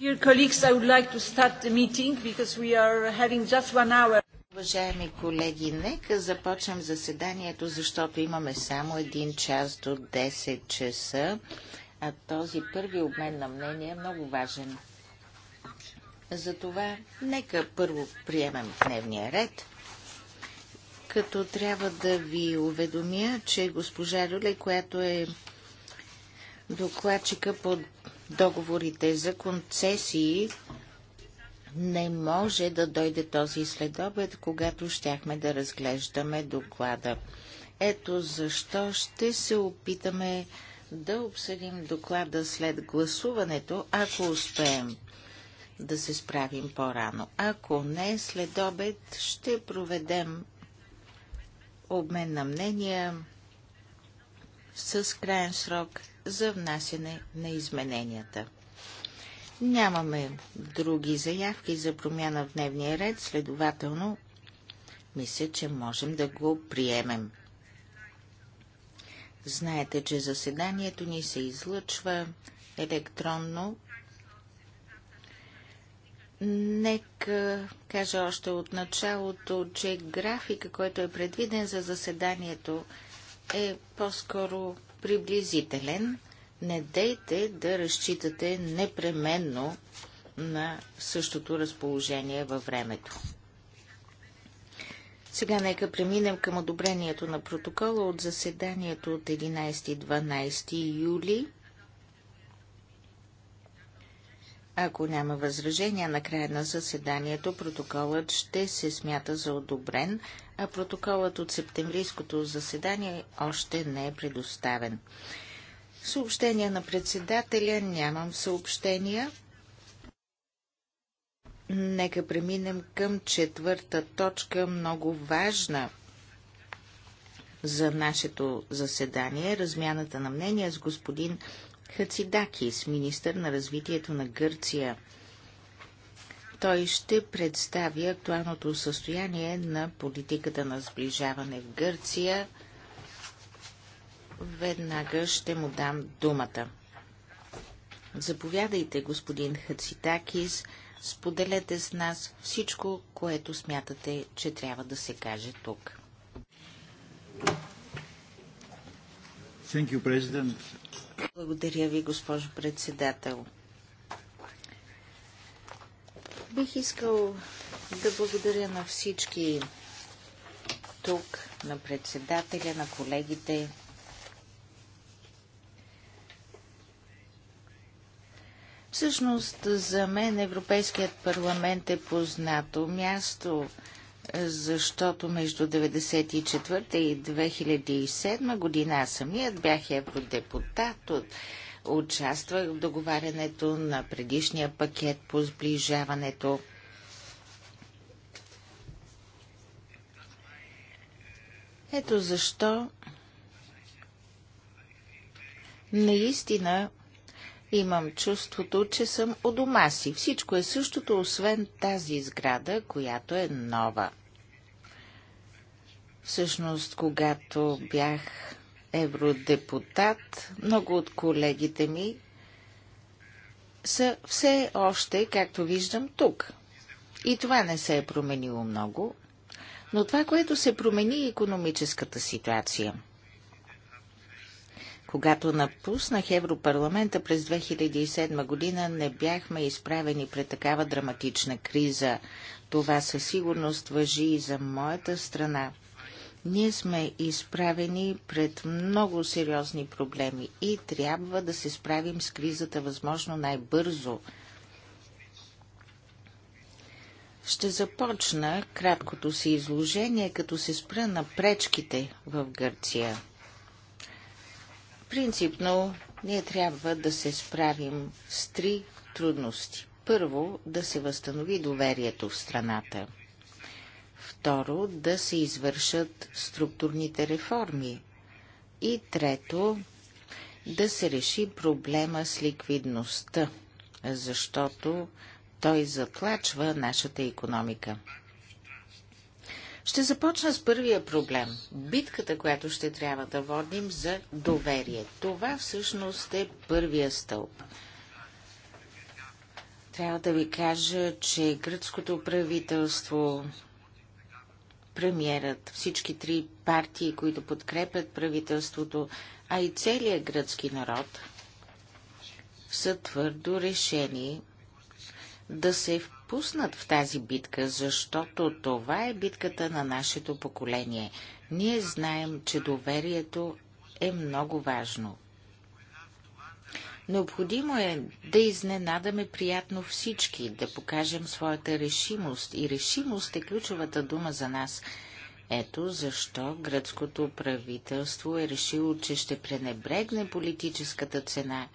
Dear colleagues, I would like to start the meeting because we are having just one hour. Уважаеми колеги, нека започнем заседанието, защото имаме само един час до 10 часа, а този първи обмен на мнение е много важен. Затова нека първо приемем дневния ред като трябва да ви уведомя, че госпожа Рюле, която е докладчика по договорите за концесии не може да дойде този следобед, когато щяхме да разглеждаме доклада. Ето защо ще се опитаме да обсъдим доклада след гласуването, ако успеем да се справим по-рано. Ако не, след обед ще проведем обмен на мнения с крайен срок за внасяне на измененията. Нямаме други заявки за промяна в дневния ред, следователно мисля, че можем да го приемем. Знаете, че заседанието ни се излъчва електронно. Нека кажа още от началото, че графика, който е предвиден за заседанието, е по-скоро приблизителен. Не дейте да разчитате непременно на същото разположение във времето. Сега нека преминем към одобрението на протокола от заседанието от 11-12 юли. Ако няма възражения на края на заседанието, протоколът ще се смята за одобрен, а протоколът от септемврийското заседание още не е предоставен. Съобщения на председателя нямам съобщения. Нека преминем към четвърта точка, много важна за нашето заседание, размяната на мнения с господин Хацидакис, министър на развитието на Гърция. Той ще представи актуалното състояние на политиката на сближаване в Гърция. Веднага ще му дам думата. Заповядайте, господин Хацитакис, споделете с нас всичко, което смятате, че трябва да се каже тук. Thank you, President. Благодаря ви, госпожо председател. Бих искал да благодаря на всички тук, на председателя, на колегите. Всъщност за мен Европейският парламент е познато място защото между 1994 и 2007 година аз самият бях евродепутат от участвах в договарянето на предишния пакет по сближаването. Ето защо наистина имам чувството, че съм у дома си. Всичко е същото, освен тази сграда, която е нова. Всъщност, когато бях евродепутат, много от колегите ми са все още, както виждам, тук. И това не се е променило много, но това, което се промени е економическата ситуация. Когато напуснах Европарламента през 2007 година, не бяхме изправени пред такава драматична криза. Това със сигурност въжи и за моята страна – ние сме изправени пред много сериозни проблеми и трябва да се справим с кризата възможно най-бързо. Ще започна краткото си изложение, като се спра на пречките в Гърция. Принципно, ние трябва да се справим с три трудности. Първо, да се възстанови доверието в страната – Второ, да се извършат структурните реформи. И трето, да се реши проблема с ликвидността, защото той затлачва нашата економика. Ще започна с първия проблем – битката, която ще трябва да водим за доверие. Това всъщност е първия стълб. Трябва да ви кажа, че гръцкото правителство, премиерът, всички три партии, които подкрепят правителството, а и целият гръцки народ, са твърдо решени да се впуснат в тази битка, защото това е битката на нашето поколение. Ние знаем, че доверието е много важно. Необходимо е да изненадаме приятно всички, да покажем своята решимост. И решимост е ключовата дума за нас. Ето защо гръцкото правителство е решило, че ще пренебрегне политическата цена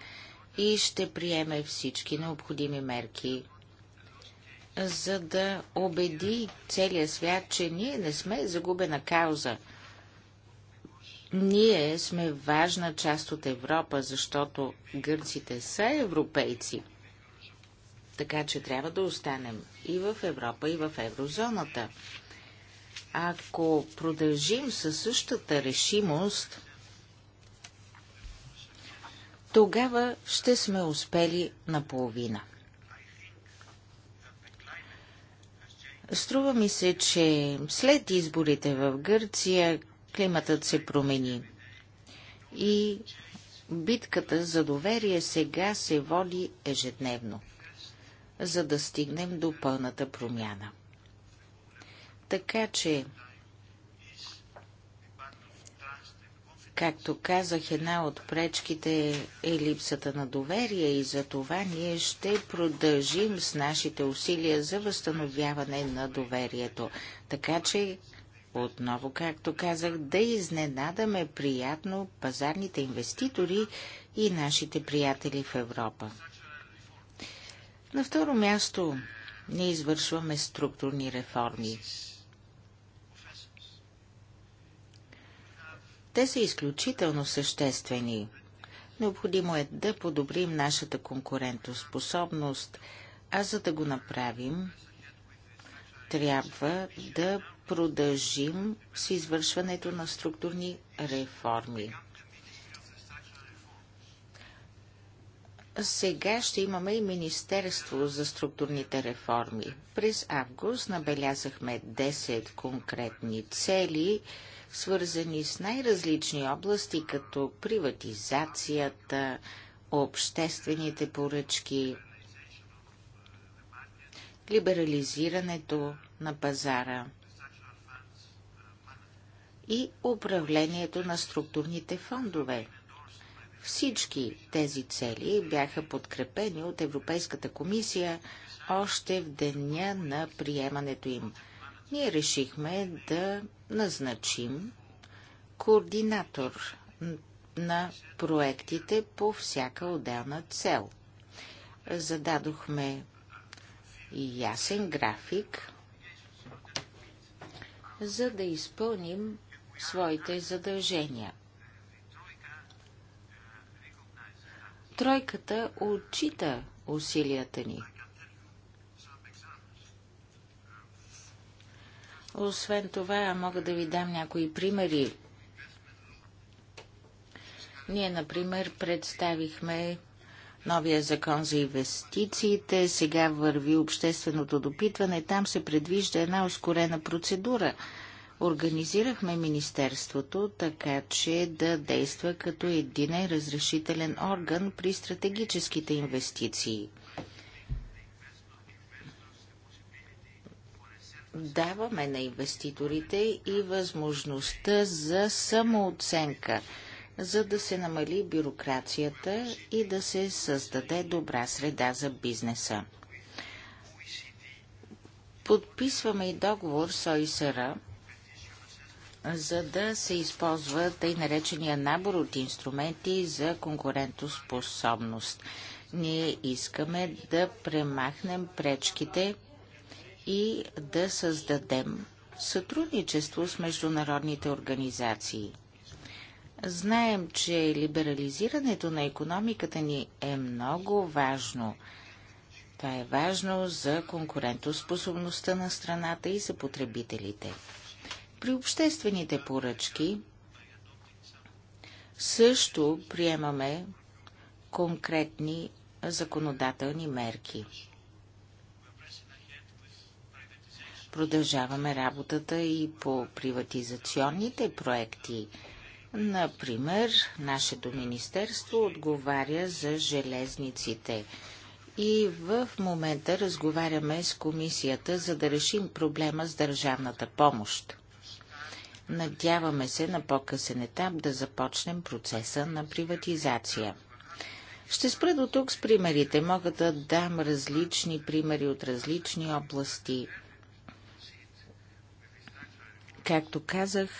и ще приеме всички необходими мерки, за да убеди целия свят, че ние не сме загубена кауза – ние сме важна част от Европа, защото гърците са европейци. Така че трябва да останем и в Европа, и в еврозоната. Ако продължим със същата решимост, тогава ще сме успели наполовина. Струва ми се, че след изборите в Гърция Климатът се промени. И битката за доверие сега се води ежедневно, за да стигнем до пълната промяна. Така че, както казах, една от пречките е липсата на доверие и за това ние ще продължим с нашите усилия за възстановяване на доверието. Така че отново, както казах, да изненадаме приятно пазарните инвеститори и нашите приятели в Европа. На второ място, ние извършваме структурни реформи. Те са изключително съществени. Необходимо е да подобрим нашата конкурентоспособност, а за да го направим, трябва да продължим с извършването на структурни реформи. Сега ще имаме и Министерство за структурните реформи. През август набелязахме 10 конкретни цели, свързани с най-различни области, като приватизацията, обществените поръчки, либерализирането на пазара – и управлението на структурните фондове. Всички тези цели бяха подкрепени от Европейската комисия още в деня на приемането им. Ние решихме да назначим координатор на проектите по всяка отделна цел. Зададохме ясен график, за да изпълним своите задължения. Тройката отчита усилията ни. Освен това, мога да ви дам някои примери. Ние, например, представихме новия закон за инвестициите, сега върви общественото допитване, там се предвижда една ускорена процедура – Организирахме Министерството така, че да действа като единен разрешителен орган при стратегическите инвестиции. Даваме на инвеститорите и възможността за самооценка, за да се намали бюрокрацията и да се създаде добра среда за бизнеса. Подписваме и договор с ОИСРА за да се използва тъй наречения набор от инструменти за конкурентоспособност. Ние искаме да премахнем пречките и да създадем сътрудничество с международните организации. Знаем, че либерализирането на економиката ни е много важно. Това е важно за конкурентоспособността на страната и за потребителите. При обществените поръчки също приемаме конкретни законодателни мерки. Продължаваме работата и по приватизационните проекти. Например, нашето министерство отговаря за железниците. И в момента разговаряме с комисията, за да решим проблема с държавната помощ. Надяваме се на по-късен етап да започнем процеса на приватизация. Ще спра до тук с примерите. Мога да дам различни примери от различни области. Както казах,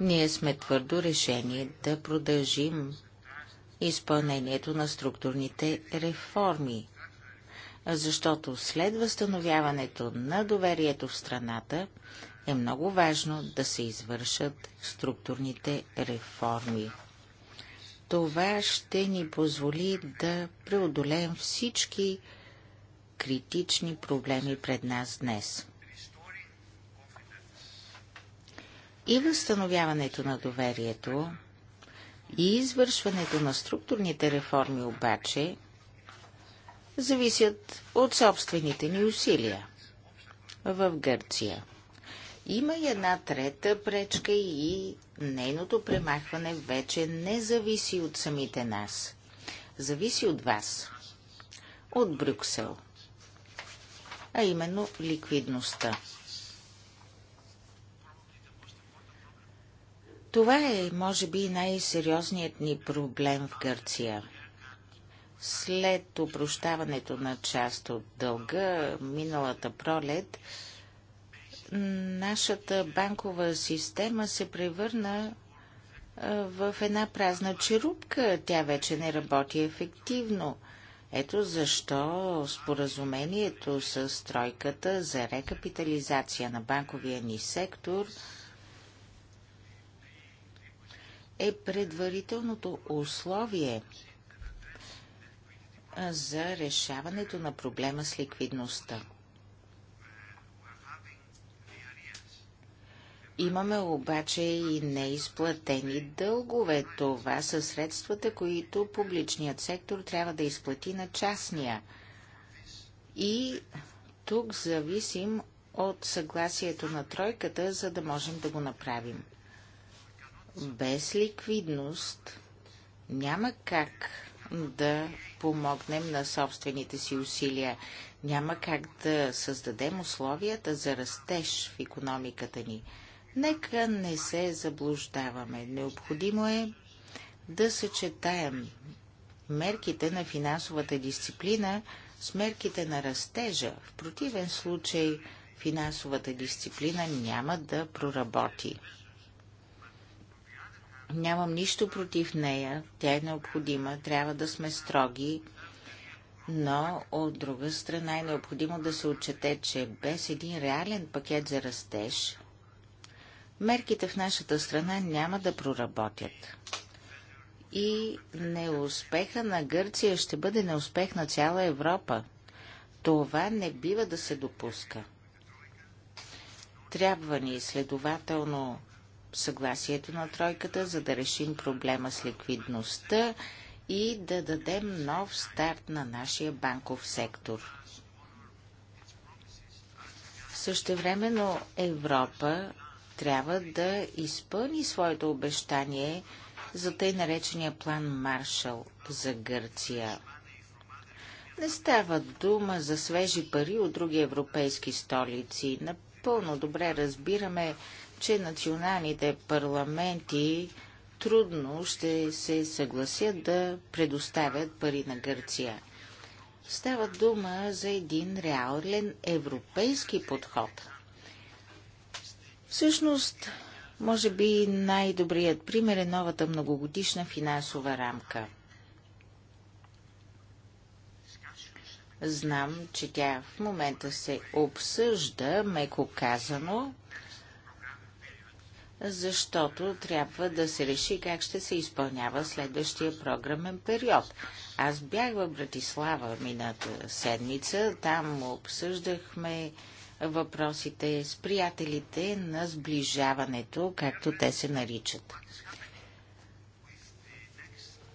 ние сме твърдо решени да продължим изпълнението на структурните реформи, защото след възстановяването на доверието в страната е много важно да се извършат структурните реформи. Това ще ни позволи да преодолеем всички критични проблеми пред нас днес. И възстановяването на доверието и извършването на структурните реформи обаче зависят от собствените ни усилия в Гърция. Има и една трета пречка и нейното премахване вече не зависи от самите нас. Зависи от вас. От Брюксел. А именно ликвидността. Това е, може би, най-сериозният ни проблем в Гърция. След опрощаването на част от дълга миналата пролет, нашата банкова система се превърна в една празна черупка. Тя вече не работи ефективно. Ето защо споразумението с тройката за рекапитализация на банковия ни сектор е предварителното условие за решаването на проблема с ликвидността. Имаме обаче и неизплатени дългове. Това са средствата, които публичният сектор трябва да изплати на частния. И тук зависим от съгласието на тройката, за да можем да го направим. Без ликвидност няма как да помогнем на собствените си усилия. Няма как да създадем условията за растеж в економиката ни. Нека не се заблуждаваме. Необходимо е да съчетаем мерките на финансовата дисциплина с мерките на растежа. В противен случай финансовата дисциплина няма да проработи. Нямам нищо против нея, тя е необходима, трябва да сме строги, но от друга страна е необходимо да се отчете, че без един реален пакет за растеж мерките в нашата страна няма да проработят. И неуспеха на Гърция ще бъде неуспех на цяла Европа. Това не бива да се допуска. Трябва ни следователно съгласието на тройката, за да решим проблема с ликвидността и да дадем нов старт на нашия банков сектор. Същевременно Европа трябва да изпълни своето обещание за тъй наречения план Маршал за Гърция. Не става дума за свежи пари от други европейски столици. Напълно добре разбираме, че националните парламенти трудно ще се съгласят да предоставят пари на Гърция. Става дума за един реален европейски подход – Всъщност, може би най-добрият пример е новата многогодишна финансова рамка. Знам, че тя в момента се обсъжда, меко казано, защото трябва да се реши как ще се изпълнява следващия програмен период. Аз бях в Братислава мината седмица, там обсъждахме въпросите с приятелите на сближаването, както те се наричат.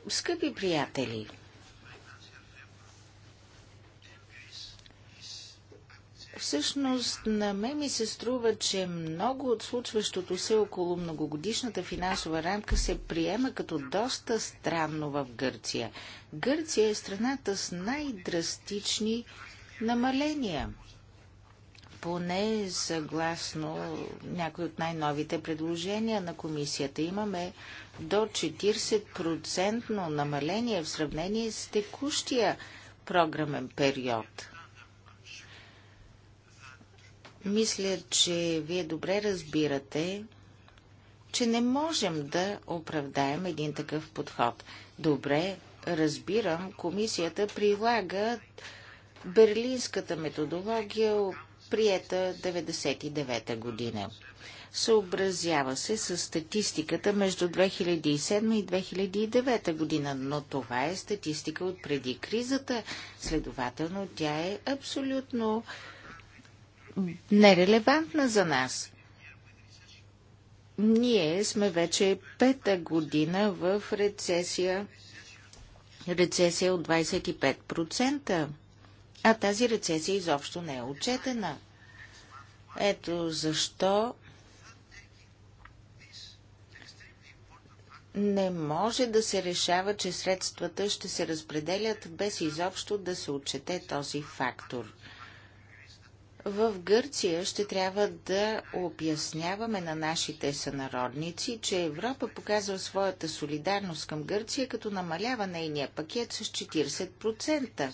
Скъпи приятели, всъщност на мен ми се струва, че много от случващото се около многогодишната финансова рамка се приема като доста странно в Гърция. Гърция е страната с най-драстични намаления – поне съгласно някои от най-новите предложения на комисията. Имаме до 40% намаление в сравнение с текущия програмен период. Мисля, че вие добре разбирате, че не можем да оправдаем един такъв подход. Добре, разбирам, комисията прилага берлинската методология, приета 99-та година. Съобразява се с статистиката между 2007 и 2009 година, но това е статистика от преди кризата, следователно тя е абсолютно нерелевантна за нас. Ние сме вече пета година в рецесия, рецесия от 25%. А тази рецесия изобщо не е отчетена. Ето защо не може да се решава, че средствата ще се разпределят без изобщо да се отчете този фактор. В Гърция ще трябва да обясняваме на нашите сънародници, че Европа показва своята солидарност към Гърция, като намалява нейния пакет с 40%.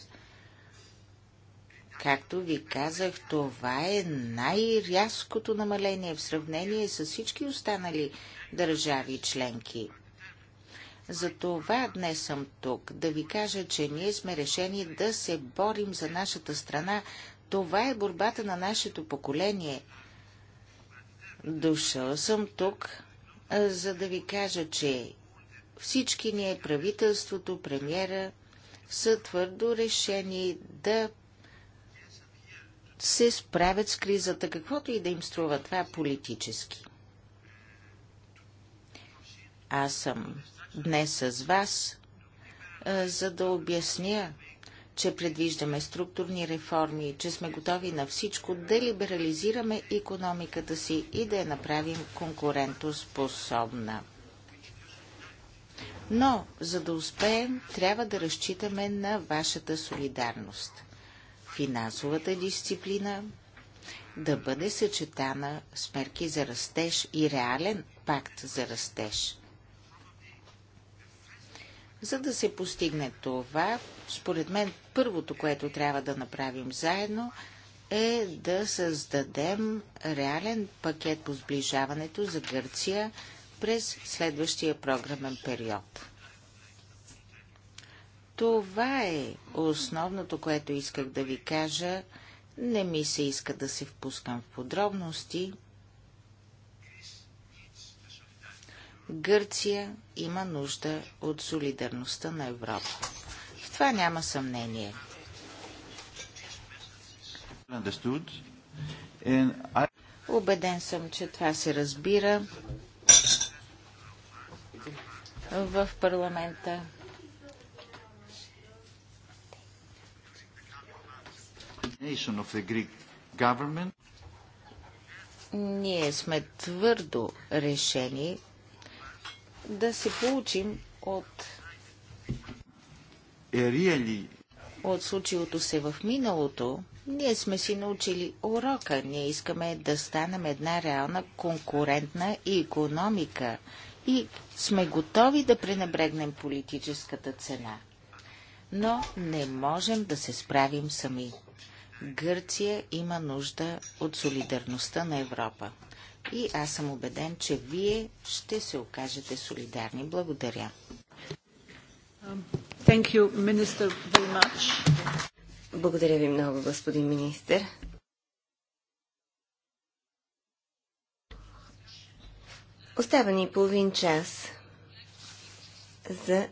Както ви казах, това е най-рязкото намаление в сравнение с всички останали държави и членки. Затова днес съм тук, да ви кажа, че ние сме решени да се борим за нашата страна. Това е борбата на нашето поколение. Дошъл съм тук, за да ви кажа, че всички ние, правителството, премьера, са твърдо решени да се справят с кризата, каквото и да им струва това е политически. Аз съм днес с вас, за да обясня, че предвиждаме структурни реформи, че сме готови на всичко да либерализираме економиката си и да я направим конкурентоспособна. Но, за да успеем, трябва да разчитаме на вашата солидарност – финансовата дисциплина да бъде съчетана с мерки за растеж и реален пакт за растеж. За да се постигне това, според мен първото, което трябва да направим заедно, е да създадем реален пакет по сближаването за Гърция през следващия програмен период. Това е основното, което исках да ви кажа. Не ми се иска да се впускам в подробности. Гърция има нужда от солидарността на Европа. В това няма съмнение. Обеден съм, че това се разбира в парламента. Ние сме твърдо решени да се получим от е, от случилото се в миналото, ние сме си научили урока. Ние искаме да станем една реална конкурентна економика и сме готови да пренебрегнем политическата цена. Но не можем да се справим сами. Гърция има нужда от солидарността на Европа. И аз съм убеден, че вие ще се окажете солидарни. Благодаря. Um, thank you, Minister, very much. Благодаря ви много, господин министр. Остава ни половин час за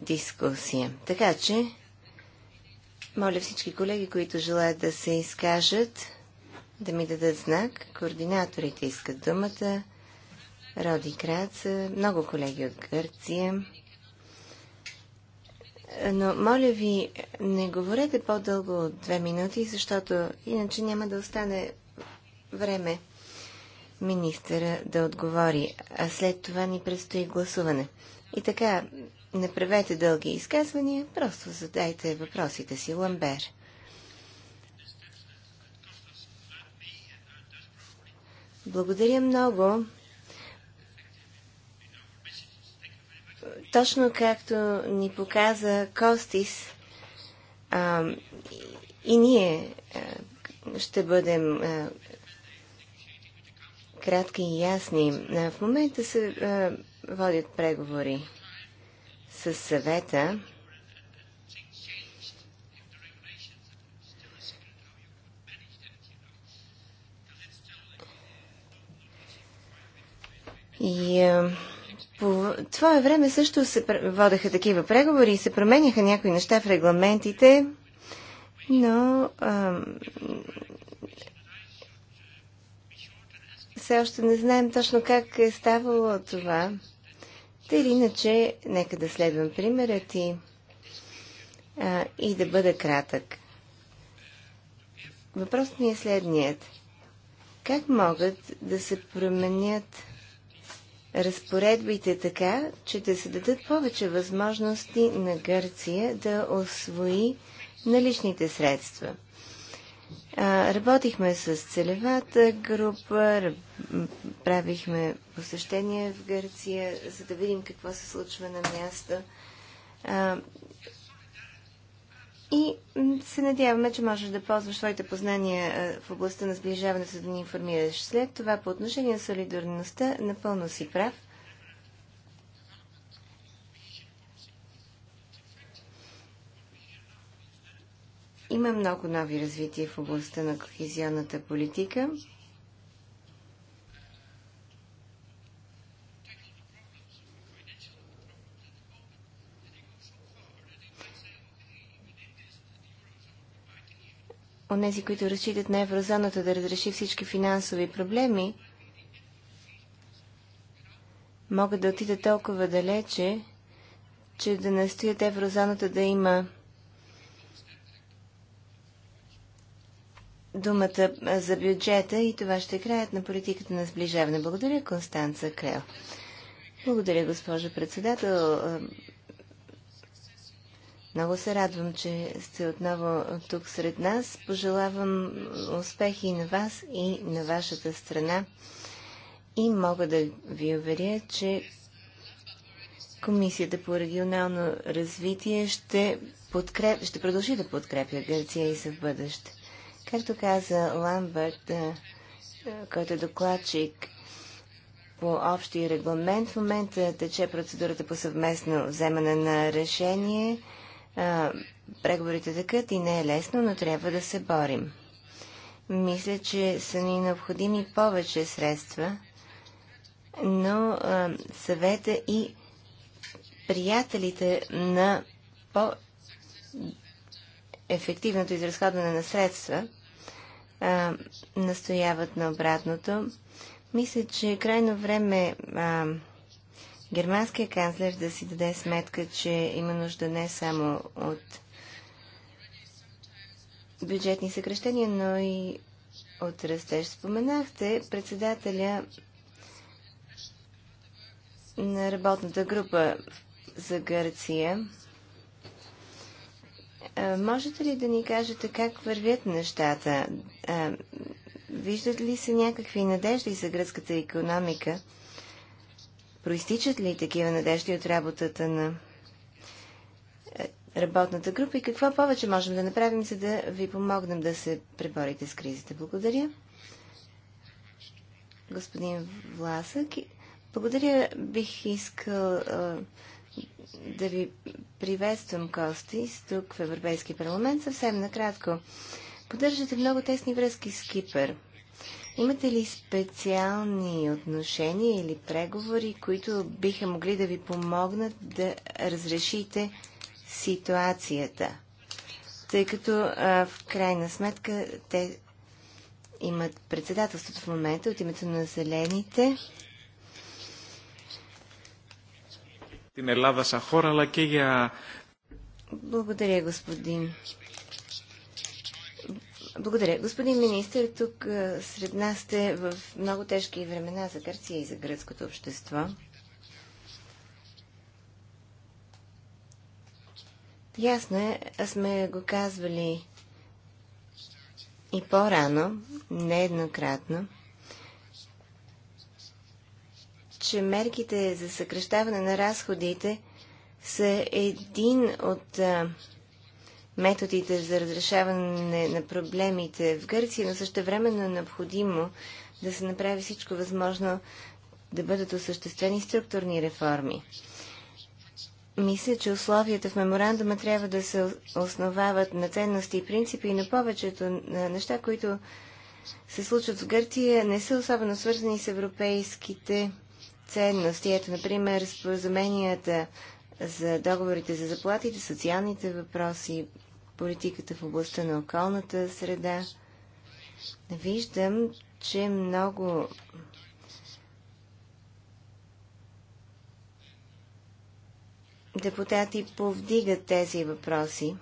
дискусия. Така че моля всички колеги, които желаят да се изкажат, да ми дадат знак. Координаторите искат думата. Роди Краца, много колеги от Гърция. Но, моля ви, не говорете по-дълго от две минути, защото иначе няма да остане време министъра да отговори, а след това ни предстои гласуване. И така, не правете дълги изказвания, просто задайте въпросите си, Ламбер. Благодаря много. Точно както ни показа Костис, а, и, ние а, ще бъдем а, кратки и ясни. А, в момента се а, водят преговори със съвета И а, по това време също се водеха такива преговори и се променяха някои неща в регламентите, но а, все още не знаем точно как е ставало това. Та или иначе, нека да следвам примера ти а, и да бъда кратък. Въпросът ми е следният. Как могат да се променят разпоредбите така, че да се дадат повече възможности на Гърция да освои наличните средства? Работихме с целевата група, правихме посещения в Гърция, за да видим какво се случва на място. И се надяваме, че можеш да ползваш своите познания в областта на сближаването, за да ни информираш. След това, по отношение на солидарността, напълно си прав – Има много нови развития в областта на кохезионната политика. Онези, които разчитат на еврозоната да разреши всички финансови проблеми, могат да отидат толкова далече, че да настоят еврозоната да има думата за бюджета и това ще е краят на политиката на сближаване. Благодаря, Констанца Крел. Благодаря, госпожа председател. Много се радвам, че сте отново тук сред нас. Пожелавам успехи на вас и на вашата страна. И мога да ви уверя, че Комисията по регионално развитие ще, подкреп... ще продължи да подкрепя Гърция и за бъдеще. Както каза Ламбърт, е, е, който е докладчик по общия регламент, в момента тече процедурата по съвместно вземане на решение. Е, преговорите такът и не е лесно, но трябва да се борим. Мисля, че са ни необходими повече средства, но а, съвета и приятелите на по-ефективното изразходване на средства а, настояват на обратното. Мисля, че е крайно време а, германския канцлер да си даде сметка, че има нужда не само от бюджетни съкрещения, но и от растеж. Споменахте председателя на работната група за Гърция. Можете ли да ни кажете как вървят нещата? Виждат ли се някакви надежди за гръцката економика? Проистичат ли такива надежди от работата на работната група и какво повече можем да направим, за да ви помогнем да се преборите с кризите? Благодаря. Господин Власък, благодаря. Бих искал да ви приветствам, Костис, тук в Европейски парламент. Съвсем накратко. Поддържате много тесни връзки с Кипър. Имате ли специални отношения или преговори, които биха могли да ви помогнат да разрешите ситуацията? Тъй като а, в крайна сметка те имат председателството в момента от името на зелените. την Ελλάδα σαν χώρα, αλλά και για... Благодаря, господин. Благодаря. Господин министр, тук сред нас сте в много тежки времена за Гърция и за гръцкото общество. Ясно е, а сме го казвали и по-рано, нееднократно. че мерките за съкръщаване на разходите са един от методите за разрешаване на проблемите в Гърция, но също времено е необходимо да се направи всичко възможно да бъдат осъществени структурни реформи. Мисля, че условията в меморандума трябва да се основават на ценности и принципи и на повечето неща, които се случват в Гърция, не са особено свързани с европейските ценности. Ето, например, споразуменията за договорите за заплатите, социалните въпроси, политиката в областта на околната среда. Виждам, че много депутати повдигат тези въпроси,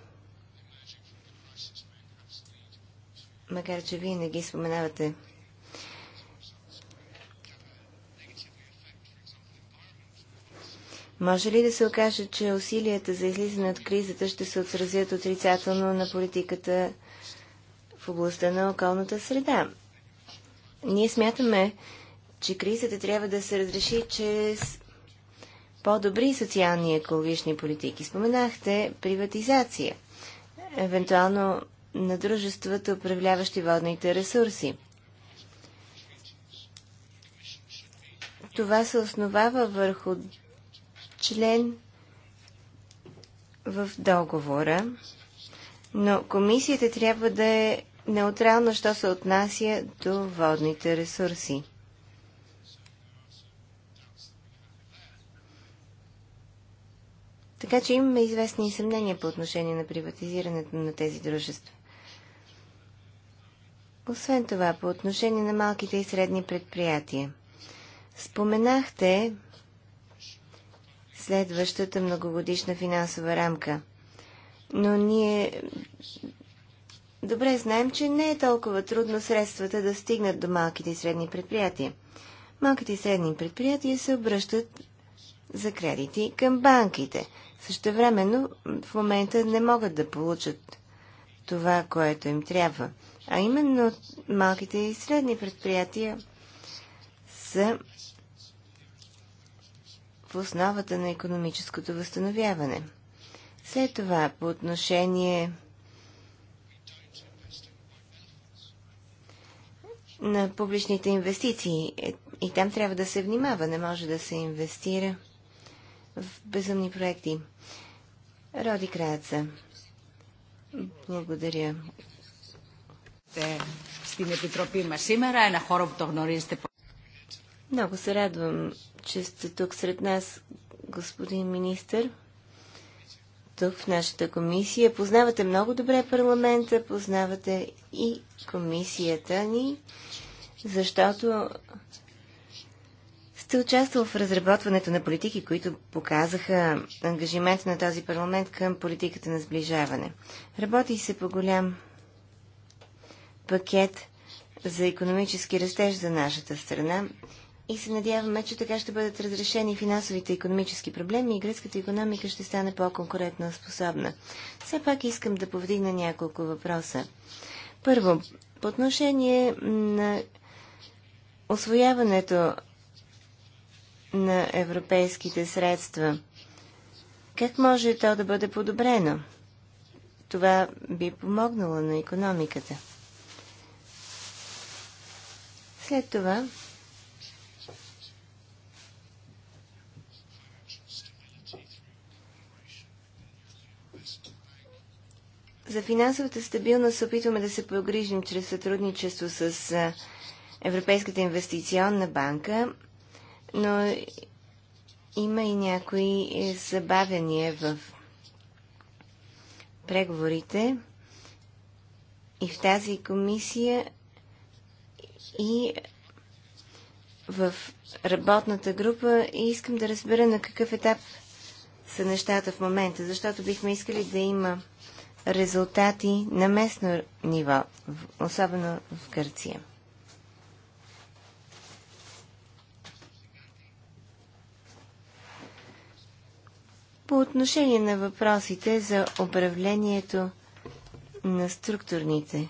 макар че вие не ги споменавате Може ли да се окаже, че усилията за излизане от кризата ще се отразят отрицателно на политиката в областта на околната среда? Ние смятаме, че кризата трябва да се разреши чрез по-добри социални и екологични политики. Споменахте приватизация, евентуално на дружествата, управляващи водните ресурси. Това се основава върху член в договора, но комисията трябва да е неутрална, що се отнася до водните ресурси. Така че имаме известни съмнения по отношение на приватизирането на тези дружества. Освен това, по отношение на малките и средни предприятия. Споменахте следващата многогодишна финансова рамка. Но ние добре знаем, че не е толкова трудно средствата да стигнат до малките и средни предприятия. Малките и средни предприятия се обръщат за кредити към банките. Същевременно в момента не могат да получат това, което им трябва. А именно малките и средни предприятия са в основата на економическото възстановяване. След това, по отношение на публичните инвестиции, е, и там трябва да се внимава, не може да се инвестира в безумни проекти. Роди Краца. Благодаря. Στην Επιτροπή μας σήμερα, ένα χώρο που το γνωρίζετε много се радвам, че сте тук сред нас, господин министр. Тук в нашата комисия. Познавате много добре парламента, познавате и комисията ни, защото сте участвал в разработването на политики, които показаха ангажимент на този парламент към политиката на сближаване. Работи се по голям пакет за економически растеж за нашата страна и се надяваме, че така ще бъдат разрешени финансовите и економически проблеми и гръцката економика ще стане по-конкурентно способна. Все пак искам да повдигна няколко въпроса. Първо, по отношение на освояването на европейските средства, как може то да бъде подобрено? Това би помогнало на економиката. След това, За финансовата стабилност се опитваме да се погрижим чрез сътрудничество с Европейската инвестиционна банка, но има и някои е, забавяния в преговорите и в тази комисия и в работната група и искам да разбера на какъв етап са нещата в момента, защото бихме искали да има резултати на местно ниво, особено в Гърция. По отношение на въпросите за управлението на структурните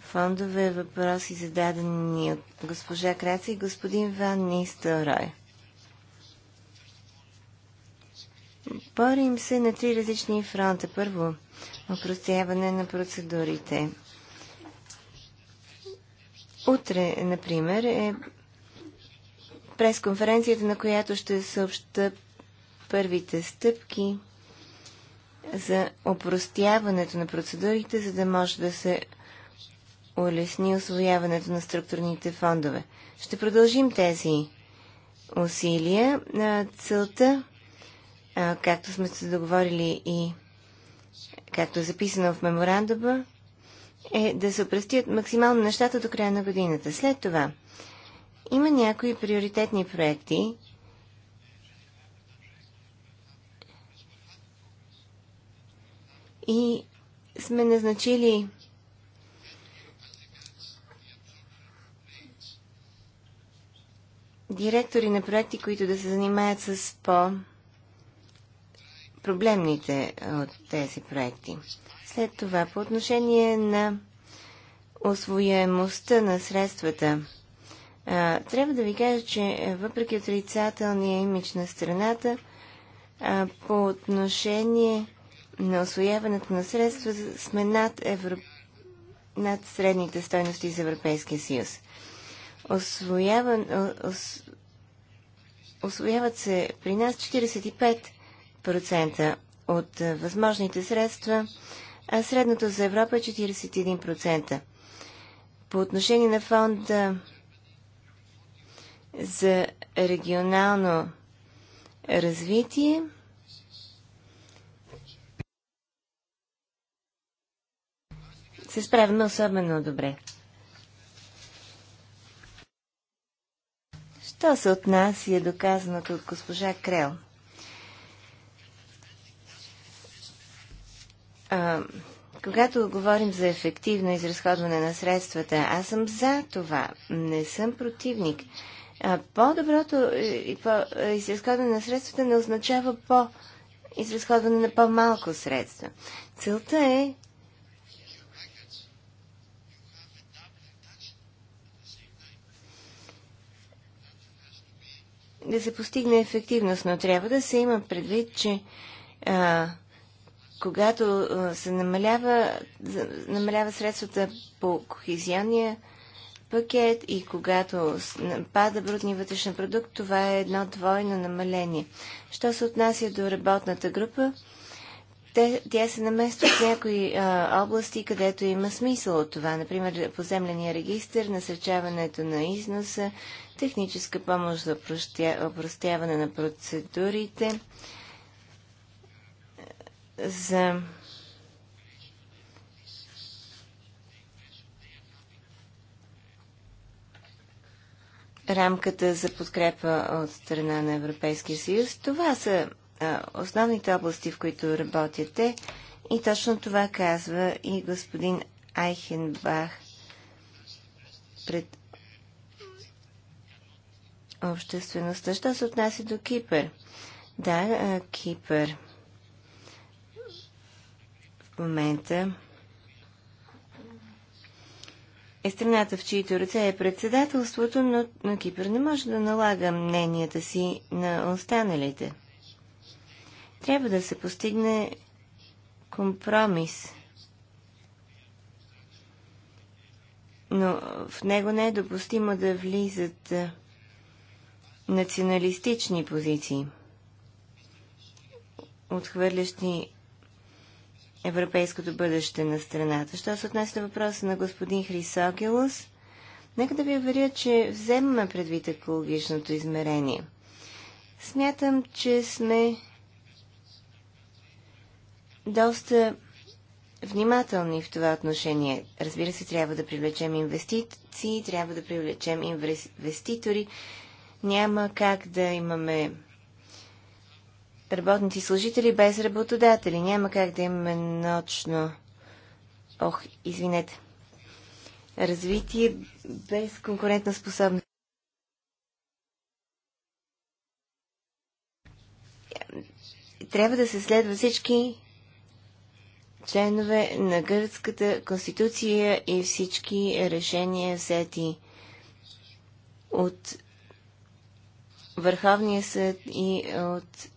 фондове, въпроси зададени от госпожа Краца и господин Ван Нистелрой. Борим се на три различни фронта. Първо, Опростяване на процедурите. Утре, например, е пресконференцията, на която ще съобща първите стъпки за опростяването на процедурите, за да може да се улесни освояването на структурните фондове. Ще продължим тези усилия. Целта, както сме се договорили и както е записано в меморандума, е да се опростят максимално нещата до края на годината. След това, има някои приоритетни проекти, и сме назначили директори на проекти, които да се занимаят с по- проблемните от тези проекти. След това, по отношение на освояемостта на средствата, трябва да ви кажа, че въпреки отрицателния имидж на страната, по отношение на освояването на средства сме над, евро... над средните стойности за Европейския съюз. Освояван... Освояват се при нас 45 40% от възможните средства, а средното за Европа е 41%. По отношение на фонда за регионално развитие, се справяме особено добре. Що се отнася доказаното от госпожа Крел – когато говорим за ефективно изразходване на средствата, аз съм за това. Не съм противник. по-доброто е, по е, изразходване на средствата не означава по- изразходване на по-малко средства. Целта е да се постигне ефективност, но трябва да се има предвид, че а, когато се намалява, намалява средствата по кохезионния пакет и когато пада брутния вътрешен продукт, това е едно двойно намаление. Що се отнася до работната група, те, тя се намества в някои а, области, където има смисъл от това. Например, поземления регистр, насърчаването на износа, техническа помощ за опростяване на процедурите, за рамката за подкрепа от страна на Европейския съюз. Това са основните области, в които работите. И точно това казва и господин Айхенбах пред обществеността. Що се отнася до Кипър? Да, Кипър – момента е страната, в чието ръце е председателството, но на Кипър не може да налага мненията си на останалите. Трябва да се постигне компромис. Но в него не е допустимо да влизат националистични позиции, отхвърлящи европейското бъдеще на страната. Що се отнася до въпроса на господин Хрисокилус, нека да ви уверя, че вземаме предвид екологичното измерение. Смятам, че сме доста внимателни в това отношение. Разбира се, трябва да привлечем инвестиции, трябва да привлечем инвеститори. Няма как да имаме работници и служители без работодатели. Няма как да имаме нощно... Ох, извинете. Развитие без конкурентна способност. Трябва да се следва всички членове на гръцката конституция и всички решения взети от Върховния съд и от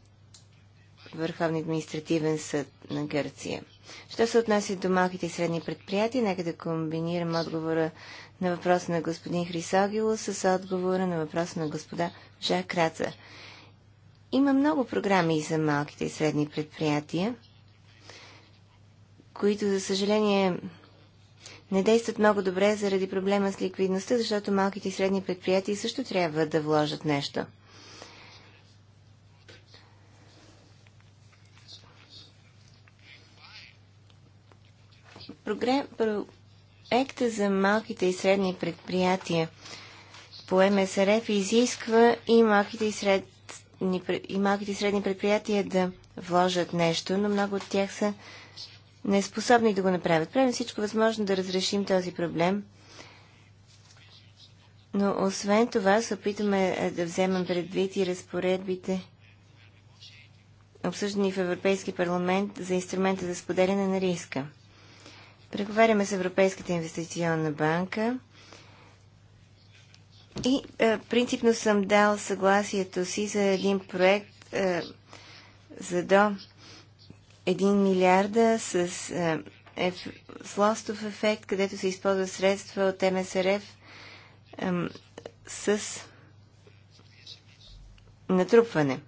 Върховния административен съд на Гърция. Що се отнася до малките и средни предприятия, нека да комбинирам отговора на въпроса на господин Хрисогило с отговора на въпроса на господа Жак Краца. Има много програми за малките и средни предприятия, които, за съжаление, не действат много добре заради проблема с ликвидността, защото малките и средни предприятия също трябва да вложат нещо – Програм... Проекта за малките и средни предприятия по МСРФ изисква и малките и, сред... и малките и средни предприятия да вложат нещо, но много от тях са неспособни да го направят. Правим всичко възможно да разрешим този проблем. Но освен това се опитваме е, да вземем предвид и разпоредбите, обсъждани в Европейски парламент за инструмента за споделяне на риска. Преговаряме с Европейската инвестиционна банка и е, принципно съм дал съгласието си за един проект е, за до 1 милиарда с е, еф, лостов ефект, където се използват средства от МСРФ е, с натрупване.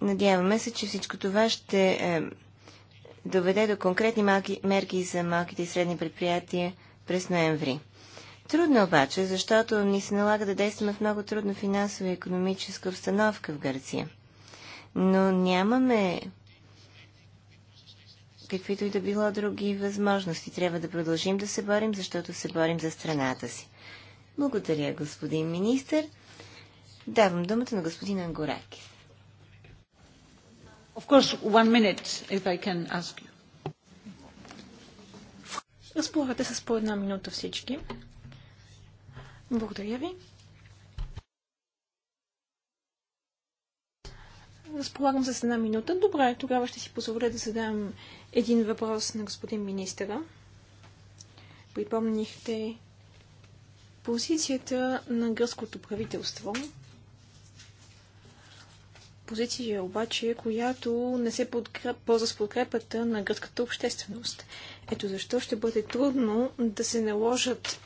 Надяваме се, че всичко това ще е, доведе до конкретни малки мерки за малките и средни предприятия през ноември. Трудно обаче, защото ни се налага да действаме в много трудно финансова и економическа обстановка в Гърция. Но нямаме каквито и да било други възможности. Трябва да продължим да се борим, защото се борим за страната си. Благодаря, господин министр. Давам думата на господин Ангоракис. Разполагате с по една минута всички. Благодаря ви. Разполагам с една минута. Добре, тогава ще си позволя да задам един въпрос на господин министъра. Припомнихте позицията на гръцкото правителство позиция обаче, която не се ползва с подкрепата на гръцката общественост. Ето защо ще бъде трудно да се наложат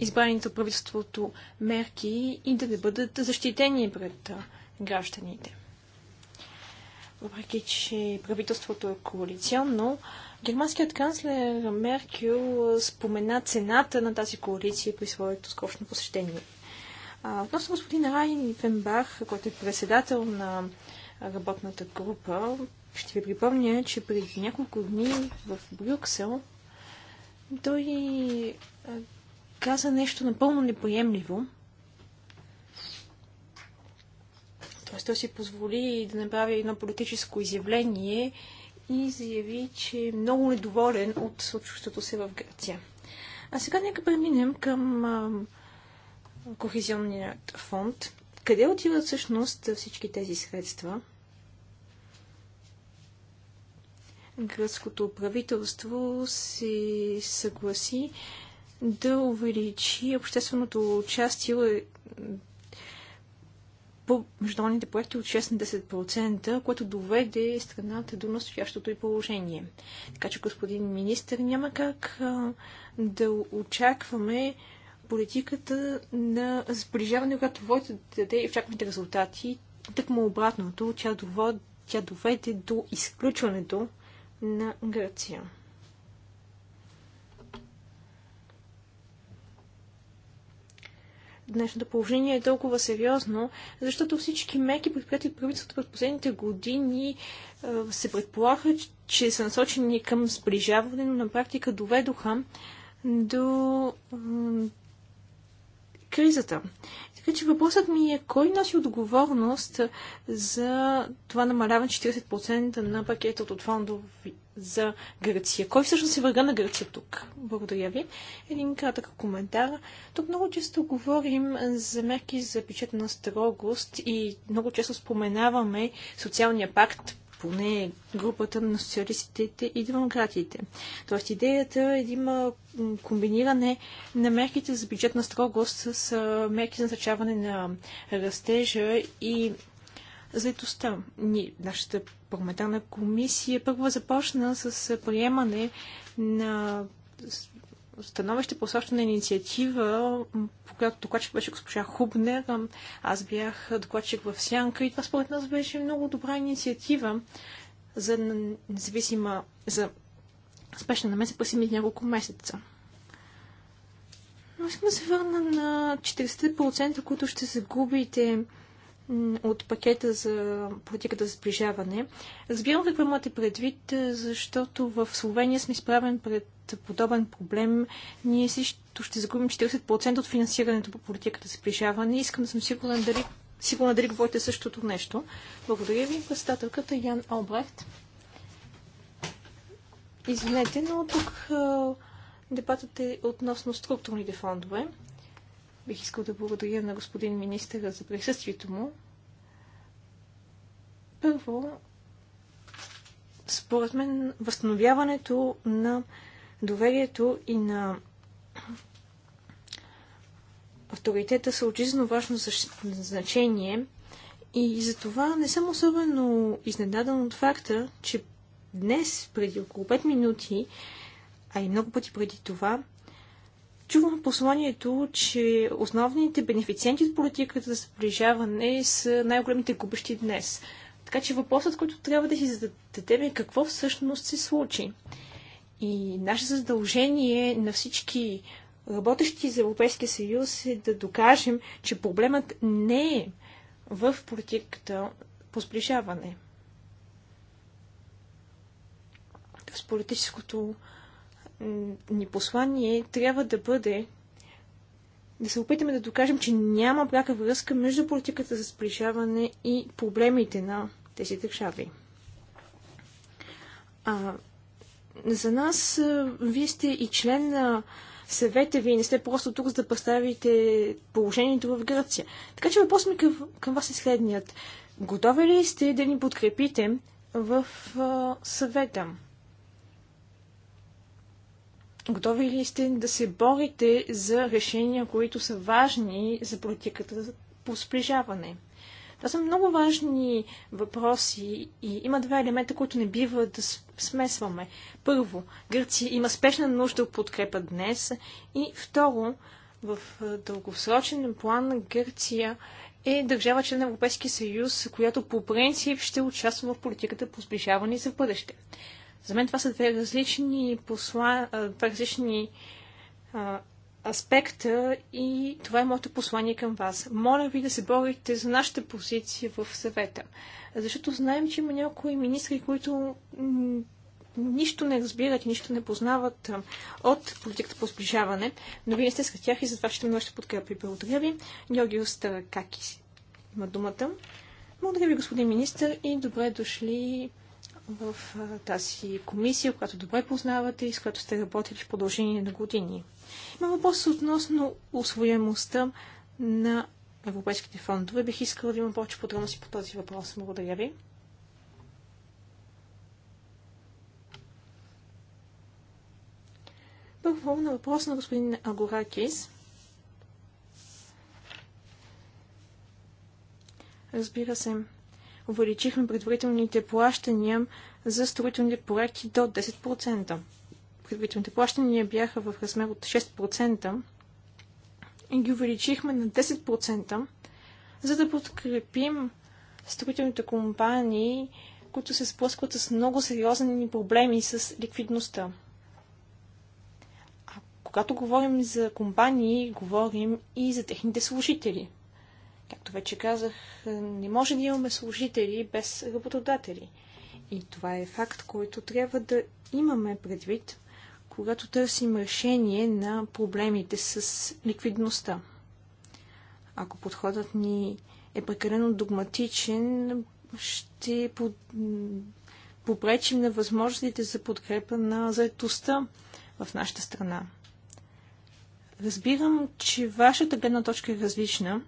избраните от правителството мерки и да не бъдат защитени пред гражданите. Въпреки, че правителството е коалиционно, германският канцлер Меркел спомена цената на тази коалиция при своето скорошно посещение – Относно господин Райн Фенбах, който е председател на работната група, ще ви припомня, че преди няколко дни в Брюксел той каза нещо напълно неприемливо. Тоест той си позволи да направи едно политическо изявление и заяви, че е много недоволен от случващото се в Гърция. А сега нека преминем към Кохезионният фонд. Къде отиват всъщност всички тези средства? Гръцкото правителство се съгласи да увеличи общественото участие е, по международните проекти от 6 на 10%, което доведе страната до настоящото и положение. Така че, господин министр, няма как да очакваме политиката на сближаване, която води да даде очакваните резултати, тъкмо обратното, тя, довод, тя доведе до изключването на Гърция. днешното положение е толкова сериозно, защото всички меки предприяти от правителството през последните години се предполаха, че са насочени към сближаване, но на практика доведоха до кризата. Така че въпросът ми е кой носи отговорност за това намаляване 40% на пакета от фондов за Гърция? Кой всъщност е врага на Гърция тук? Благодаря ви. Един кратък коментар. Тук много често говорим за мерки за на строгост и много често споменаваме социалния пакт, поне групата на социалистите и демократите. Тоест идеята е да има комбиниране на мерките за бюджетна строгост с мерки за насърчаване на растежа и заедостта. нашата парламентарна комисия първо започна с приемане на становище по на инициатива, по която докладчик беше госпожа Хубнер. Аз бях докладчик в Сянка и това според нас беше много добра инициатива за независима, за спешна намеса през няколко месеца. Но искам да се върна на 40%, които ще загубите от пакета за политиката за сближаване. Разбирам какво имате предвид, е, защото в Словения сме изправен пред подобен проблем. Ние също ще загубим 40% от финансирането по политиката за сближаване. Искам да съм сигурен дали, сигурна дали говорите същото нещо. Благодаря ви, Представителката Ян Обрехт. Извинете, но тук е, дебатът е относно структурните фондове. Бих искал да благодаря на господин министъра за присъствието му. Първо, според мен, възстановяването на доверието и на авторитета са от важно значение и за това не съм особено изненадан от факта, че днес, преди около 5 минути, а и много пъти преди това, чувам посланието, че основните бенефициенти от политиката за сближаване са най-големите губещи днес. Така че въпросът, който трябва да си зададем е какво всъщност се случи. И наше задължение на всички работещи за Европейския съюз е да докажем, че проблемът не е в политиката по сближаване. В политическото ни послание трябва да бъде да се опитаме да докажем, че няма пряка връзка между политиката за сближаване и проблемите на тези държави. А, за нас, вие сте и член на съвета ви, не сте просто тук за да представите положението в Гърция. Така че въпросът ми към, към вас е следният. Готови ли сте да ни подкрепите в а, съвета? Готови ли сте да се борите за решения, които са важни за политиката по сближаване? Това са много важни въпроси и има два елемента, които не бива да смесваме. Първо, Гърция има спешна нужда от подкрепа днес. И второ, в дългосрочен план Гърция е държава член на Европейския съюз, която по принцип ще участва в политиката по сближаване за бъдеще. За мен това са две различни, посла... две различни а, аспекта и това е моето послание към вас. Моля ви да се борите за нашата позиция в съвета. Защото знаем, че има някои министри, които нищо не разбират и нищо не познават от политиката по сближаване, но вие не сте сред тях и затова ще много ще подкрепи. Благодаря ви. Георгиус си? има думата. Благодаря ви, господин министр, и добре дошли в тази комисия, която добре познавате и с която сте работили в продължение на години. Има въпрос относно освоемостта на европейските фондове. Бих искала да имам повече подробности по този въпрос. Благодаря ви. Първо на въпрос на господин Агоракис. Разбира се, увеличихме предварителните плащания за строителните проекти до 10%. Предварителните плащания бяха в размер от 6% и ги увеличихме на 10%, за да подкрепим строителните компании, които се сблъскват с много сериозни проблеми с ликвидността. А когато говорим за компании, говорим и за техните служители – Както вече казах, не може да имаме служители без работодатели. И това е факт, който трябва да имаме предвид, когато търсим решение на проблемите с ликвидността. Ако подходът ни е прекалено догматичен, ще попречим на възможностите за подкрепа на заетостта в нашата страна. Разбирам, че вашата гледна точка е различна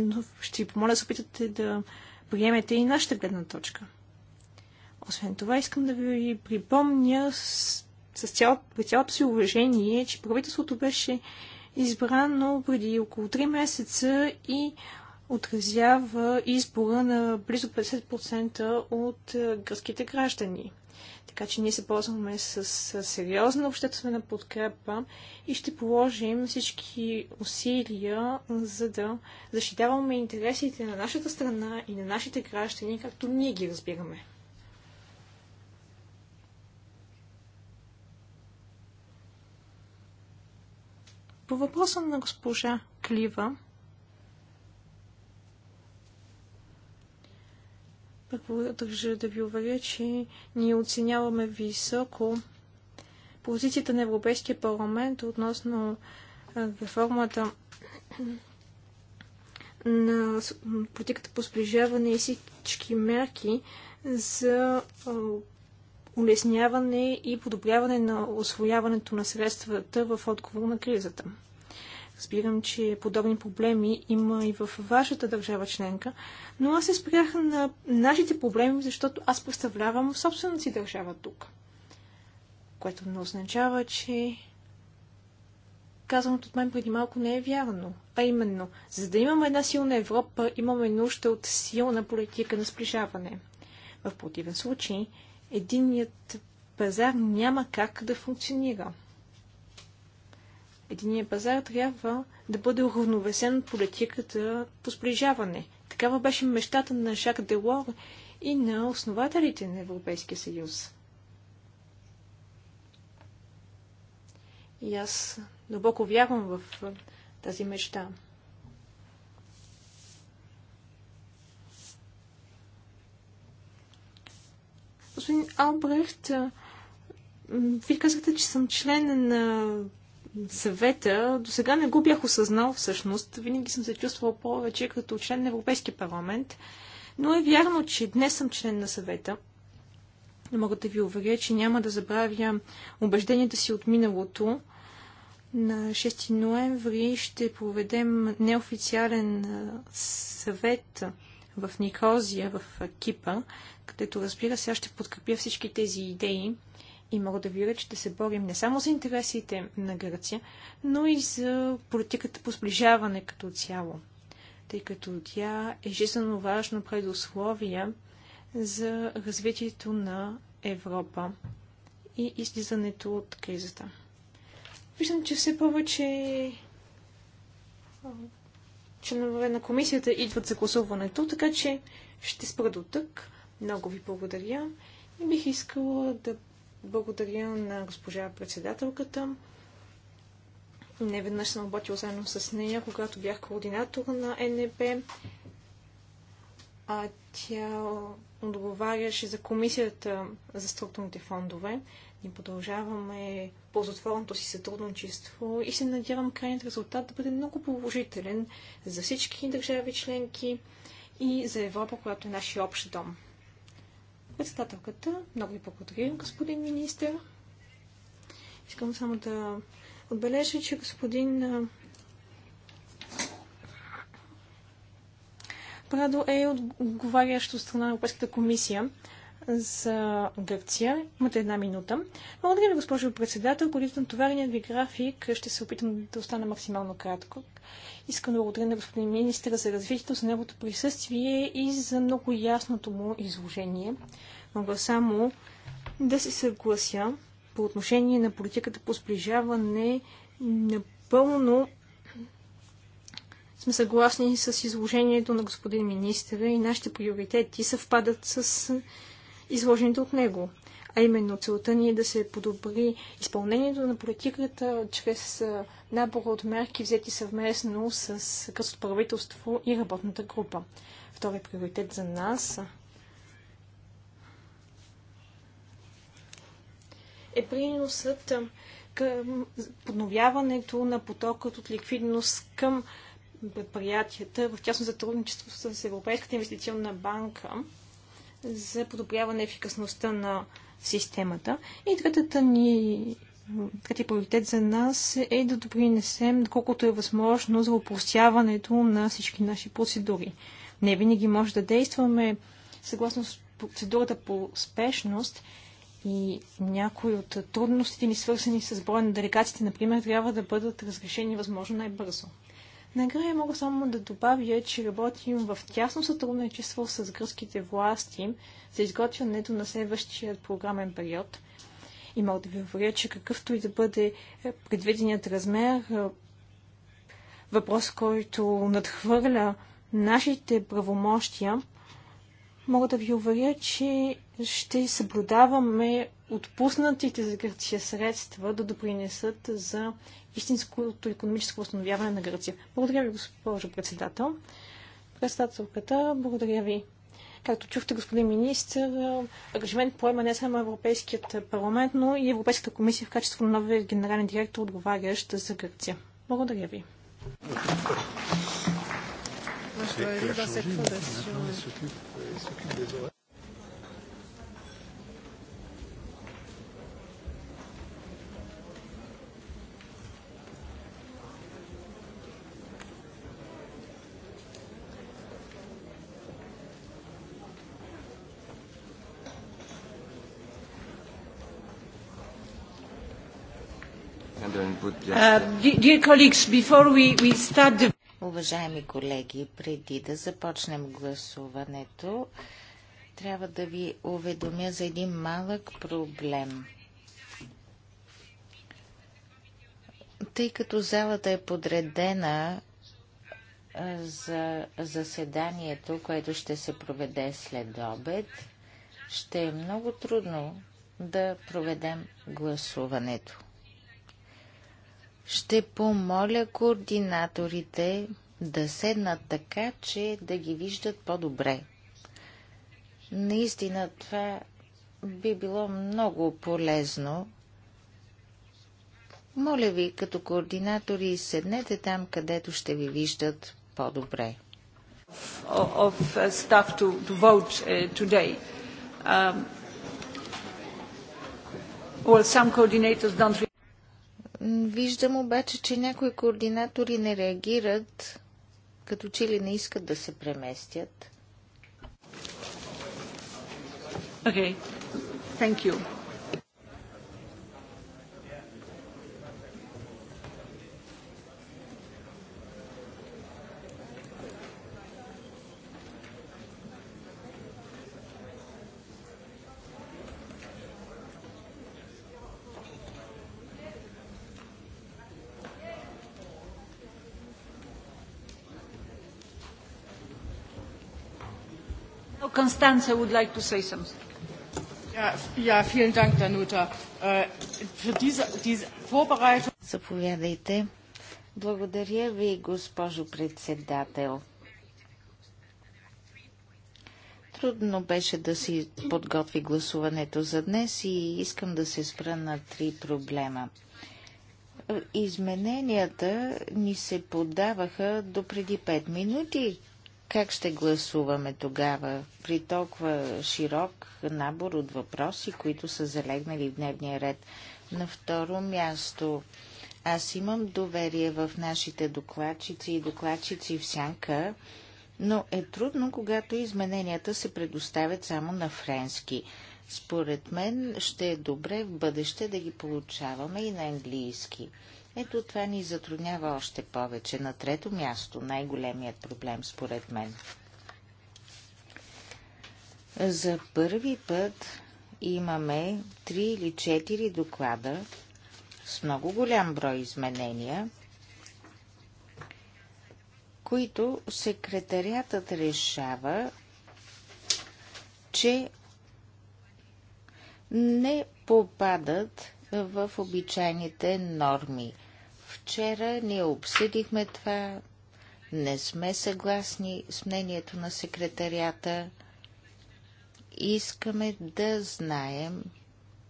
но ще ви помоля да се опитате да приемете и нашата гледна точка. Освен това, искам да ви припомня с, с цяло, при цялото си уважение, че правителството беше избрано преди около 3 месеца и отразява избора на близо 50% от гръцките граждани. Така че ние се ползваме с, с сериозна обществена подкрепа и ще положим всички усилия, за да защитаваме интересите на нашата страна и на нашите граждани, както ние ги разбираме. По въпроса на госпожа Клива, Държа да ви уверя, че ние оценяваме високо позицията на Европейския парламент относно реформата на политиката по сближаване и всички мерки за улесняване и подобряване на освояването на средствата в отговор на кризата. Разбирам, че подобни проблеми има и в вашата държава членка, но аз се спрях на нашите проблеми, защото аз представлявам собствената си държава тук. Което не означава, че казаното от мен преди малко не е вярно. А именно, за да имаме една силна Европа, имаме нужда от силна политика на сближаване. В противен случай, единият пазар няма как да функционира. Единият пазар трябва да бъде уравновесен от политиката по сближаване. Такава беше мечтата на Жак Делор и на основателите на Европейския съюз. И аз дълбоко вярвам в тази мечта. Господин Албрехт, вие казахте, че съм член на съвета, до сега не го бях осъзнал всъщност. Винаги съм се чувствал повече като член на Европейския парламент. Но е вярно, че днес съм член на съвета. Мога да ви уверя, че няма да забравя убежденията си от миналото. На 6 ноември ще проведем неофициален съвет в Никозия, в Кипър, където разбира се, аз ще подкрепя всички тези идеи. И мога да ви че ще се борим не само за интересите на Гърция, но и за политиката по сближаване като цяло, тъй като тя е жизненно важно предусловие за развитието на Европа и излизането от кризата. Виждам, че все повече членове на комисията идват за гласуването, така че ще спра до тък. Много ви благодаря и бих искала да благодаря на госпожа председателката. Не веднъж съм работил заедно с нея, когато бях координатор на НЕП. А тя отговаряше за комисията за структурните фондове. Ние продължаваме ползотворното си сътрудничество и се надявам крайният резултат да бъде много положителен за всички държави членки и за Европа, която е нашия общ дом. Председателката, много ви благодаря, господин министр. Искам само да отбележа, че господин Прадо е отговарящ от страна на Европейската комисия за Гърция. Имате една минута. Благодаря ви, госпожо председател. Предвид натовареният ви график, ще се опитам да остана максимално кратко. Искам да благодаря на господин министра за развитието, за неговото присъствие и за много ясното му изложение. Мога само да се съглася по отношение на политиката по сближаване. Напълно сме съгласни с изложението на господин министъра и нашите приоритети съвпадат с изложените от него. А именно целта ни е да се подобри изпълнението на политиката чрез набор от мерки, взети съвместно с късото правителство и работната група. Втори приоритет за нас е приносът към подновяването на потокът от ликвидност към предприятията в тясно сътрудничество с Европейската инвестиционна банка за подобряване ефикасността на системата. И третата ни Третия приоритет за нас е да допринесем, колкото е възможно, за упростяването на всички наши процедури. Не винаги може да действаме съгласно с процедурата по спешност и някои от трудностите ни, свързани с броя на делегациите, например, трябва да бъдат разрешени възможно най-бързо. Накрая мога само да добавя, че работим в тясно сътрудничество с гръцките власти за изготвянето на следващия програмен период. И мога да ви уверя, че какъвто и да бъде е, предвиденият размер, е, въпрос, който надхвърля нашите правомощия, мога да ви уверя, че ще съблюдаваме отпуснатите за Гърция средства да допринесат за истинското економическо възстановяване на Гърция. Благодаря ви, госпожо председател. Председателката, благодаря ви. Както чухте, господин министр, ангажимент поема не само Европейският парламент, но и Европейската комисия в качество на новия генерален директор, отговарящ за Гърция. Благодаря ви. Moi, Uh, Уважаеми колеги, преди да започнем гласуването, трябва да ви уведомя за един малък проблем. Тъй като залата е подредена за заседанието, което ще се проведе след обед, ще е много трудно да проведем гласуването. Ще помоля координаторите да седнат така, че да ги виждат по-добре. Наистина това би било много полезно. Моля ви, като координатори, седнете там, където ще ви виждат по-добре. Of, of uh, to, to vote uh, today. Um, well, some coordinators don't. Виждам обаче, че някои координатори не реагират, като че ли не искат да се преместят. Okay. Thank you. Constanze would like to say something. Ja, ja vielen Dank, Danuta. Äh, für diese, diese Vorbereitung... Заповядайте. Благодаря ви, госпожо председател. Трудно беше да си подготви гласуването за днес и искам да се спра на три проблема. Измененията ни се подаваха до преди 5 минути, как ще гласуваме тогава при толкова широк набор от въпроси, които са залегнали в дневния ред? На второ място, аз имам доверие в нашите докладчици и докладчици в сянка, но е трудно, когато измененията се предоставят само на френски. Според мен ще е добре в бъдеще да ги получаваме и на английски. Ето това ни затруднява още повече. На трето място най-големият проблем според мен. За първи път имаме три или четири доклада с много голям брой изменения, които секретариатът решава, че не попадат в обичайните норми. Вчера ние обсъдихме това, не сме съгласни с мнението на секретарията. Искаме да знаем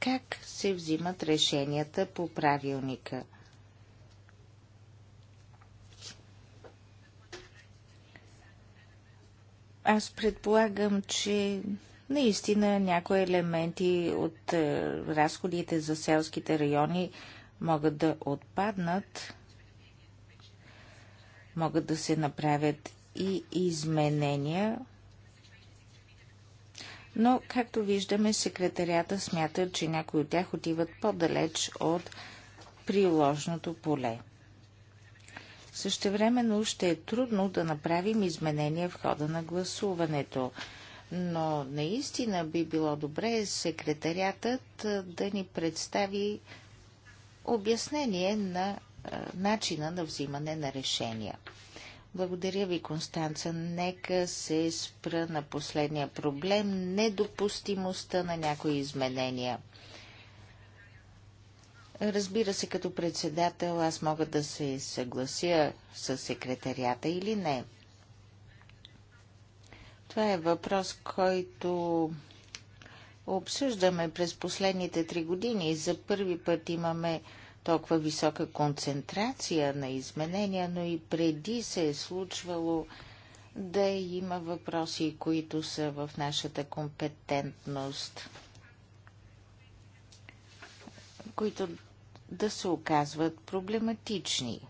как се взимат решенията по правилника. Аз предполагам, че наистина някои елементи от е, разходите за селските райони могат да отпаднат, могат да се направят и изменения, но, както виждаме, секретарията смята, че някои от тях отиват по-далеч от приложното поле. Същевременно ще е трудно да направим изменения в хода на гласуването, но наистина би било добре секретариатът да ни представи обяснение на а, начина на взимане на решения. Благодаря ви, Констанца. Нека се спра на последния проблем – недопустимостта на някои изменения. Разбира се, като председател аз мога да се съглася с секретарията или не. Това е въпрос, който обсъждаме през последните три години. За първи път имаме толкова висока концентрация на изменения, но и преди се е случвало да има въпроси, които са в нашата компетентност, които да се оказват проблематични.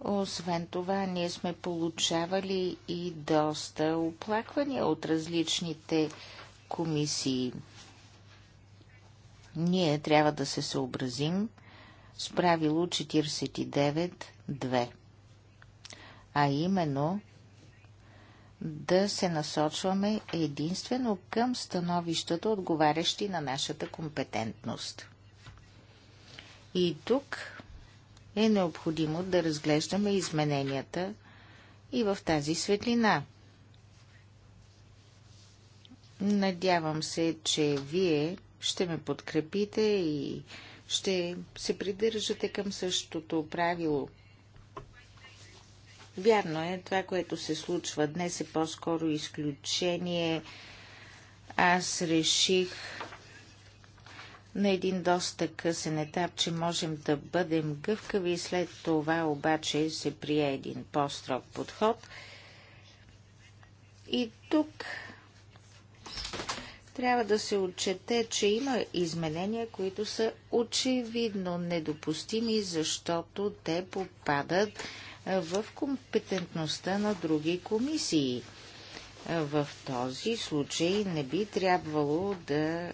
Освен това, ние сме получавали и доста оплаквания от различните комисии. Ние трябва да се съобразим с правило 49.2, а именно да се насочваме единствено към становищата, отговарящи на нашата компетентност. И тук е необходимо да разглеждаме измененията и в тази светлина. Надявам се, че вие ще ме подкрепите и ще се придържате към същото правило. Вярно е, това, което се случва днес е по-скоро изключение. Аз реших на един доста късен етап, че можем да бъдем гъвкави. След това обаче се прие един по-строг подход. И тук трябва да се отчете, че има изменения, които са очевидно недопустими, защото те попадат в компетентността на други комисии. В този случай не би трябвало да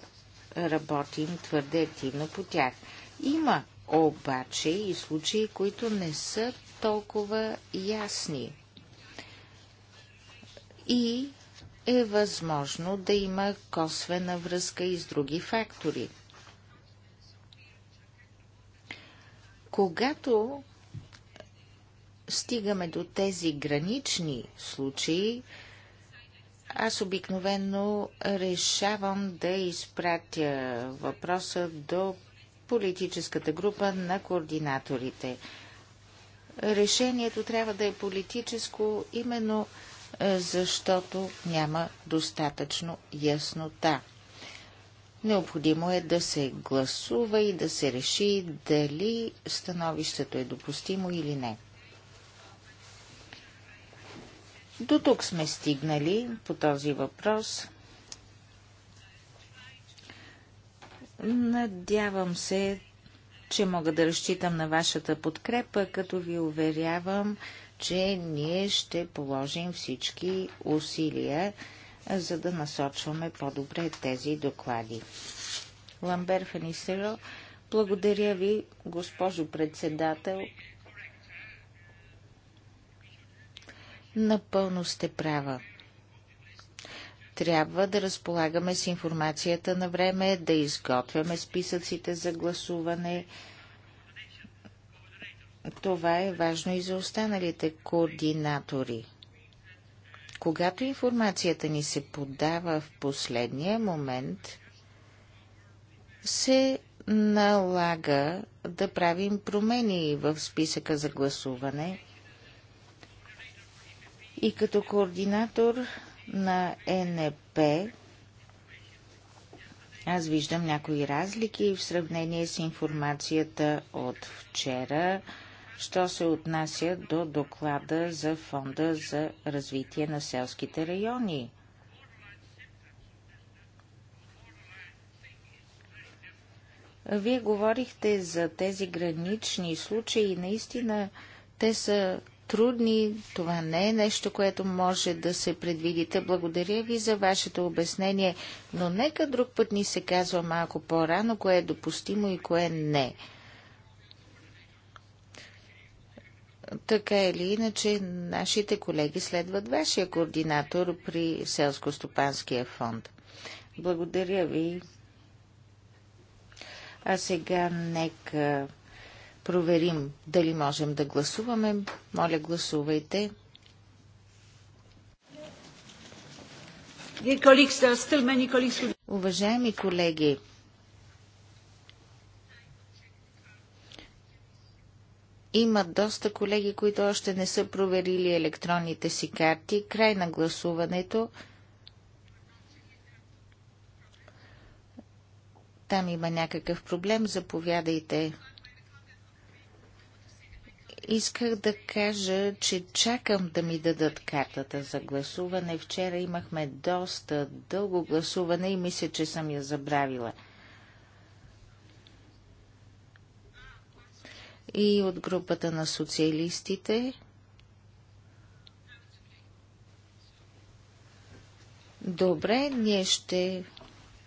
работим твърде активно по тях. Има обаче и случаи, които не са толкова ясни. И е възможно да има косвена връзка и с други фактори. Когато стигаме до тези гранични случаи, аз обикновено решавам да изпратя въпроса до политическата група на координаторите. Решението трябва да е политическо, именно е, защото няма достатъчно яснота. Необходимо е да се гласува и да се реши дали становището е допустимо или не. До тук сме стигнали по този въпрос. Надявам се, че мога да разчитам на вашата подкрепа, като ви уверявам, че ние ще положим всички усилия, за да насочваме по-добре тези доклади. Ламбер Фенисеро, благодаря ви, госпожо председател. Напълно сте права. Трябва да разполагаме с информацията на време, да изготвяме списъците за гласуване. Това е важно и за останалите координатори. Когато информацията ни се подава в последния момент, се налага да правим промени в списъка за гласуване – и като координатор на ЕНП аз виждам някои разлики в сравнение с информацията от вчера, що се отнася до доклада за Фонда за развитие на селските райони. Вие говорихте за тези гранични случаи. и Наистина те са трудни. Това не е нещо, което може да се предвидите. Благодаря ви за вашето обяснение, но нека друг път ни се казва малко по-рано, кое е допустимо и кое не. Така или иначе, нашите колеги следват вашия координатор при Селско-стопанския фонд. Благодаря ви. А сега нека проверим дали можем да гласуваме. Моля, гласувайте. Уважаеми колеги, има доста колеги, които още не са проверили електронните си карти. Край на гласуването. Там има някакъв проблем. Заповядайте. Исках да кажа, че чакам да ми дадат картата за гласуване. Вчера имахме доста дълго гласуване и мисля, че съм я забравила. И от групата на социалистите. Добре, ние ще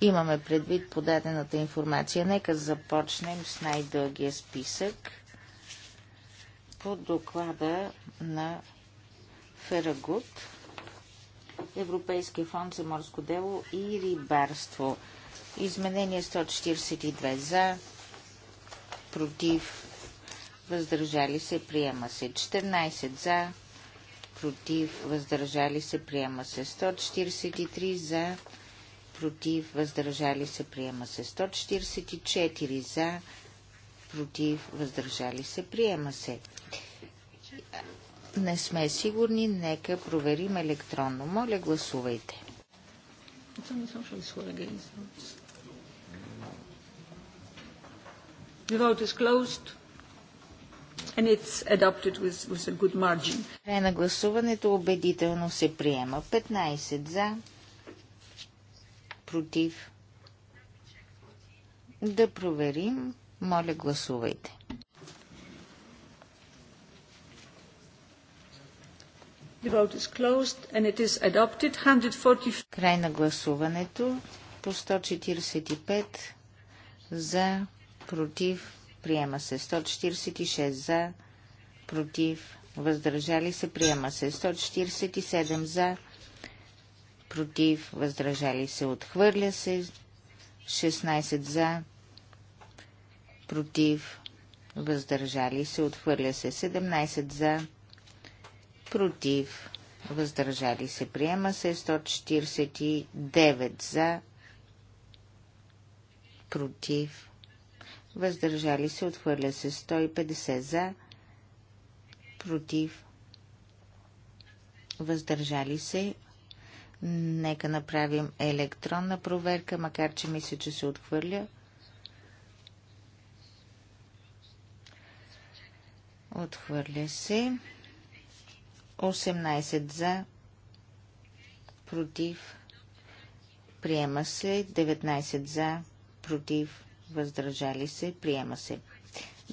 имаме предвид подадената информация. Нека започнем с най-дългия списък – по доклада на Ферагут, Европейския фонд за морско дело и рибарство. Изменение 142 за, против, въздържали се, приема се. 14 за, против, въздържали се, приема се. 143 за, против, въздържали се, приема се. 144 за, против, въздържали се, приема се не сме сигурни, нека проверим електронно. Моля, гласувайте. The vote is closed and it's adopted with, with a good margin. Край на гласуването убедително се приема. 15 за, против. Да проверим. Моля, гласувайте. The vote is closed and it is adopted. Край на гласуването по 145 за, против, приема се. 146 за, против, въздържали се, приема се. 147 за, против, въздържали се, отхвърля се. 16 за, против, въздържали се, отхвърля се. 17 за, против, въздържали се, приема се 149 за, против, въздържали се, отхвърля се 150 за, против, въздържали се. Нека направим електронна проверка, макар че мисля, че се отхвърля. Отхвърля се. 18 за, против, приема се, 19 за, против, въздържали се, приема се.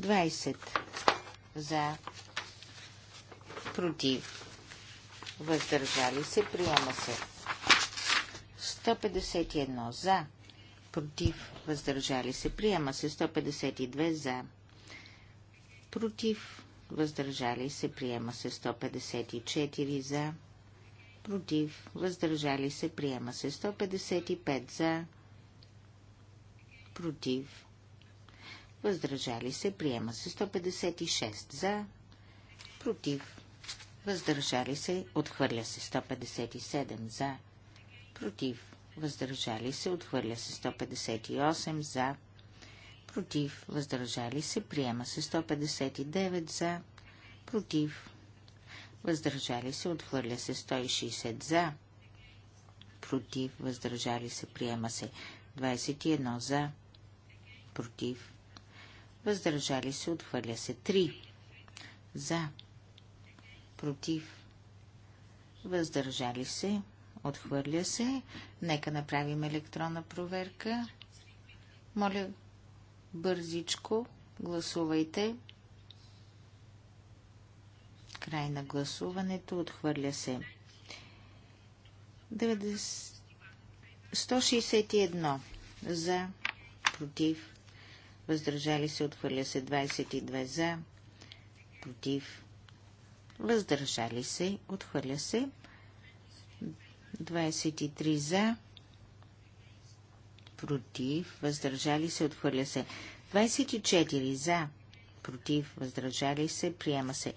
20 за, против, въздържали се, приема се. 151 за, против, въздържали се, приема се. 152 за, против, въздържали се, приема се 154 за, против, въздържали се, приема се 155 за, против, въздържали се, приема се 156 за, против, въздържали се, отхвърля се 157 за, против, въздържали се, отхвърля се 158 за, против, въздържали се, приема се 159 за, против, въздържали се, отхвърля се 160 за, против, въздържали се, приема се 21 за, против, въздържали се, отхвърля се 3 за, против, въздържали се, отхвърля се. Нека направим електронна проверка. Моля, Бързичко. Гласувайте. Край на гласуването. Отхвърля се. 90... 161 за, против, въздържали се, отхвърля се 22 за, против, въздържали се, отхвърля се 23 за, против, въздържали се, отхвърля се. 24 за, против, въздържали се, приема се.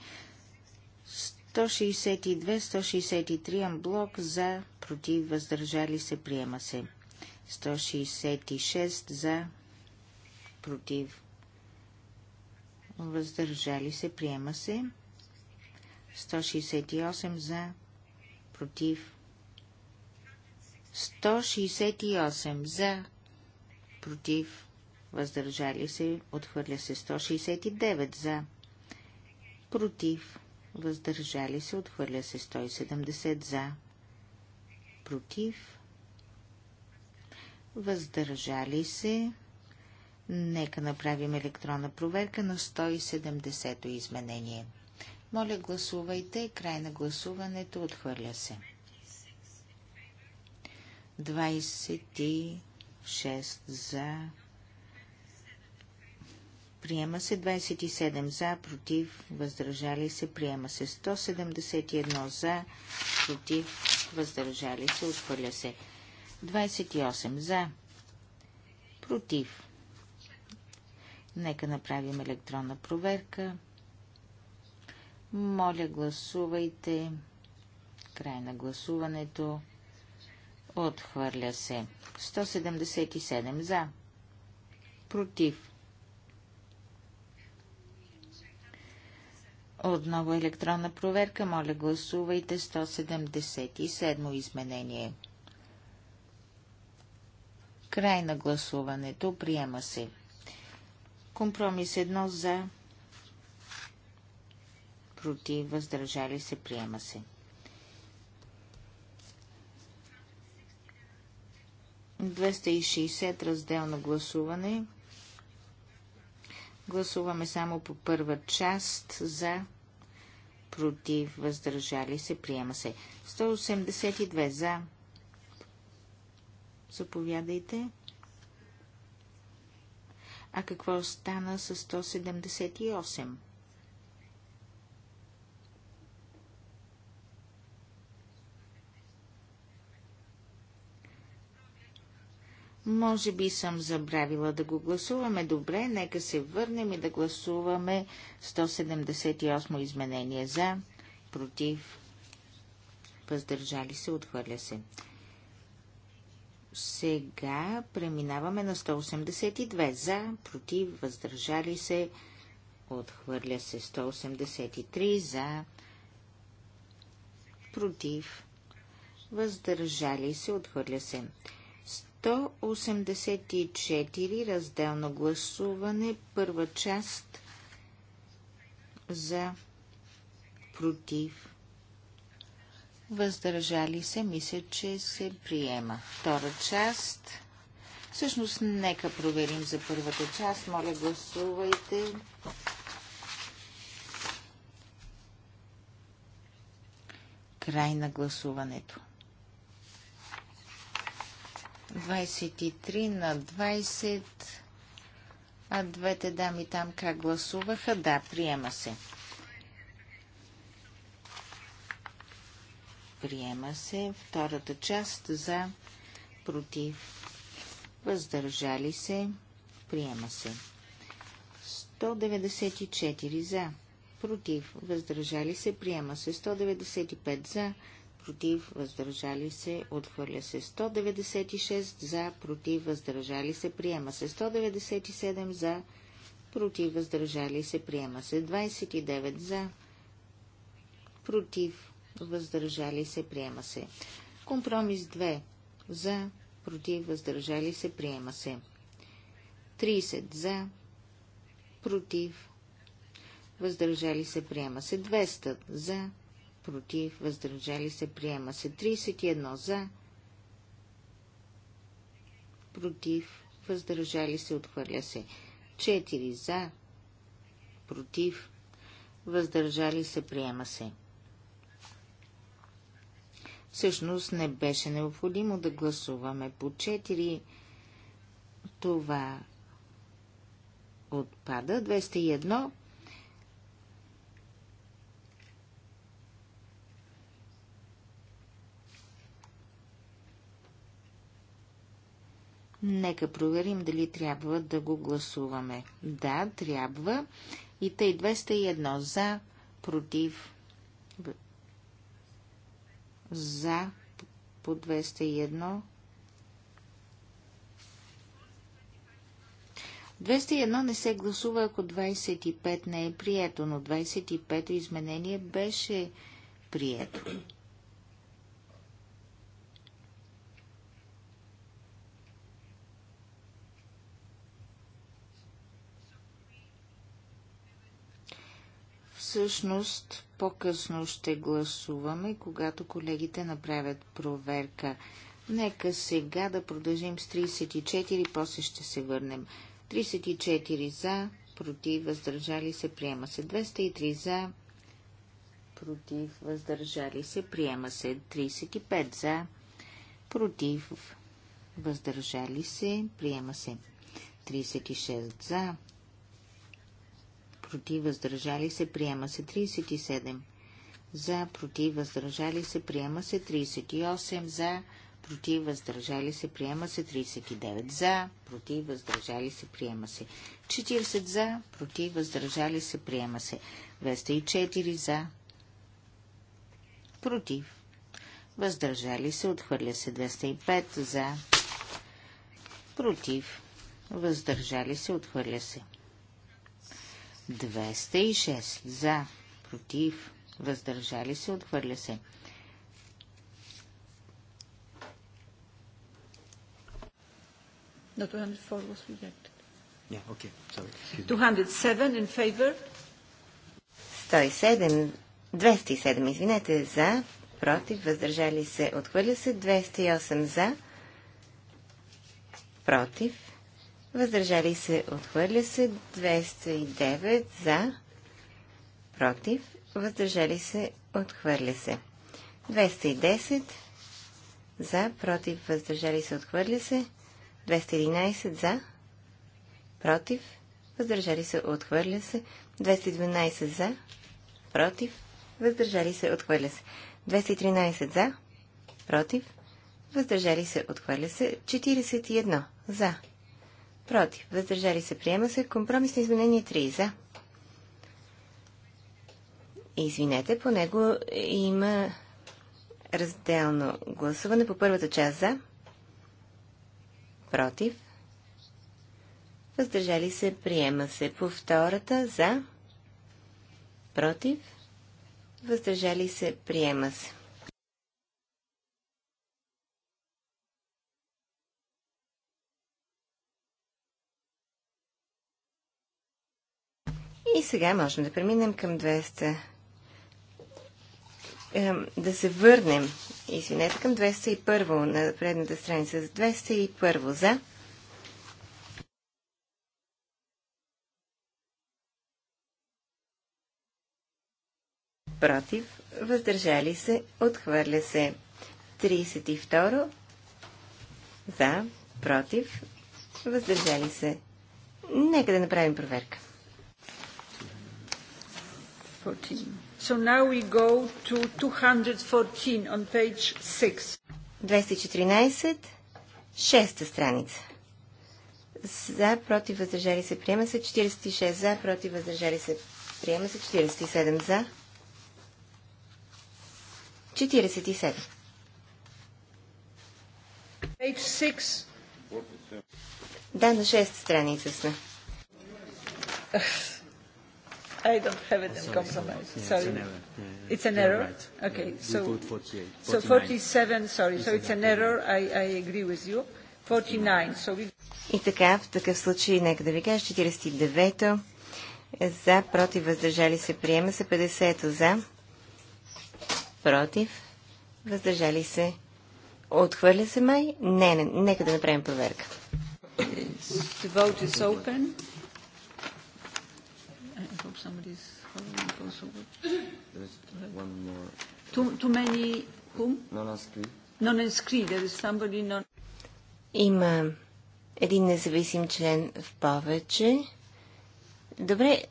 162-163 амблок за, против, въздържали се, приема се. 166 за, против, въздържали се, приема се. 168 за, против, 168 за, против, въздържали се, отхвърля се 169 за, против, въздържали се, отхвърля се 170 за, против, въздържали се. Нека направим електронна проверка на 170-то изменение. Моля, гласувайте. Край на гласуването отхвърля се. 26 6 за. Приема се 27 за, против, въздържали се. Приема се 171 за, против, въздържали се. Отхвърля се. 28 за, против. Нека направим електронна проверка. Моля, гласувайте. Край на гласуването. Отхвърля се. 177 за. Против. Отново електронна проверка. Моля, гласувайте 177 изменение. Край на гласуването. Приема се. Компромис 1 за. Против. Въздържали се. Приема се. 260 разделно гласуване. Гласуваме само по първа част за против, въздържали се, приема се. 182 за. Заповядайте. А какво стана с 178? Може би съм забравила да го гласуваме. Добре, нека се върнем и да гласуваме 178 изменение за, против, въздържали се, отхвърля се. Сега преминаваме на 182 за, против, въздържали се, отхвърля се 183 за, против, въздържали се, отхвърля се. 184 разделно гласуване, първа част за против. Въздържали се, мисля, че се приема. Втора част. Всъщност, нека проверим за първата част. Моля, гласувайте. Край на гласуването. 23 на 20. А двете дами там как гласуваха? Да, приема се. Приема се втората част за против. Въздържали се. Приема се. 194 за. Против. Въздържали се. Приема се. 195 за против, въздържали се, отхвърля се 196 за, против, въздържали се, приема се 197 за, против, въздържали се, приема се 29 за, против, въздържали се, приема се. Компромис 2 за, против, въздържали се, приема се. 30 за, против, въздържали се, приема се. 200 за, против, против, въздържали се, приема се. 31 за, против, въздържали се, отхвърля се. 4 за, против, въздържали се, приема се. Всъщност не беше необходимо да гласуваме по 4. Това отпада. 201 Нека проверим дали трябва да го гласуваме. Да, трябва. И тъй 201 за, против, за по 201. 201 не се гласува, ако 25 не е прието, но 25-то изменение беше прието. Всъщност, по-късно ще гласуваме, когато колегите направят проверка. Нека сега да продължим с 34, после ще се върнем. 34 за, против, въздържали се, приема се. 203 за, против, въздържали се, приема се. 35 за, против, въздържали се, приема се. 36 за, против, въздържали се, приема се 37. За, против, въздържали се, приема се 38. За, против, въздържали се, приема се 39. За, против, въздържали се, приема се 40. За, против, въздържали се, приема се 204. За, против, въздържали се, отхвърля се 205. За, против, въздържали се, отхвърля се 205. 206 за, против, въздържали се, отхвърля се. was rejected. Yeah, okay. Sorry. 207 in favor. 107, 207, извинете, за, против, въздържали се, отхвърля се, 208 за, против, въздържали се, отхвърля се, 209 за, против, въздържали се, отхвърля се. 210 за, против, въздържали се, отхвърля се, 211 за, против, въздържали се, отхвърля се, 212 за, против, въздържали се, отхвърля се, 213 за, против, въздържали се, отхвърля се, 41 за, против, въздържали се, приема се. Компромисно изменение 3 за. Извинете, по него има разделно гласуване по първата част за, против, въздържали се, приема се по втората за, против, въздържали се, приема се. И сега можем да преминем към 200. Да се върнем, извинете, към 201 на предната страница. 201 за. Против, въздържали се, отхвърля се. 32 за, против, въздържали се. Нека да направим проверка. 214. So now we go to 214 on page 6. 214, шеста страница. За, против, въздържали се, приема се 46 за, против, въздържали се, приема се 47 за. 47. Page 6. Да, на шеста страница сме. I don't have it oh, in compromise. Sorry. It's an error. Yeah, yeah. It's an error? Right. Okay. Yeah, So 47, sorry. So it's an error. I I agree with you. 49. So we... И така, в такъв случай, нека да ви кажа, 49-то за, против, въздържали се, приема се, 50-то за, против, въздържали се, отхвърля се май? Не, не, нека да направим проверка. The vote is open somebody's following also. There's one more. Too, too many whom? Non-inscrit. Non-inscrit. There is somebody non... Има един независим член в повече. Добре,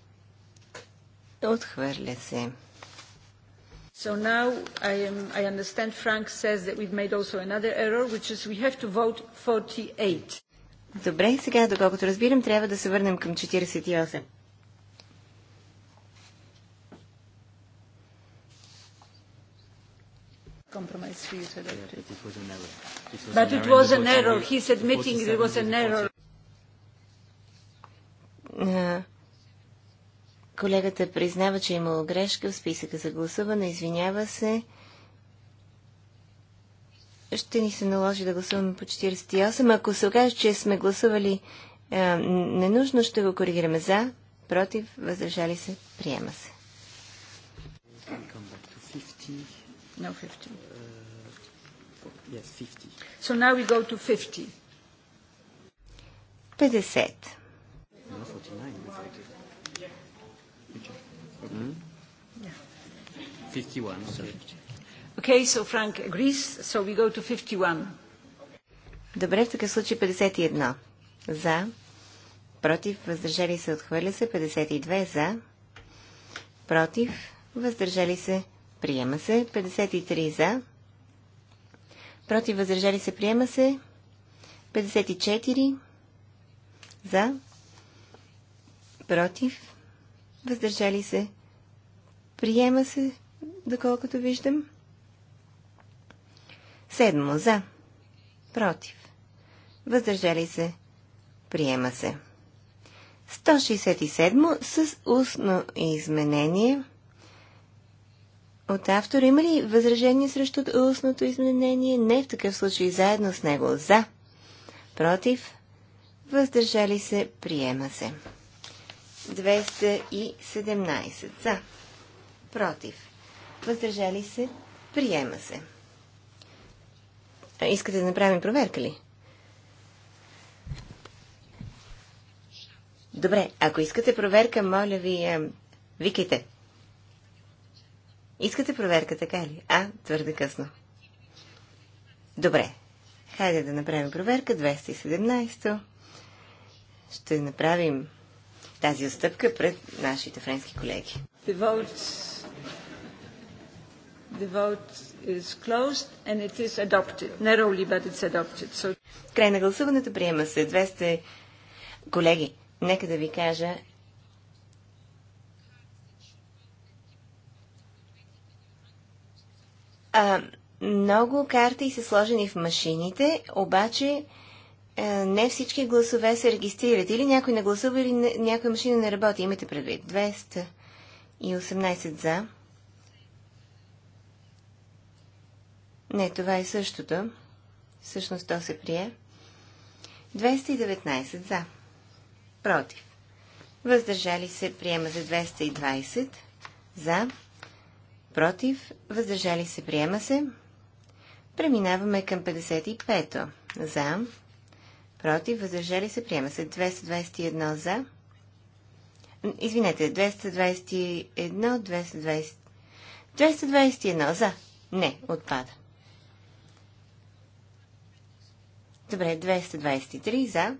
отхвърля се. So now I, am, I understand Frank says that we've made also another error, which is we have to vote 48. Добре, сега, доколкото разбирам, трябва да се върнем към 48. compromise for you to adopt it. But It was an error. But it was an error. He's admitting it was an error. Колегата признава, че е имало грешка в списъка за гласуване, извинява се. Ще ни се наложи да гласуваме по 48. Ако се окаже, че сме гласували е, ненужно, ще го коригираме за, против, въздържали се, приема се. Come back to 50. No, 50. Uh, yes, 50. So now we go to 50. 50. No, 49. Mm? Yeah. 51. Sorry. Okay, so Frank agrees, so we go to 51. Добре, в такъв случай 51. За. Против, въздържали се, отхвърля се. 52 за. Против, въздържали се, приема се. 53 за, против, възражали се, приема се. 54 за, против, въздържали се, приема се, доколкото виждам. Седмо за, против, въздържали се, приема се. 167 с устно изменение – от автора. Има ли възражение срещу устното изменение? Не в такъв случай. Заедно с него. За. Против. Въздържали се. Приема се. 217. За. Против. Въздържали се. Приема се. А, искате да направим проверка ли? Добре, ако искате проверка, моля ви, викайте. Искате проверка, така е ли? А, твърде късно. Добре. Хайде да направим проверка. 217. Ще направим тази отстъпка пред нашите френски колеги. The vote, the vote is closed and it is adopted. but it's adopted. So... Край на гласуването приема се 200 колеги. Нека да ви кажа, А, много карти са сложени в машините, обаче не всички гласове се регистрират. Или някой не гласува, или някоя машина не работи. Имате предвид. 218 за. Не, това е същото. Всъщност то се прие. 219 за. Против. Въздържали се приема за 220 за против, въздържали се, приема се. Преминаваме към 55-то. За, против, въздържали се, приема се. 221 за. Извинете, 221, 220. 221 за. Не, отпада. Добре, 223 за.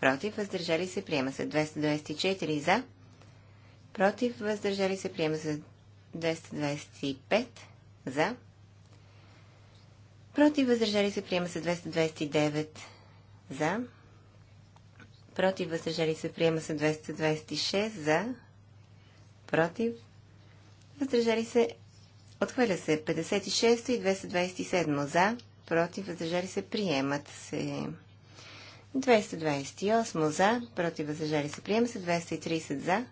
Против, въздържали се, приема се. 224 за. Против, въздържали се, приема се. 225 за. Против въздържали се приема се 229 за. Против въздържали се приема се 226 за. Против въздържали се отхвърля се 56 и 227 за. Против въздържали се приемат се. 228 за, против въздържали се приема се, 230 за,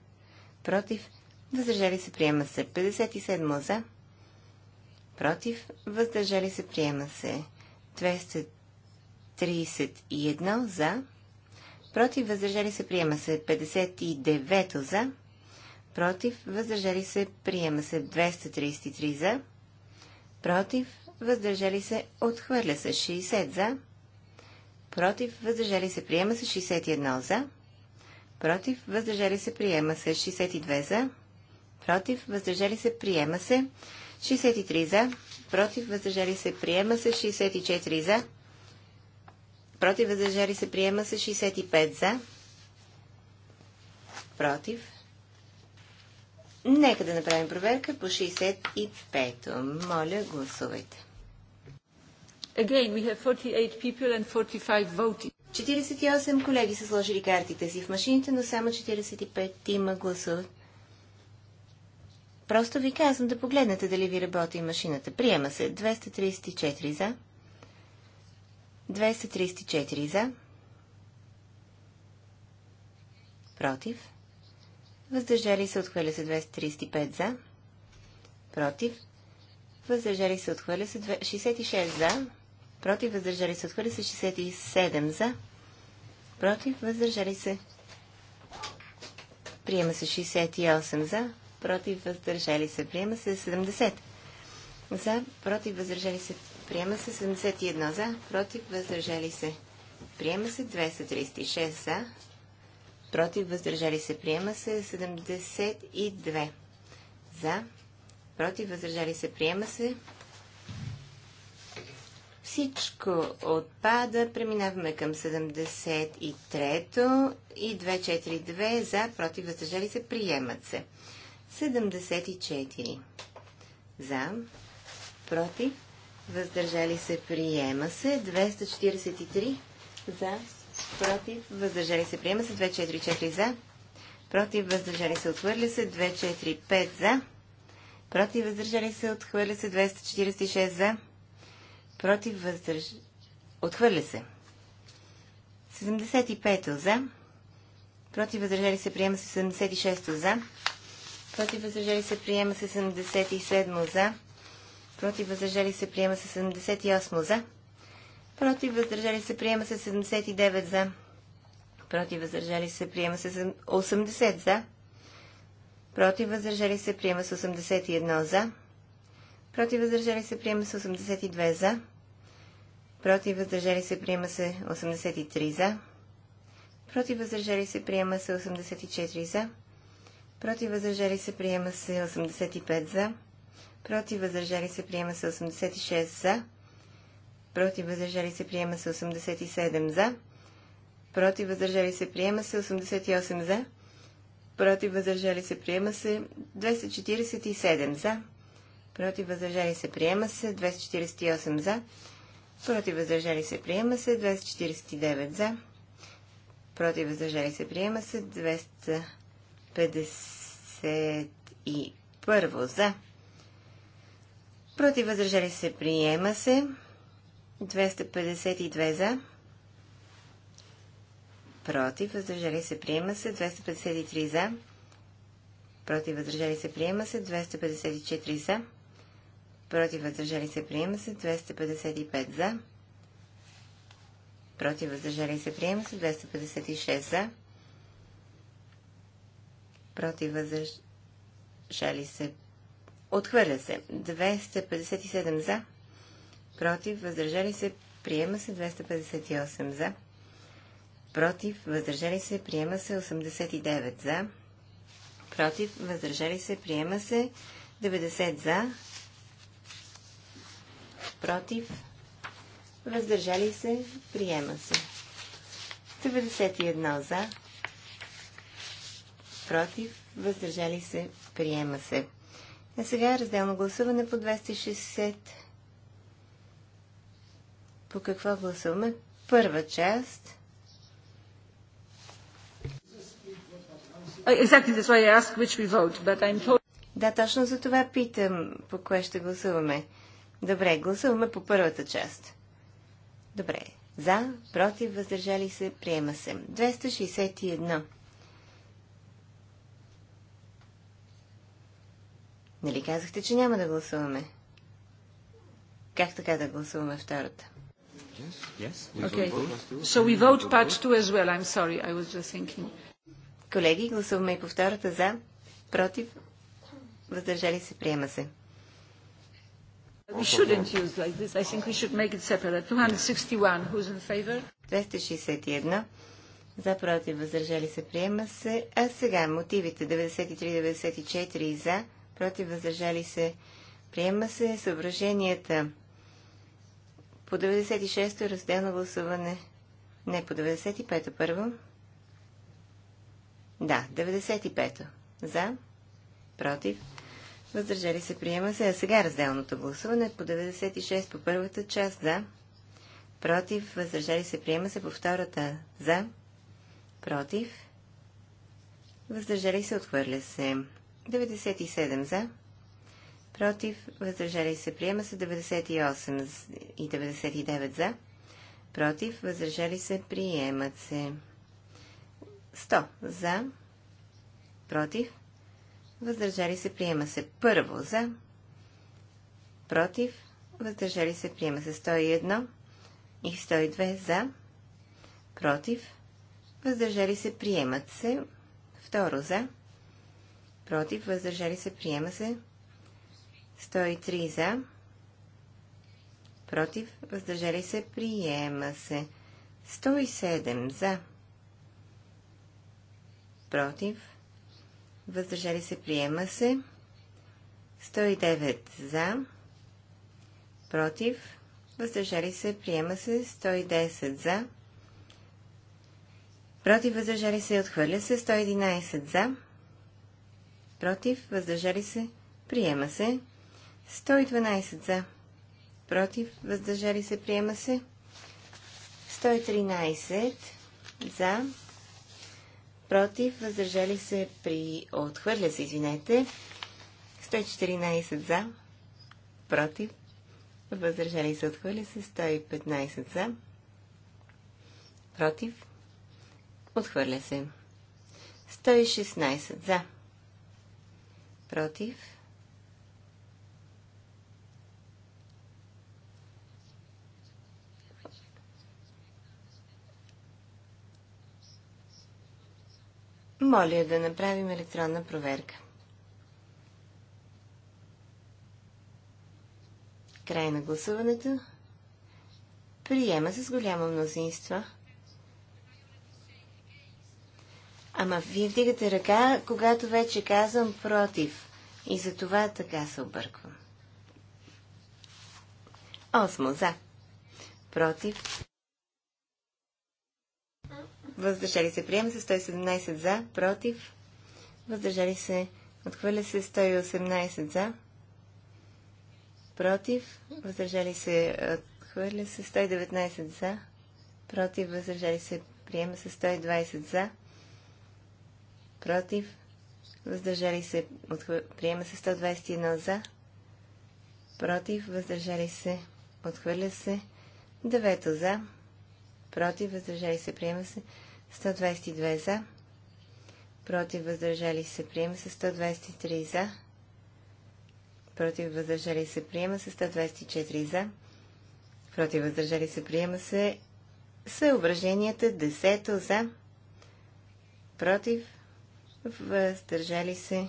против въздържали се, приема се. 57 за, против, въздържали се, приема се. 231 за, против, въздържали се, приема се. 59 за, против, въздържали се, приема се. 233 за, против, въздържали се, отхвърля се. 60 за, против, въздържали се, приема се. 61 за, против, въздържали се, приема се. 62 за, против, въздържали се, приема се. 63 за, против, въздържали се, приема се. 64 за, против, въздържали се, приема се. 65 за, против. Нека да направим проверка по 65-то. Моля, гласувайте. Again, we have 48 people and 45 voting. 48 колеги са сложили картите си в машините, но само 45 има гласуват. Просто ви казвам да погледнете дали ви работи машината. Приема се 234 за. 234 за. Против. Въздържали се отхвърля се 235 за. Против. Въздържали се отхвърля се 66 за. Против. Въздържали се отхвърля се 67 за. Против. Въздържали се. Приема се 68 за против, въздържали се, приема се 70. За, против, въздържали се, приема се 71. За, против, въздържали се, приема се 236. За, против, въздържали се, приема се 72. За, против, въздържали се, приема се всичко отпада. Преминаваме към 73-то и 242 за, против, въздържали се, приемат се. 74. За, против, въздържали се, приема се. 243. За, против, въздържали се, приема се. 244 за, против, въздържали се, отхвърля се. 245 за, против, въздържали се, отхвърля се. 246 за, против, въздържали Отхвърля се. 75 за. Против въздържали се приема се 76 за. Против възражали се приема се 77 за. Против възражали се приема се 78 за. Против въздържали се приема се 79 за. Против въздържали се приема се 80 за. Против въздържали се приема с 81 за. Против въздържали се приема с 82 за. Против въздържали се приема се 83 за. Против въздържали се приема се 84 за. Против възражали се приема се 85 за. Против възражали се приема се 86 за. Против възражали се приема се 87 за. Против възражали се приема се 88 за. Против възражали се приема се 247 за. Против възражали се приема се 248 за. Против възражали се приема се 249 за. Против възражали се приема се 200. 51 за. Против възражали се приема се. 252 за. Против възражали се приема се. 253 за. Против въздържали се приема се. 254 за. Против въздържали се приема се. 255 за. Против въздържали се приема се. 256 за против въздържали се. Отхвърля се. 257 за, против въздържали се. Приема се 258 за, против въздържали се. Приема се 89 за, против въздържали се. Приема се 90 за, против въздържали се. Приема се. 91 за, против, въздържали се, приема се. А сега разделно гласуване по 260. По какво гласуваме? Първа част. Uh, exactly why I ask which we vote, but I'm told... Да, точно за това питам по кое ще гласуваме. Добре, гласуваме по първата част. Добре. За, против, въздържали се, приема се. 261. Нали казахте, че няма да гласуваме? Как така да гласуваме втората? Колеги, гласуваме и по втората за, против, въздържали се, приема се. We shouldn't use like this. I think we should make it separate. 261. Who's in favor? 261. За, против, въздържали се, приема се. А сега мотивите 93-94 за, против, въздържали се, приема се. Съображенията по 96-то е разделно гласуване. Не, по 95-то първо. Да, 95-то. За, против, въздържали се, приема се. А сега разделното гласуване по 96 по първата част. За, против, въздържали се, приема се по втората. За, против, въздържали се, отхвърля се. 97 за, против, въздържали се, приема се 98 и 99 за, против, въздържали се, приемат се 100 за, против, въздържали се, приема се първо за, против, въздържали се, приема се 101 и 102 за, против, въздържали се, приемат се второ за, против, въздържали се, приема се. 103 за, против, въздържали се, приема се. 107 за, против, въздържали се, приема се. 109 за, против, въздържали се, приема се. 110 за, против, въздържали се, отхвърля се. 111 за, против, въздържали се, приема се. 112 за, против, въздържали се, приема се. 113 за, против, въздържали се при... Отхвърля се, извинете. 114 за, против, въздържали се, отхвърля се. 115 за, против, отхвърля се. 116 за, против, Моля да направим електронна проверка. Край на гласуването. Приема се с голямо мнозинство. Ама вие вдигате ръка, когато вече казвам против. И за това така се обърквам. Осмо за. Против. Въздържали се. Приема се 117 за. Против. Въздържали се. Отхвърля се 118 за. Против. Въздържали се. Отхвърля се 119 за. Против. Въздържали се. Приема се 120 за против, въздържали се, приема се 121 за, против, въздържали се, отхвърля се, 9 за, против, въздържали се, приема се, 122 за, против, въздържали се, приема се, 123 за, против, въздържали се, приема се, 124 за, против, въздържали се, приема се, съображенията, 10 за, против, въздържали се.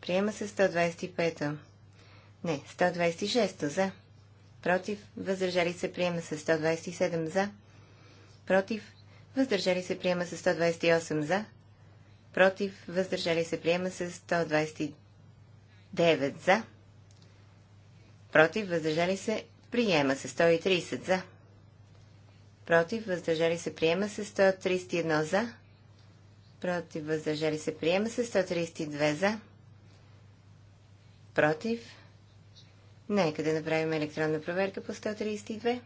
Приема се 125 Не, 126 за. Против, въздържали се, приема се 127 за. Против, въздържали се, приема се 128 за. Против, въздържали се, приема се 129 за. Против, въздържали се, приема се 130 за. Против, въздържали се, приема се 131 за против, въздържали се, приема се. 132 за, против. Нека да направим електронна проверка по 132.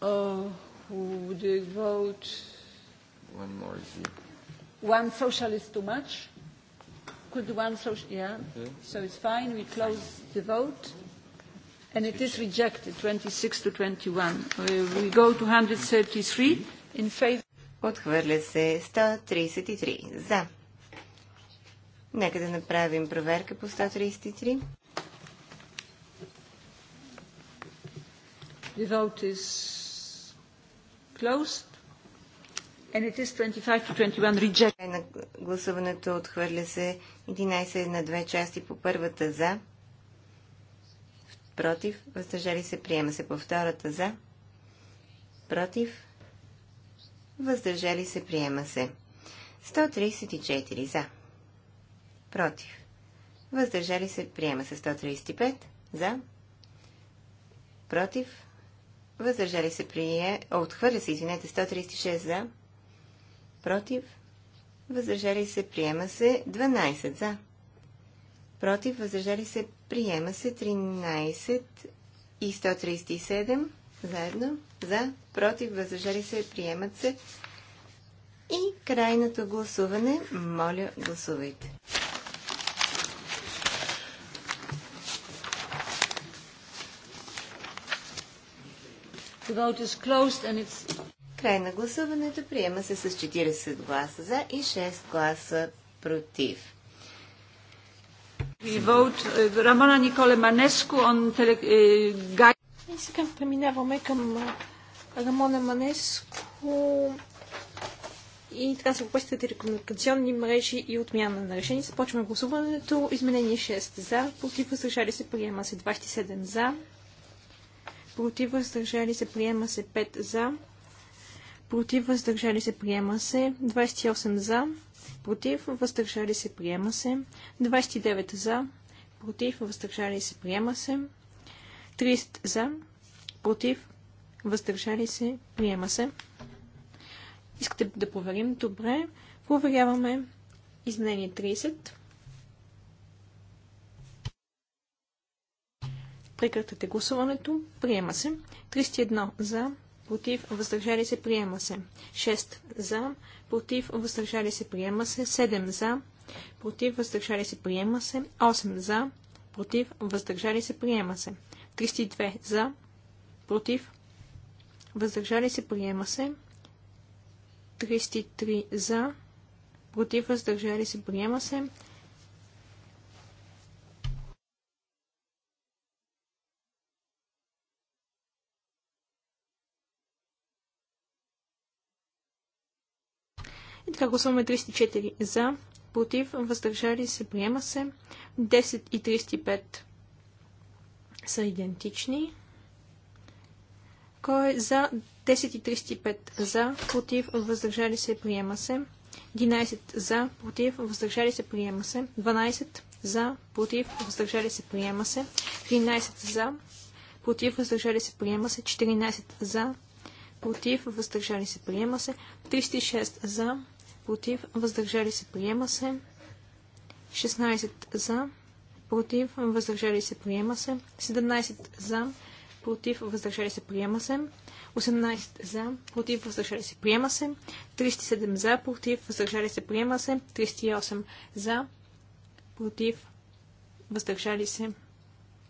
Uh, the vote. One more is One socialist too much. Could one socialist, Yeah. Okay. So it's fine. We close the vote and it is rejected 26 to 21. We go to 133 in favor. Отхвърля се 133 за. Нека да направим проверка по 133. The vote is closed. And it is 25 to 21 rejected. Е, гласуването отхвърля се 11 на 2 части по първата за против, въздържали се, приема се по втората за, против, въздържали се, приема се. 134 за, против, въздържали се, приема се 135 за, против, въздържали се, прие... отхвърля се, извинете, 136 за, против, въздържали се, приема се 12 за против, въздържали се, приема се 13 и 137 заедно, за, против, въздържали се, приемат се и крайното гласуване, моля, гласувайте. Край на гласуването приема се с 40 гласа за и 6 гласа против. We vote Рамона Николе Манеско on tele... Uh, и сега преминаваме към Рамона Манеско и така са европейските телекомуникационни мрежи и отмяна на решение. Започваме гласуването. Изменение 6 за, против въздържали се, приема се 27 за, против въздържали се, приема се 5 за, против въздържали се, приема се 28 за, против, въздържали се, приема се. 29 за, против, въздържали се, приема се. 30 за, против, въздържали се, приема се. Искате да проверим? Добре. Проверяваме изменение 30. Прекратете гласуването. Приема се. 31 за, против, въздържали се, приема се. 6 за, против, въздържали се, приема се. 7 за, против, въздържали се, приема се. 8 за, против, въздържали се, приема се. 32 за, против, въздържали се, приема се. 33 за, против, въздържали се, приема се. Така гласуваме 34 за, против, въздържали се, приема се. 10 и 35 са идентични. Кой е за 10 и 35 за, против, въздържали се, приема се. 11 за, против, въздържали се, приема се. 12 за, против, въздържали се, приема се. 13 за, против, въздържали се, приема се. 14 за, против, въздържали се, приема се. 36 за, против, въздържали се, приема се. 16 за, против, въздържали се, приема се. 17 за, против, въздържали се, приема се. 18 за, против, въздържали се, приема се. 37 за, против, въздържали се, приема се. 38 за, против, въздържали се,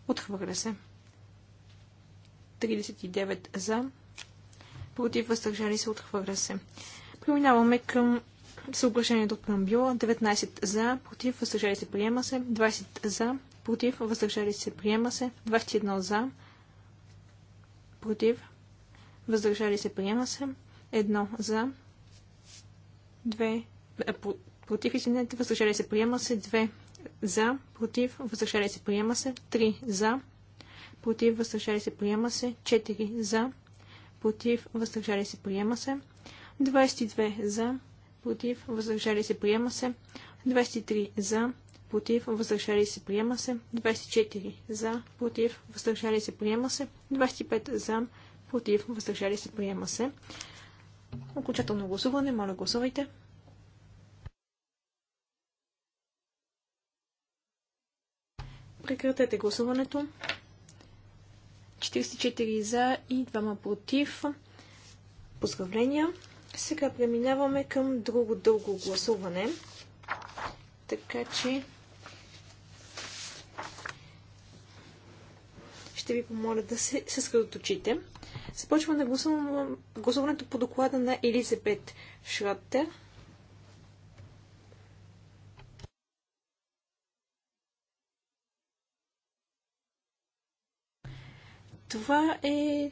отхвърля се. 39 за, против, въздържали се, отхвърля се. Преминаваме към Съображението от преамбюла 19 за, против, въздържали се, приема се. 20 за, против, въздържали се, приема се. 21 за, против, въздържали се, приема се. 1 за, 2 е, против, извинете, въздържали се, приема се. 2 за, против, въздържали се, приема се. 3 за, против, въздържали се, приема се. 4 за, против, въздържали се, приема се. 22 за, против, въздържали се, приема се. 23 за, против, въздържали се, приема се. 24 за, против, въздържали се, приема се. 25 за, против, въздържали се, приема се. Окончателно гласуване, моля гласувайте. Прекратете гласуването. 44 за и 2 против. Поздравления! Сега преминаваме към друго дълго гласуване. Така че ще ви помоля да се съсредоточите. Започваме да гласуваме гласуването по доклада на Елизабет Шраттер. Това е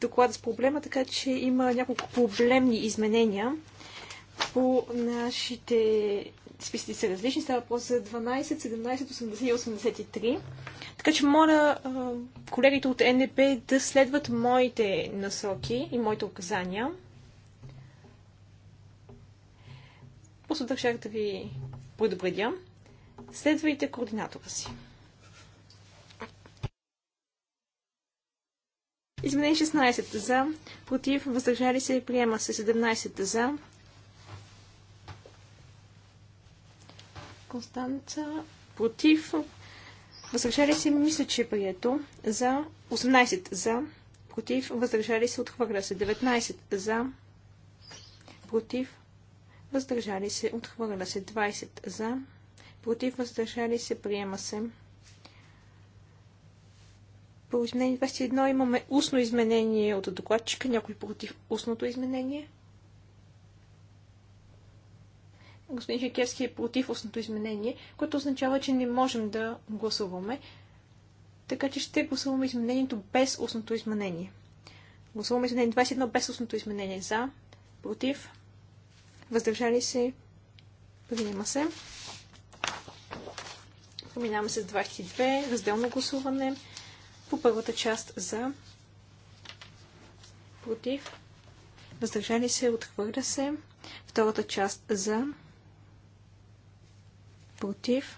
доклада с проблема, така че има няколко проблемни изменения по нашите списъци са различни. Става въпрос за 12, 17, 80 и 83. Така че моля колегите от НДП да следват моите насоки и моите указания. Просто държах да ви предупредя. Следвайте координатора си. Измени 16 за, против, въздържали се, приема се 17 за. Констанца, против, въздържали се, мисля, че е прието. За 18 за, против, въздържали се, отхвърля се 19 за, против, въздържали се, отхвърля се 20 за, против, въздържали се, приема се. По изменение 21 имаме устно изменение от докладчика. Някой против устното изменение? Господин Шекерски е против устното изменение, което означава, че не можем да гласуваме. Така че ще гласуваме изменението без устното изменение. Гласуваме изменение 21 без устното изменение. За, против, въздържали се, приема се. Преминаваме с 22, разделно гласуване. По първата част за, против, въздържали се, отхвърля се. Втората част за, против,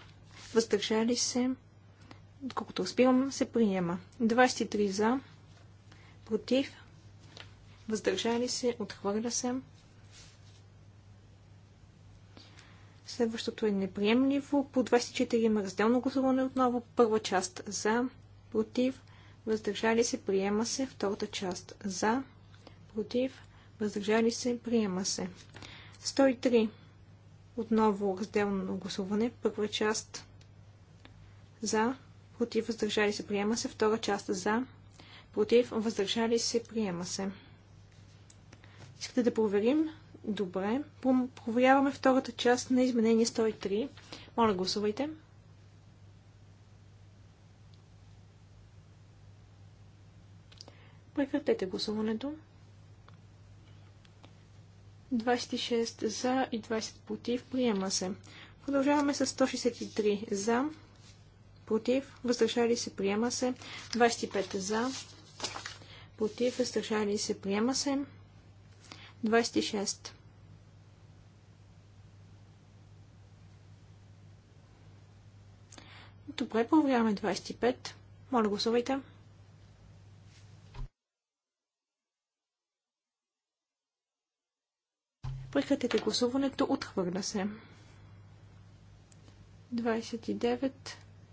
въздържали се, доколкото разбирам, се приема. 23 за, против, въздържали се, отхвърля се. Следващото е неприемливо. По 24 има разделно гласуване отново. Първа част за, против, въздържали се, приема се. Втората част за, против, въздържали се, приема се. 103. Отново разделно гласуване. Първа част за, против, въздържали се, приема се. Втора част за, против, въздържали се, приема се. Искате да проверим? Добре. Проверяваме втората част на изменение 103. Моля, гласувайте. Прекратете гласуването. 26 за и 20 против. Приема се. Продължаваме с 163 за, против, въздържали се, приема се. 25 за, против, въздържали се, приема се. 26. Добре, проверяваме 25. Моля, гласувайте. Прекратете гласуването. Отхвърля се. 29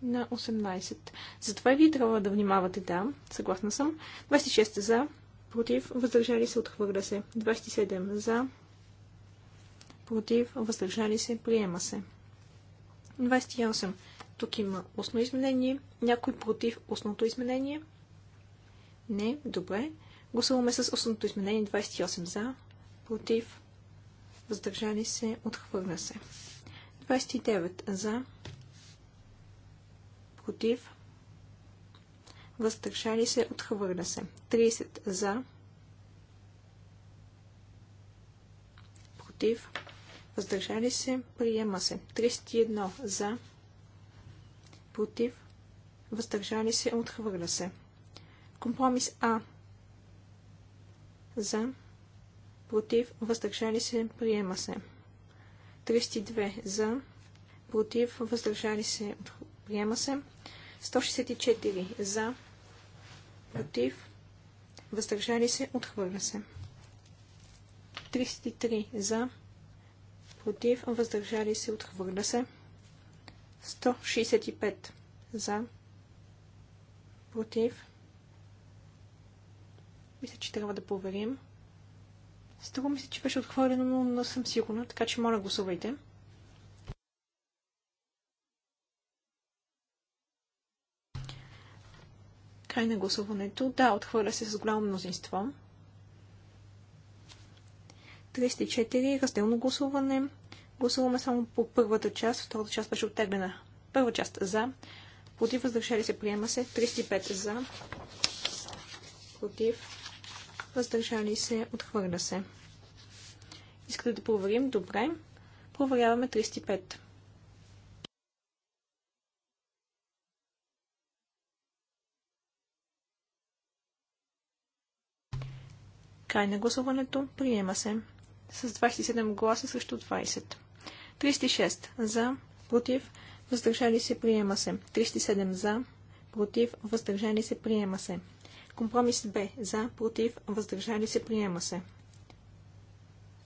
на 18. Затова ви трябва да внимавате, да. Съгласна съм. 26 за. Против. Въздържали се. Отхвърля се. 27 за. Против. Въздържали се. Приема се. 28. Тук има устно изменение. Някой против устното изменение? Не. Добре. Гласуваме с устното изменение. 28 за. Против въздържали се, отхвърля се. 29 за, против, въздържали се, отхвърля се. 30 за, против, въздържали се, приема се. 31 за, против, въздържали се, отхвърля се. Компромис А за, против, против, въздържали се, приема се. 32 за, против, въздържали се, приема се. 164 за, против, въздържали се, отхвърля се. 33 за, против, въздържали се, отхвърля се. 165 за, против. Мисля, че трябва да проверим. 165. Струва ми се, че беше отхвърлено, но не съм сигурна, така че моля гласувайте. Край на гласуването. Да, отхвърля се с голямо мнозинство. 34. Разделно гласуване. Гласуваме само по първата част. Втората част беше оттеглена. Първа част за. Против въздържали се. Приема се. 35 за. Против въздържали се, отхвърля се. Искате да проверим? Добре. Проверяваме 35. Край на гласуването. Приема се. С 27 гласа срещу 20. 36. За. Против. Въздържали се. Приема се. 37. За. Против. Въздържали се. Приема се. Компромис Б. За, против, въздържали се, приема се.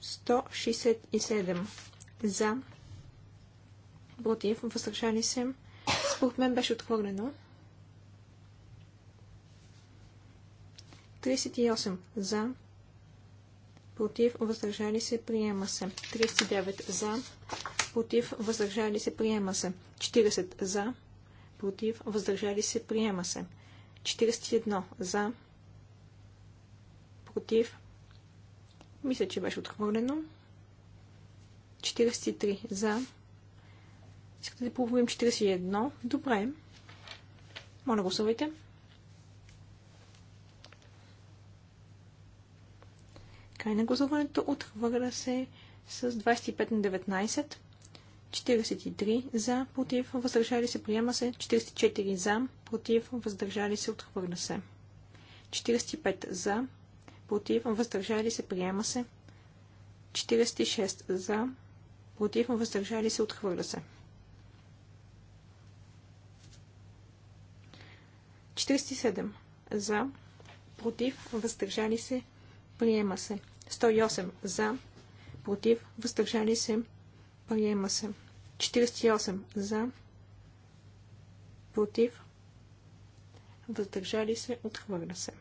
167. За, против, въздържали се. Според мен беше отхвърлено. 38. За, против, въздържали се, приема се. 39. За, против, въздържали се, приема се. 40. За, против, въздържали се, приема се. 41 за, против, мисля, че беше отхвърлено. 43 за. Искате да поговорим 41. Добре. Моля, гласувайте. Край на гласуването отхвърля се с 25 на 19. 43 за, против, въздържали се, приема се. 44 за, против, въздържали се, отхвърля се. 45 за, против, въздържали се, приема се. 46 за, против, въздържали се, отхвърля се. 47 за, против, въздържали се, приема се. 108 за, против, въздържали се, приема се. 48 за, против, въздържали се, отхвърля се.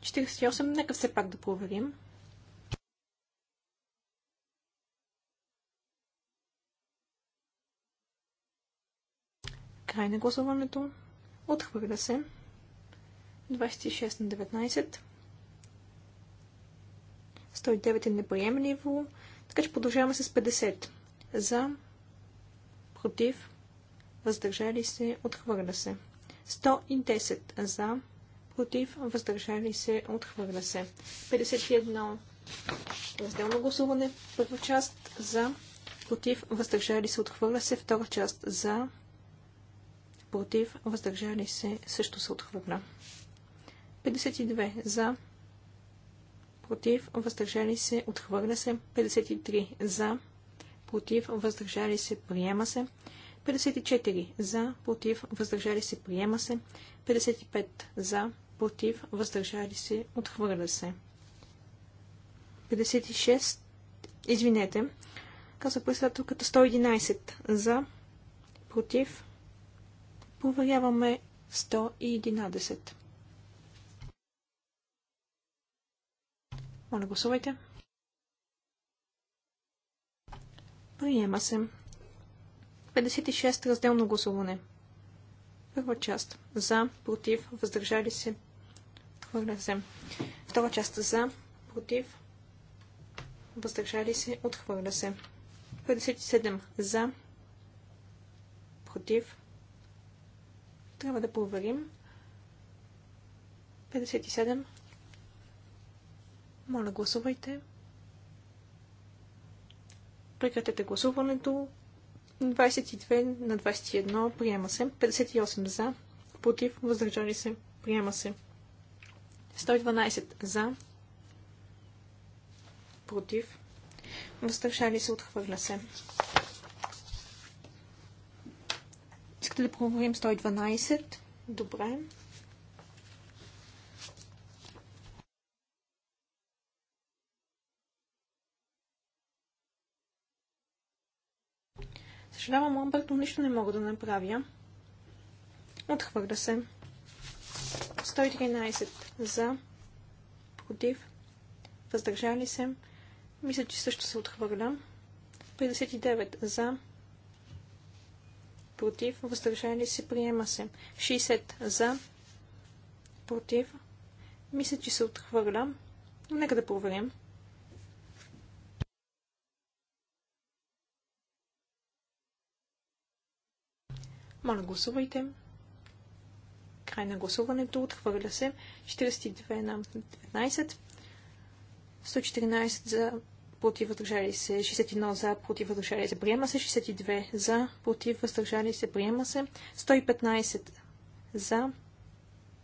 48, нека все пак да проверим. Край на гласуването. Отхвърля се. 26 на 19. 109 е неприемливо, така че продължаваме с 50. За, против, въздържали се, отхвърля се. 110 за, против, въздържали се, отхвърля се. 51 разделно гласуване, първа част за, против, въздържали се, отхвърля се, втора част за, против, въздържали се, също се отхвърля. 52 за, против, въздържали се, отхвърля се. 53 за, против, въздържали се, приема се. 54 за, против, въздържали се, приема се. 55 за, против, въздържали се, отхвърля се. 56, извинете, каза председателката 111 за, против, проверяваме 111. Моля, гласувайте. Приема се. 56. Разделно гласуване. Първа част. За, против, въздържали се. Хвърля се. Втора част. За, против, въздържали се. Отхвърля се. 57. За, против. Трябва да проверим. 57. Моля, гласувайте. Прекратете гласуването. 22 на 21 приема се. 58 за. Против. Въздържали се. Приема се. 112 за. Против. Въздържали се. Отхвърля се. Искате да проверим 112? Добре. Съжалявам, Ламберт, но нищо не мога да направя. Отхвърля се. 113 за, против, въздържали се. Мисля, че също се отхвърля. 59 за, против, въздържали се, приема се. 60 за, против. Мисля, че се отхвърля. Нека да проверим. Моля, гласувайте. Край на гласуването. Отхвърля се. 42 на 19. 114 за против въздържали се. 61 за против въздържали се. Приема се. 62 за против въздържали се. Приема се. 115 за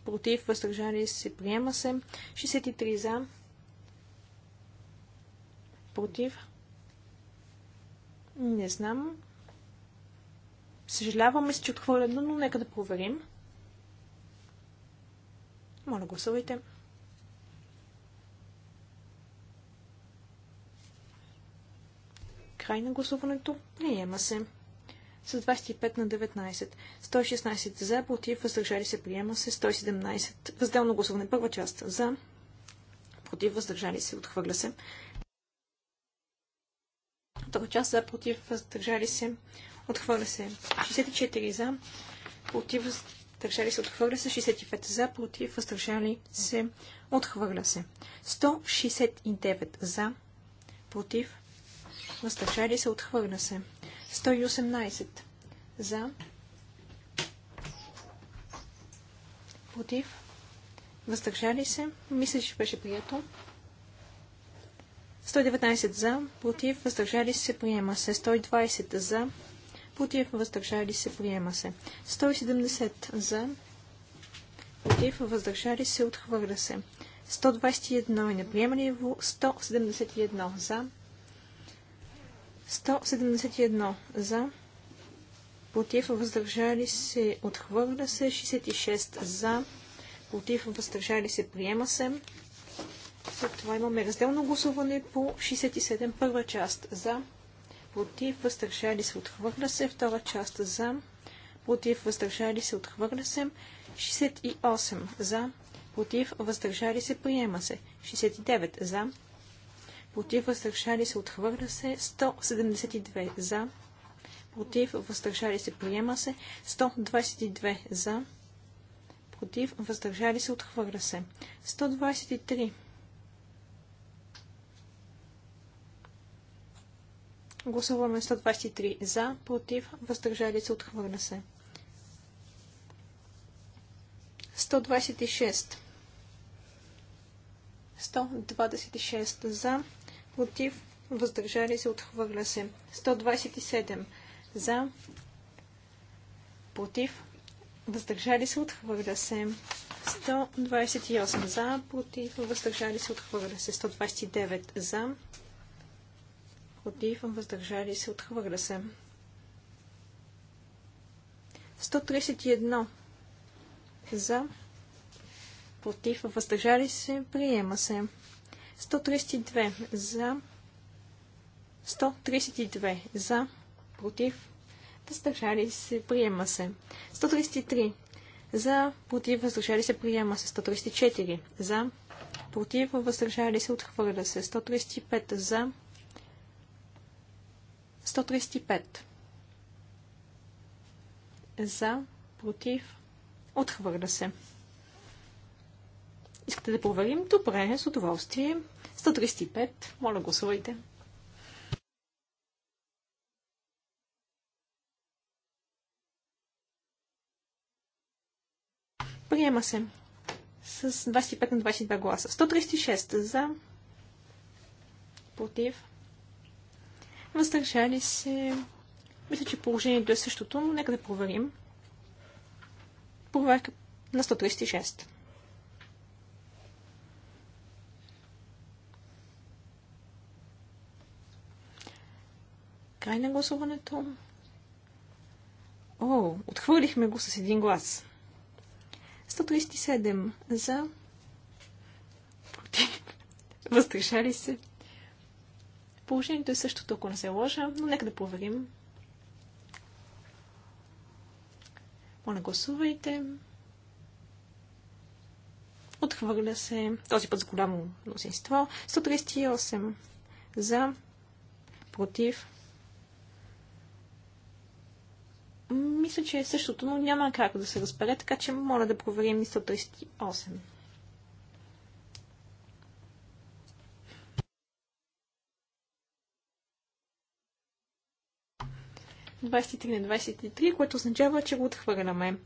против въздържали се. Приема се. 63 за против. Не знам. Съжалявам, мисля, че е отхвърлено, но нека да проверим. Моля, гласувайте. Край на гласуването. Приема се. С 25 на 19. 116 за, против, въздържали се, приема се. 117. Разделно гласуване. Първа част. За. Против, въздържали се, отхвърля се. Втора част. За, против, въздържали се, Отхвърля се. 64 за. Против. Въздържали се. Отхвърля се. 65 за. Против. Въздържали се. Отхвърля се. 169 за. Против. Въздържали се. Отхвърля се. 118 за. Против. Въздържали се. Мисля, че беше прието. 119 за, против, въздържали се, приема се. 120 за, против, въздържали се, приема се. 170 за, против, въздържали се, отхвърля се. 121 е неприемливо, 171 за, 171 за, против, въздържали се, отхвърля се, 66 за, против, въздържали се, приема се. След това имаме разделно гласуване по 67 първа част за, против, въздържали се, отхвърля се. Втора част за, против, въздържали се, отхвърля се. 68 за, против, въздържали се, приема се. 69 за, против, въздържали се, отхвърля се. 172 за, против, въздържали се, приема се. 122 за, против, въздържали се, отхвърля се. 123 Гласуваме 123 за, против, въздържали се, отхвърля се. 126. 126 за, против, въздържали се, отхвърля се. 127 за, против, въздържали се, отхвърля се. 128 за, против, въздържали се, отхвърля се. 129 за, против, въздържали се, отхвърля се. 131 за, против, въздържали се, приема се. 132 за, 132 за, против, въздържали се, приема се. 133 за, против, въздържали се, приема се. 134 за, против, въздържали се, отхвърля се. 135 за, 135. За, против, отхвърля се. Искате да проверим? Добре, с удоволствие. 135. Моля, гласувайте. Приема се с 25 на 22 гласа. 136 за, против, въздържали се. Мисля, че положението е същото, но нека да проверим. Проверка на 136. Край на гласуването. О, отхвърлихме го с един глас. 137 за. Против. Въздържали се. Положението е същото, ако не се лъжа, но нека да проверим. Моля, гласувайте. Отхвърля се този път с голямо мнозинство. 138 за, против. Мисля, че е същото, но няма как да се разбере, така че моля да проверим 138. 23 на 23, което означава, че го отхвърляме.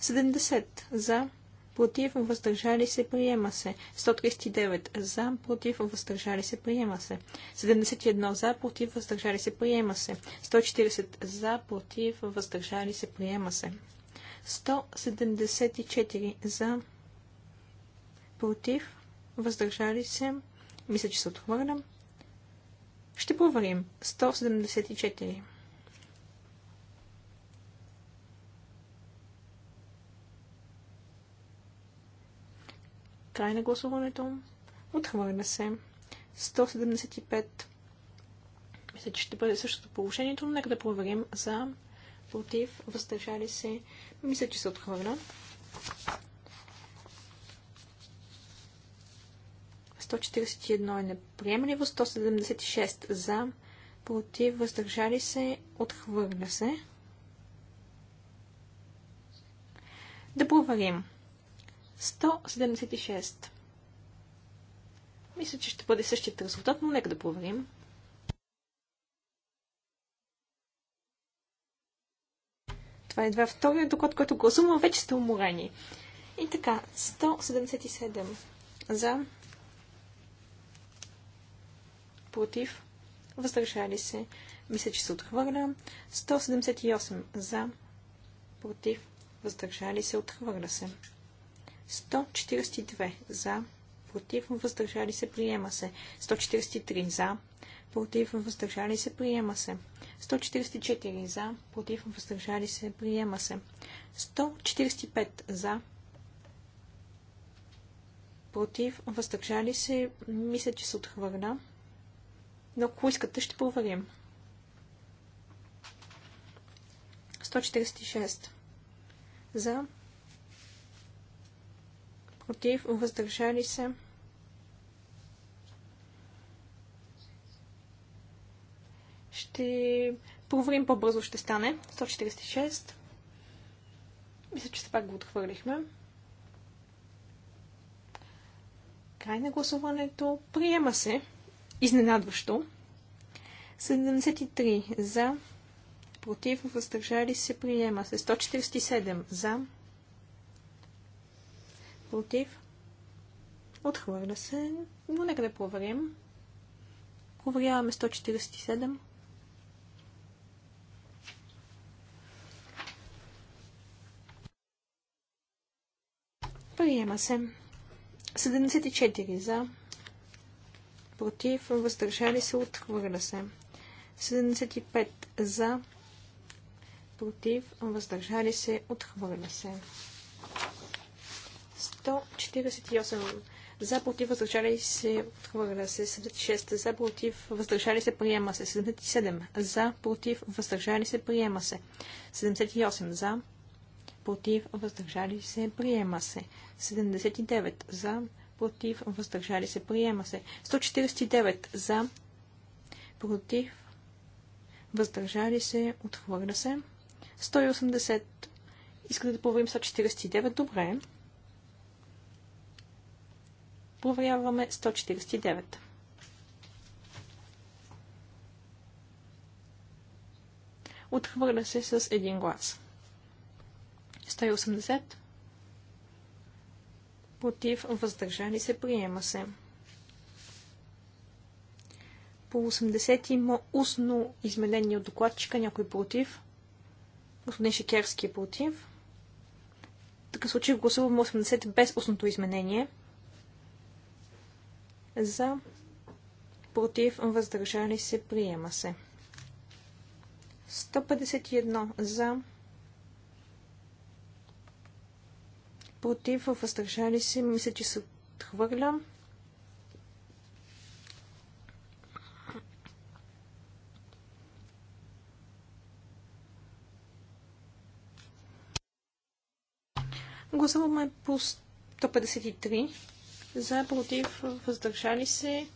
70 за, против, въздържали се, приема се. 139 за, против, въздържали се, приема се. 71 за, против, въздържали се, приема се. 140 за, против, въздържали се, приема се. 174 за, против, въздържали се, мисля, че се отхвърлям. Ще проверим. 174. Край на гласуването. Отхвърля се. 175. Мисля, че ще бъде същото положението, но нека да проверим за против, въздържали се. Мисля, че се отхвърля. 141 е неприемливо, 176 за, против, въздържали се, отхвърля се. Да проверим. 176. Мисля, че ще бъде същият резултат, но нека да проверим. Това е едва втория доклад, който гласувам, вече сте уморени. И така, 177 за, против, въздържали се, мисля, че се отхвърля, 178 за, против, въздържали се, отхвърля се. 142 за, против, въздържали се, приема се. 143 за, против, въздържали се, приема се. 144 за, против, въздържали се, приема се. 145 за, против, въздържали се, мисля, че се отхвърля. Но ако искате, ще проверим. 146 за, против, въздържали се. Ще проверим по-бързо ще стане. 146. Мисля, че все пак го отхвърлихме. Край на гласуването. Приема се. Изненадващо. 73 за. Против. Въздържали се. Приема се. 147 за против, отхвърля се, но нека да проверим. Проверяваме 147. Приема се. 74 за. Против. Въздържали се. Отхвърля се. 75 за. Против. Въздържали се. Отхвърля се. 148 за, против, въздържали се, отхвърля се. 76 за, против, въздържали се, приема се. 77 за, против, въздържали се, приема се. 78 за, против, въздържали се, приема се. 79 за, против, въздържали се, приема се. 149 за, против, въздържали се, отхвърля се. 180. Искате да поверим 149? Добре. Проверяваме 149. Отхвърля се с един глас. 180. Против, въздържани се, приема се. По 80 има устно изменение от докладчика, някой е против. Господин Шекерски е против. В такъв случай гласуваме 80 без устното изменение за, против, въздържали се, приема се. 151 за, против, въздържали се, мисля, че се отхвърля. по 153 за, против, въздържали се.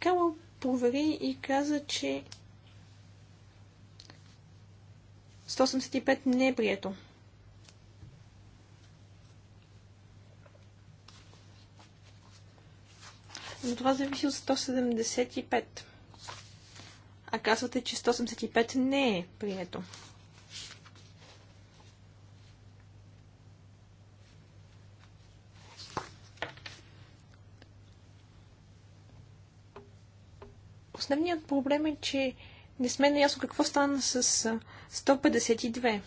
Кало провери и каза, че 185 не е прието. Но това зависи от 175. А казвате, че 185 не е прието. Основният проблем е, че не сме наясно какво стана с 152.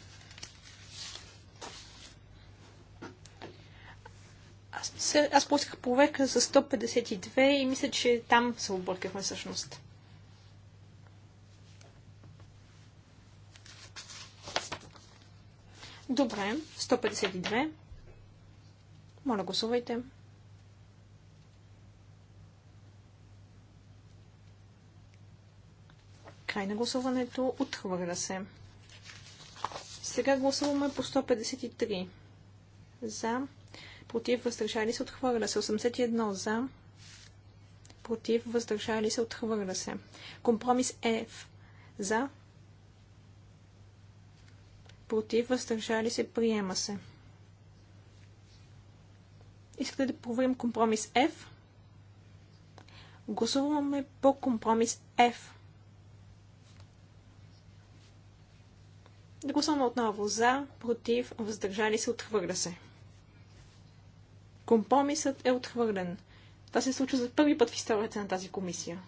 Аз, аз поисках проверка за 152 и мисля, че там се объркахме всъщност. Добре, 152. Моля, гласувайте. Край на гласуването. Отхвърля се. Сега гласуваме по 153. За. Против. Въздържали се. Отхвърля се. 81. За. Против. Въздържали се. Отхвърля се. Компромис F. За. Против. Въздържали се. Приема се. Искате да проверим компромис F? Гласуваме по компромис F. Да гласуваме отново за, против, въздържали се, отхвърля се. Компромисът е отхвърлен. Това се случва за първи път в историята на тази комисия.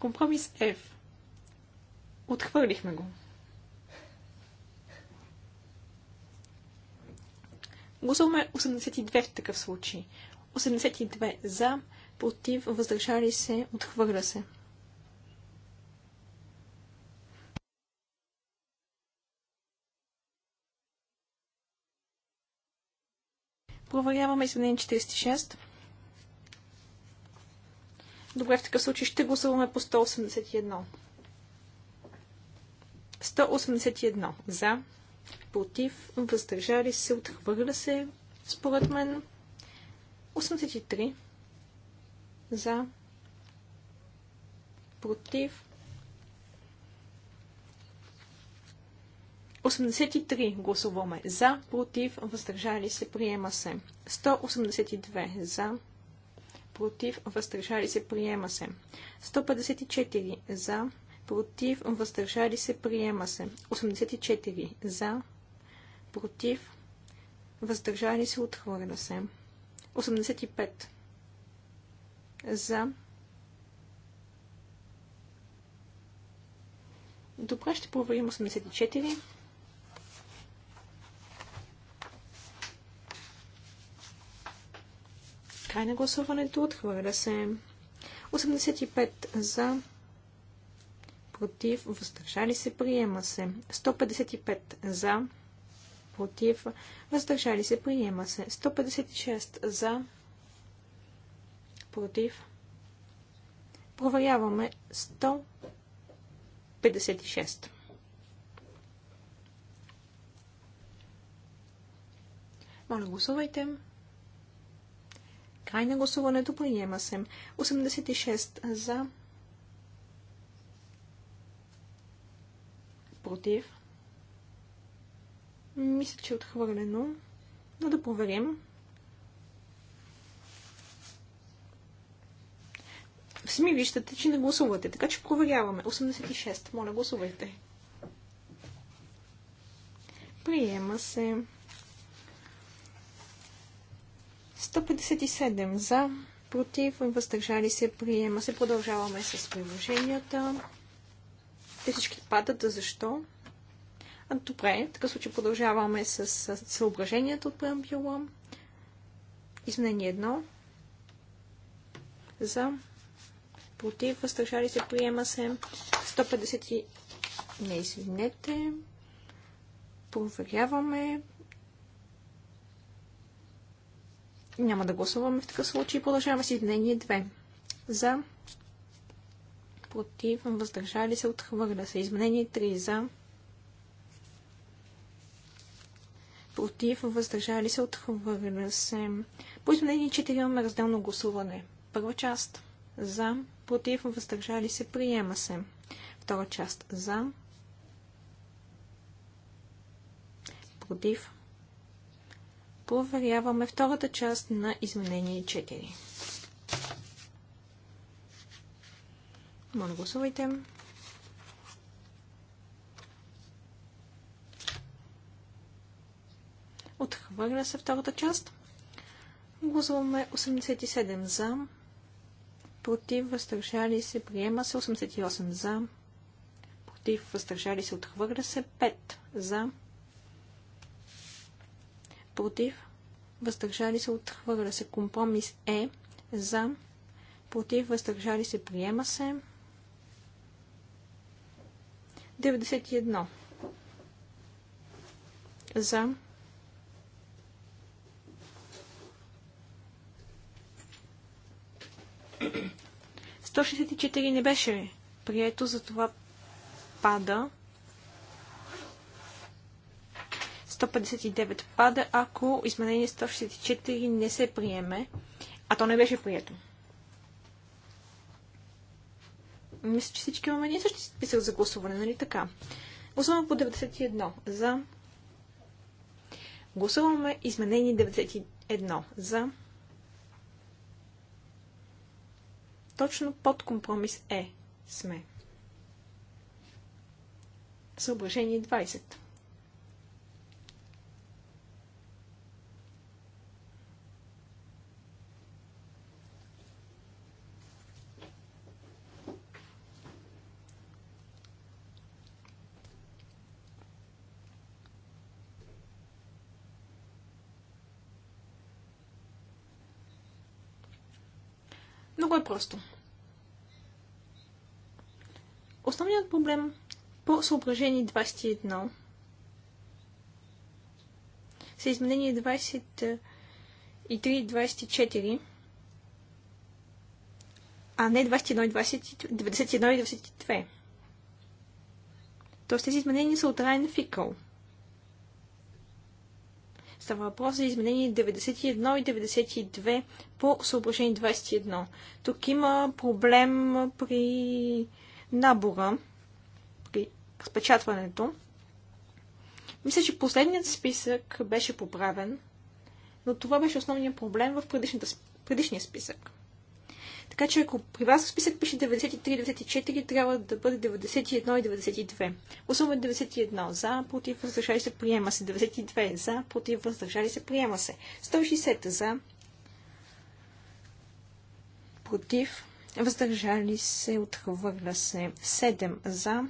Компромис F. Отхвърлихме го. Гласуваме 82 в такъв случай. 82 за, против, въздържали се, отхвърля се. Проверяваме изменение 46. Добре, в такъв случай ще гласуваме по 181. 181 за, против, въздържали се, отхвърля се, според мен. 83 за, против. 83 гласуваме за, против, въздържали се, приема се. 182 за, против, въздържали се, приема се. 154 за, против, въздържали се, приема се. 84 за, против, въздържали се, отхвърля се. 85 за. Добре, ще проверим 84. Край на гласуването. Отхвърля се. 85 за. Против. Въздържали се. Приема се. 155 за. Против. Въздържали се. Приема се. 156 за против. Проверяваме 156. Моля, гласувайте. Край на гласуването приема се. 86 за. Против. Мисля, че е отхвърлено. Но да проверим. сами виждате, че не гласувате. Така че проверяваме. 86. Моля, гласувайте. Приема се. 157 за, против, въздържали се, приема се. Продължаваме с приложенията. Те всички падат. защо? А, добре, в такъв случай продължаваме с, съображенията от преамбюла. Изменение едно. За, против, въздържали се, приема се 150. Не, извинете. Проверяваме. Няма да гласуваме в такъв случай. Продължаваме с изменение 2. За. Против. Въздържали се. Отхвърля се. Изменение 3. За. Против. Въздържали се. Отхвърля се. По изменение 4 имаме разделно гласуване. Първа част. За против, въздържали се, приема се. Втора част за, против. Проверяваме втората част на изменение 4. Моля, гласувайте. Отхвърля се втората част. Гласуваме 87 за, против, въздържали се, приема се 88 за, против, въздържали се, отхвърля се 5 за, против, въздържали се, отхвърля се, компромис е за, против, въздържали се, приема се 91 за, 164 не беше прието, затова пада. 159 пада, ако изменение 164 не се приеме, а то не беше прието. Мисля, че всички имаме ние същи списък за гласуване, нали така? Гласуваме по 91 за. Гласуваме изменение 91 за. Точно под компромис Е сме. Съображение 20. Много е просто. Основният проблем по съображение 21 са изменение 23 и 24, а не 21 и Тоест тези изменения са от Райан Фикъл – Става въпрос за изменение 91 и 92 по съображение 21. Тук има проблем при набора, при разпечатването. Мисля, че последният списък беше поправен, но това беше основният проблем в предишния списък. Така че ако при вас в списък пише 93-94, трябва да бъде 91 и 92. Особено 91 за, против, въздържали се, приема се. 92 за, против, въздържали се, приема се. 160 за, против, въздържали се, отхвърля се. 7 за,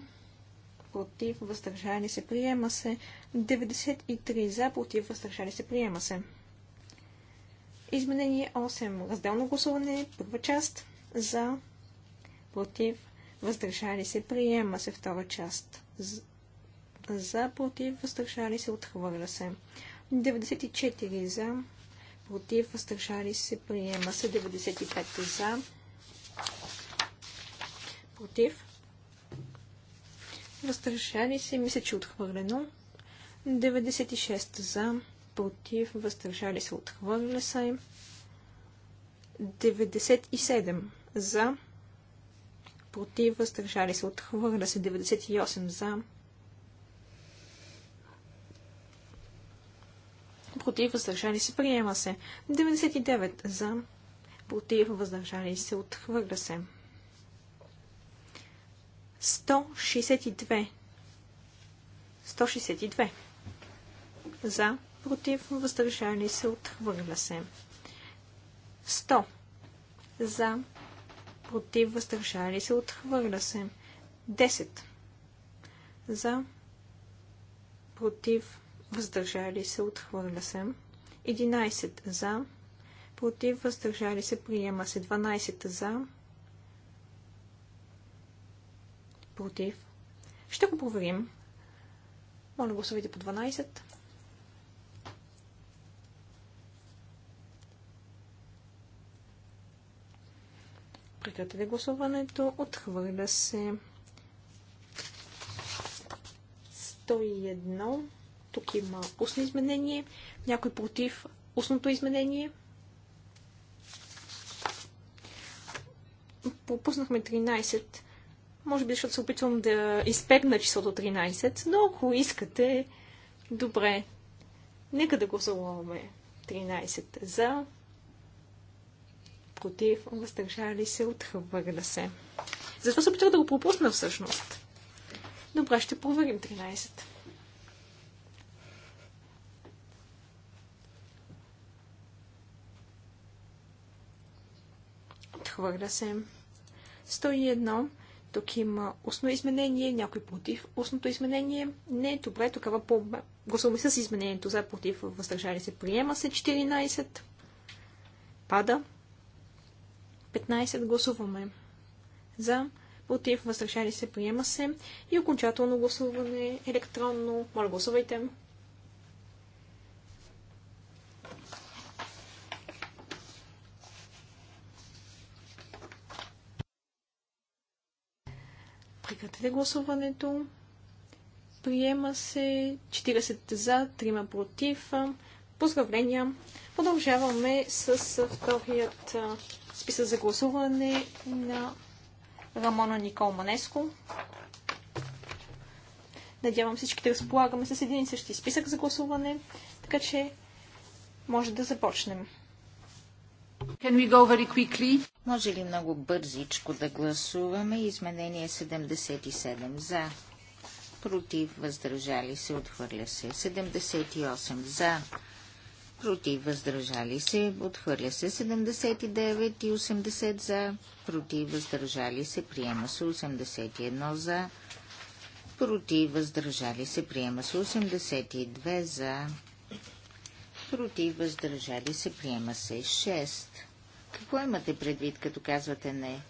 против, въздържали се, приема се. 93 за, против, въздържали се, приема се. Изменение 8. Разделно гласуване. Първа част. За. Против. Въздържали се. Приема се втора част. За. Против. Въздържали се. Отхвърля се. 94 за. Против. Въздържали се. Приема се. 95 за. Против. Въздържали се. Мисля, че е отхвърлено. 96 за против, въздържали се, отхвърля се. 97 за, против, въздържали се, отхвърля се. 98 за, против, въздържали се, приема се. 99 за, против, въздържали се, отхвърля се. 162 162 за, против, въздържали се, отхвърля се. 100 за, против, въздържали се, отхвърля се. 10 за, против, въздържали се, отхвърля се. 11 за, против, въздържали се, приема се. 12 за, против. Ще го проверим. Моля, гласувайте по 12. Прекратете гласуването. Отхвърля се. 101. Тук има устно изменение. Някой против устното изменение? Пропуснахме 13. Може би, защото се опитвам да изпепна числото 13, но ако искате, добре. Нека да гласуваме 13 за, против, въздържали се, отхвърля се. Защо се опитах да го пропусна всъщност? Добре, ще проверим 13. Отхвърля се. 101. Тук има устно изменение, някой против устното изменение. Не, добре, тогава по... гласуваме с изменението за против, въздържали се, приема се 14. Пада. 15 гласуваме. За, против, възрешали се, приема се. И окончателно гласуване електронно. Моля, гласувайте. Прекратете гласуването. Приема се 40 за, 3 против. Поздравления! Продължаваме с вторият списък за гласуване на Рамона Никол Манеско. Надявам всички да разполагаме с един и същи списък за гласуване, така че може да започнем. Can we go very quickly? Може ли много бързичко да гласуваме? Изменение 77 за. Против, въздържали се, отхвърля се. 78 за против въздържали се, отхвърля се 79 и 80 за, против въздържали се, приема се 81 за, против въздържали се, приема се 82 за, против въздържали се, приема се 6. Какво имате предвид, като казвате не?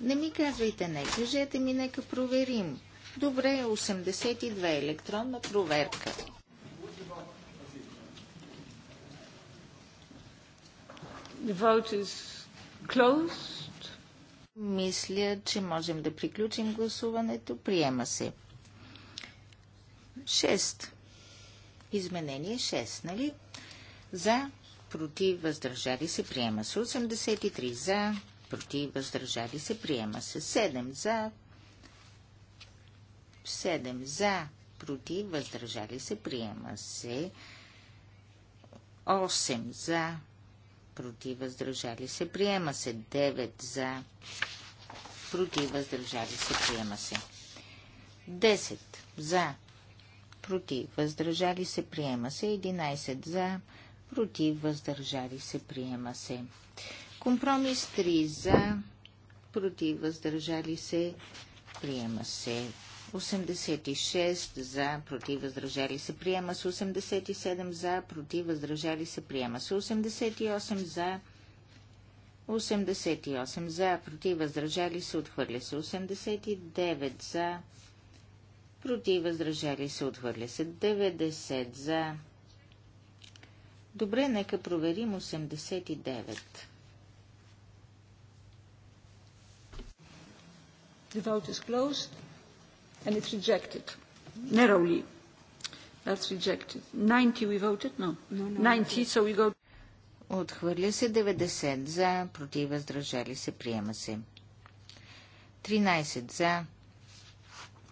Не ми казвайте не, кажете ми, нека проверим. Добре, 82 електронна проверка. The vote is closed. Мисля, че можем да приключим гласуването. Приема се. 6. Изменение 6, нали? За, против, въздържали се, приема се. 83 за, против, въздържали се, приема се. 7 за, 7 за, против, въздържали се, приема се. 8 за, против, въздържали се, приема се. 9 за, против, въздържали се, приема се. 10 за, против, въздържали се, приема се. 11 за, против, въздържали се, приема се. Компромис 3 за, против, въздържали се, приема се. 86 за, против, въздържали се, приема с 87 за, против, въздържали се, приема се. 88 за, 88 за, против, въздържали се, отхвърля се. 89 за, против, въздържали се, отхвърля се. 90 за. Добре, нека проверим 89. The vote is closed and it's rejected narrowly. That's rejected. 90 we voted? No. no, no 90, so we go... Отхвърля се 90 за, против въздържали се, приема се. 13 за,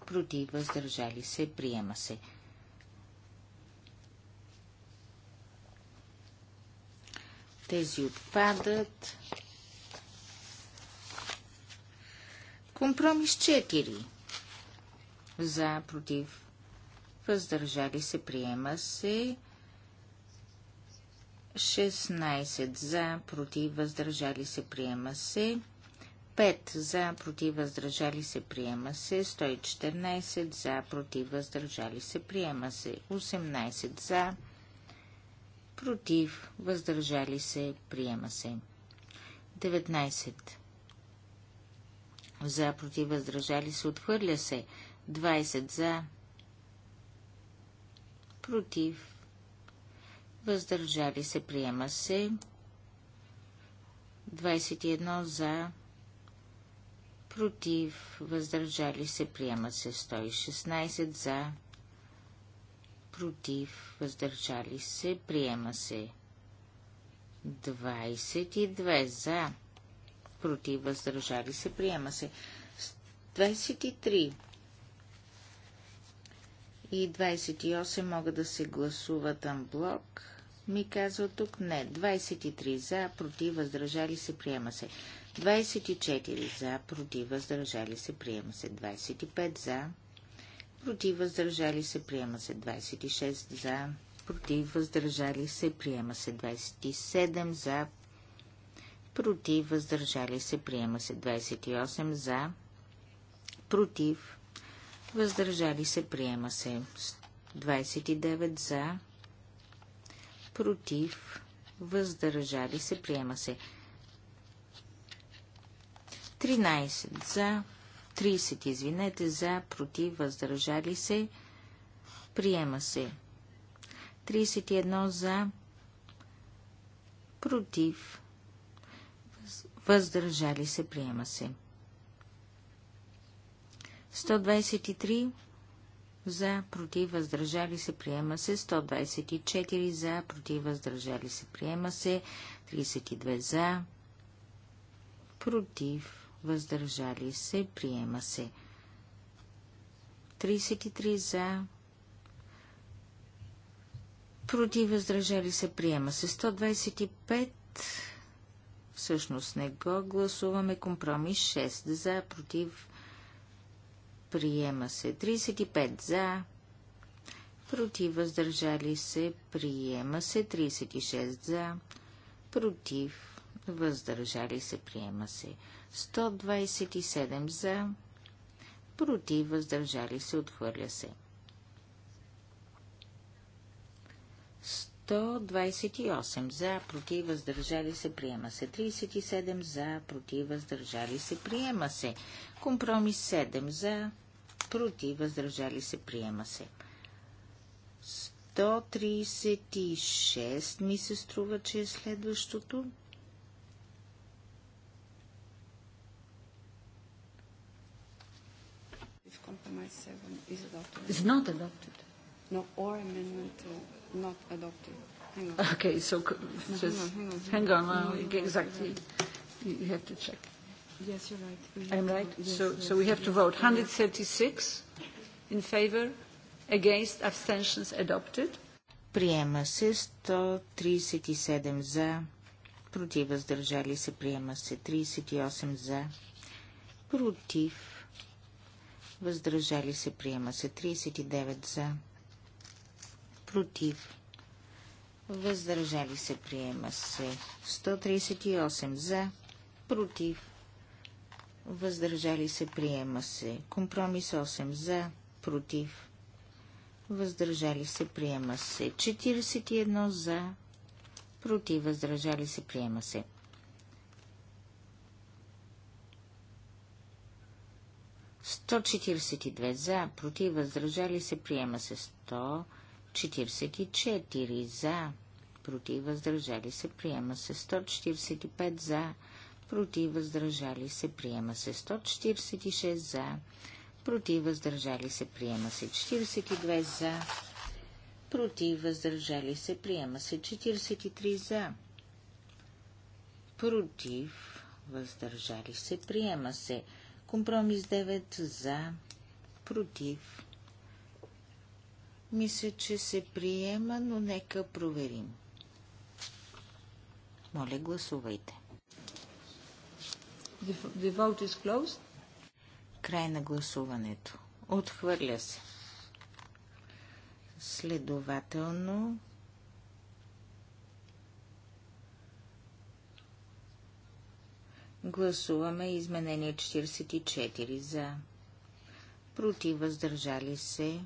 против въздържали се, приема се. Тези отпадат. Компромис 4 за, против, въздържали се, приема се. 16 за, против, въздържали се, приема се. 5 за, против, въздържали се, приема се. 114 за, против, въздържали се, приема се. 18 за, против, въздържали се, приема се. 19 за, против, въздържали се, отхвърля се. 20 за, против, въздържали се, приема се, 21 за, против, въздържали се, приема се, 116 за, против, въздържали се, приема се, 22 за, против, въздържали се, приема се, 23 и 28 могат да се гласуват анблок. Ми казва тук не. 23 за, против, въздържали се, приема се. 24 за, против, въздържали се, приема се. 25 за, против, въздържали се, приема се. 26 за, против, въздържали се, приема се. 27 за, против, въздържали се, приема се. 28 за, против, въздържали се, приема се. 29 за, против, въздържали се, приема се. 13 за, 30 извинете, за, против, въздържали се, приема се. 31 за, против, въздържали се, приема се. 123 за, против, въздържали се, приема се. 124 за, против, въздържали се, приема се. 32 за, против, въздържали се, приема се. 33 за, против, въздържали се, приема се. 125 всъщност не го гласуваме. Компромис 6 за, против, Приема се 35 за. Против въздържали се. Приема се 36 за. Против въздържали се. Приема се 127 за. Против въздържали се. Отхвърля се. 128 за, против, въздържали се, приема се. 37 за, против, въздържали се, приема се. Компромис 7 за, против, въздържали се, приема се. 136 ми се струва, че е следващото. Is not adopted. No, or amendment to not adopted. Hang on. Okay, so no, just hang on. Hang on. Hang on. No, exactly. You have to check. Yes, you're right. We I'm right. Yes, so, yes, so we have yes, to vote. 136 in favor, against, abstentions adopted. Приема се 137 за, против въздържали се, приема се 38 за, против въздържали се, приема се 39 за против. Въздържали се, приема се. 138 за, против. Въздържали се, приема се. Компромис 8 за, против. Въздържали се, приема се. 41 за, против. Въздържали се, приема се. Сто четиридесет и две за, против, въздържали се, приема се сто. 100... 44 за, против въздържали се, приема се 145 за, против въздържали се, приема се 146 за, против въздържали се, приема се 42 за, против въздържали се, приема се 43 за, против въздържали се, приема се компромис 9 за, против мисля, че се приема, но нека проверим. Моля, гласувайте. The vote is closed. Край на гласуването. Отхвърля се. Следователно гласуваме изменение 44 за. Против въздържали се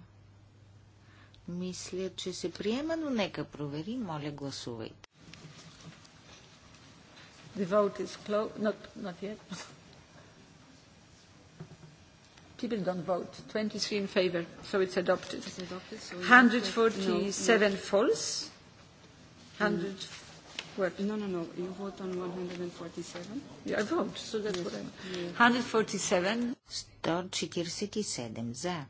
мисля, че се приема, но нека провери. Моля, гласувайте. The vote is closed. Not, not yet. People don't vote. 23 in favor, so it's adopted. It's adopted so 147 no, false. 100. Mm. What? No, no, no. You vote on 147. Yeah, I vote. So that's yes. what I'm. Yeah. 147. 147 за.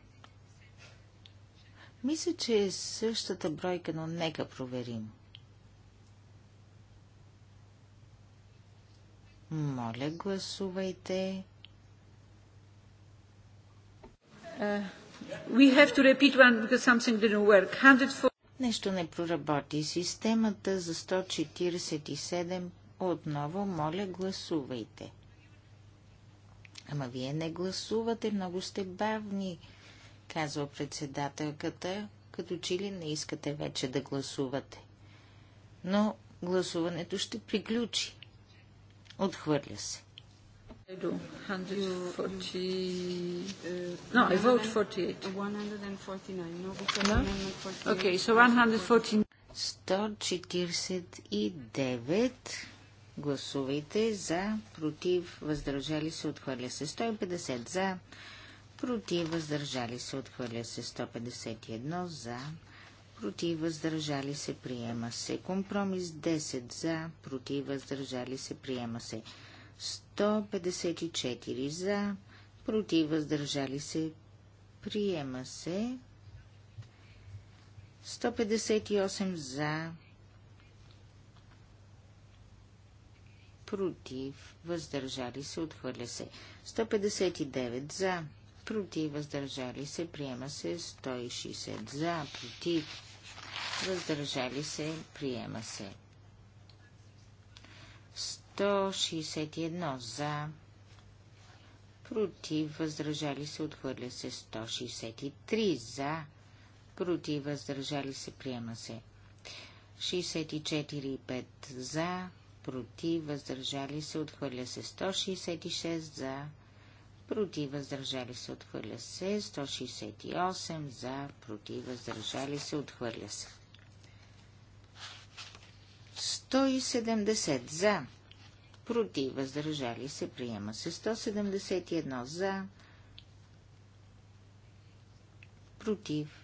Мисля, че е същата бройка, но нека проверим. Моля, гласувайте. Uh, we have to repeat one because something didn't work. 104... Нещо не проработи. Системата за 147 отново, моля, гласувайте. Ама вие не гласувате, много сте бавни казва председателката, като че ли не искате вече да гласувате. Но гласуването ще приключи. Отхвърля се. Uh, no, vote 48. 149. 149. Гласувайте за, против, въздържали се, отхвърля се. 150 за, против, въздържали се, отхвърля се 151 за, против, въздържали се, приема се. Компромис 10 за, против, въздържали се, приема се. 154 за, против, въздържали се, приема се. 158 за, против, въздържали се, отхвърля се. 159 за, против, въздържали се, приема се 160 за, против, въздържали се, приема се 161 за, против, въздържали се, отхвърля се 163 за, против, въздържали се, приема се 64,5 за, против, въздържали се, отхвърля се 166 за, против, въздържали се, отхвърля се. 168 за, против, въздържали се, отхвърля се. 170 за, против, въздържали се, приема се. 171 за, против.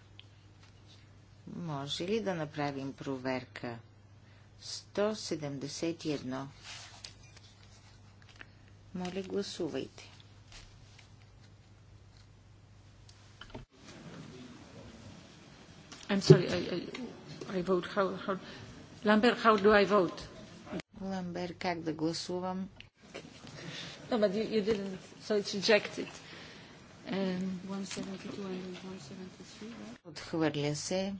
Може ли да направим проверка? 171. Моля, гласувайте. I'm sorry, I, I, I vote how, how... Lambert, how do I vote? Ламбер, как да гласувам? No, but you, you didn't, so it's rejected. Um, 172 and 173, right? Отхвърля се.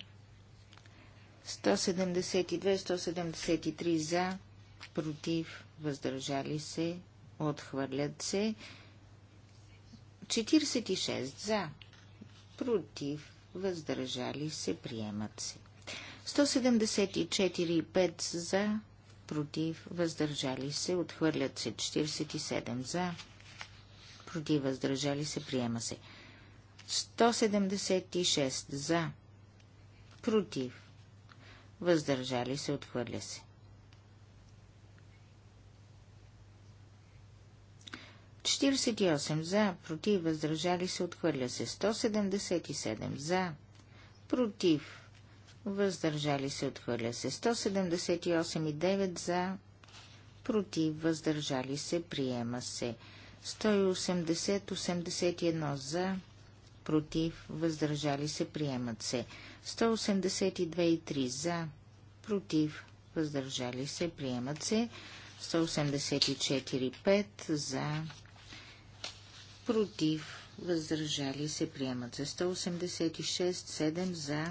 172-173 за, против, въздържали се, отхвърлят се. 46 за, против, въздържали се, приемат се. 174 5 за, против, въздържали се, отхвърлят се 47 за, против, въздържали се, приема се. 176 за, против, въздържали се, отхвърля се. 48 за, против, въздържали се, отхвърля се. 177 за, против, въздържали се, отхвърля се. 178 и 9 за, против, въздържали се, приема се. 180-81 за, против, въздържали се, приемат се. 182 и 3 за, против, въздържали се, приемат се. 184 5 за, против, въздържали се, приемат се 186, 7 за,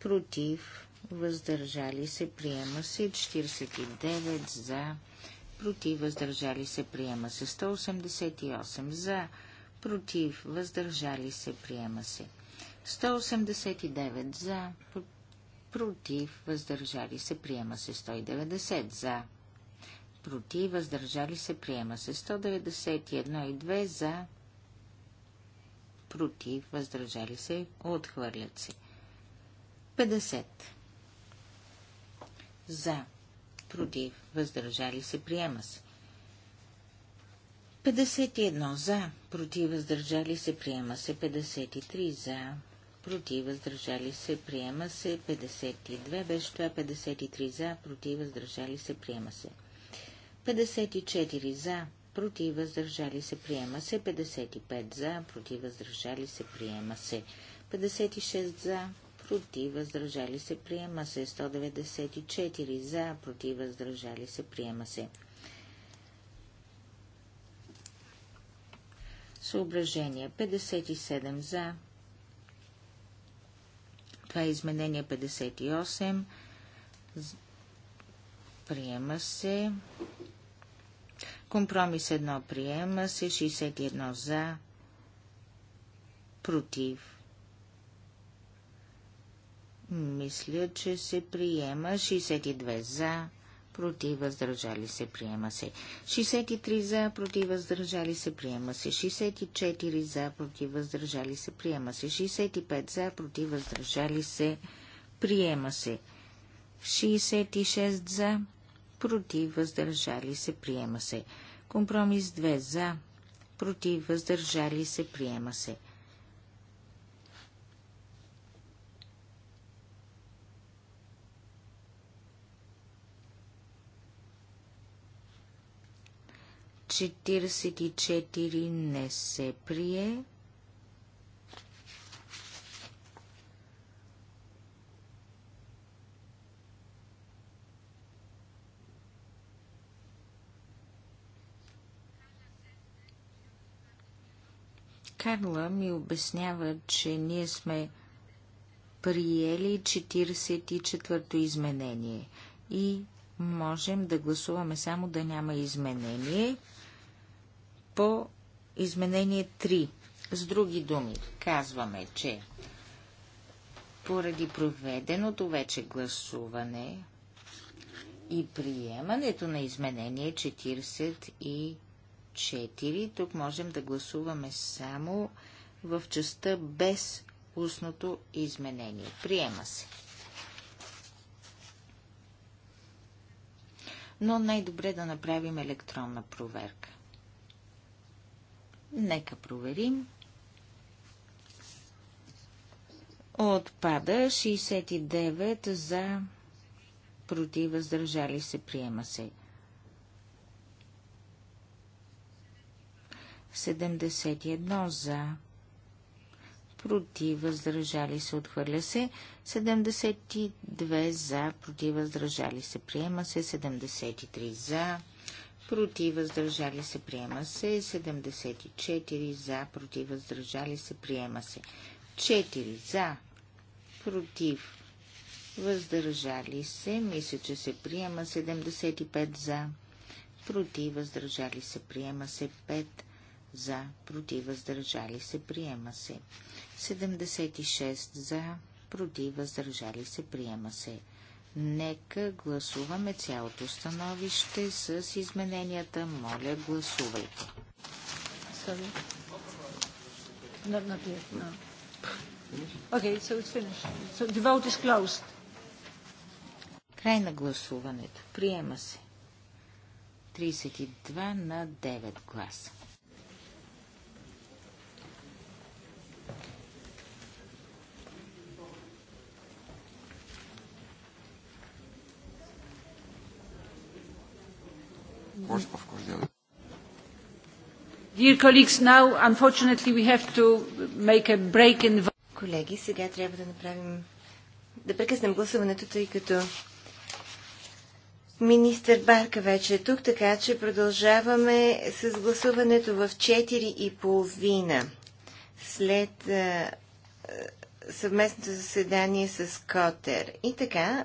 против, въздържали се, приема се 49 за, против, въздържали се, приема се 188 за, против, въздържали се, приема се 189 за, против, въздържали се, приема се 190 за, против, въздържали се, приема се. 191 и 2 за, против, въздържали се, отхвърлят се. 50 за, против, въздържали се, приема се. 51 за, против, въздържали се, приема се. 53 за, против, въздържали се, приема се. 52 беше това, 53 за, против, въздържали се, приема се. 54 54 за, против, въздържали се, приема се. 55 за, против, въздържали се, приема се. 56 за, против, въздържали се, приема се. 194 за, против, въздържали се, приема се. Съображение 57 за. Това е изменение 58. Приема се. Компромис 1 приема се 61 за, против. Мисля, че се приема 62 за, против, въздържали се, приема се. 63 за, против, въздържали се, приема се. 64 за, против, въздържали се, приема се. 65 за, против, въздържали се, приема се. 66 за, против, въздържали се, приема се. Компромис 2 за, против, въздържали се, приема се. Четиридесет и четири не се прие. Карла ми обяснява, че ние сме приели 44-то изменение и можем да гласуваме само да няма изменение по изменение 3. С други думи, казваме, че поради проведеното вече гласуване и приемането на изменение 43 4. Тук можем да гласуваме само в частта без устното изменение. Приема се. Но най-добре да направим електронна проверка. Нека проверим. Отпада 69 за против въздържали се приема се. 71 за, против, въздържали се, отхвърля се, 72 за, против, въздържали се, приема се, 73 за, против, въздържали се, приема се, 74 за, против, въздържали се, приема се, 4 за, против, въздържали се, мисля, че се приема, 75 за, против, въздържали се, приема се, 5 за, против, въздържали се, приема се. 76 за, против, въздържали се, приема се. Нека гласуваме цялото становище с измененията. Моля, гласувайте. Not, not yet, no. Okay, so it's finished. So the vote is closed. Край на гласуването. Приема се. 32 на 9 гласа. Of course, of course, Dear colleagues, now unfortunately we have to make a break in... Колеги, сега трябва да направим да прекъснем гласуването, тъй като министър Барка вече е тук, така че продължаваме с гласуването в 4 и половина след съвместното заседание с Котер. И така,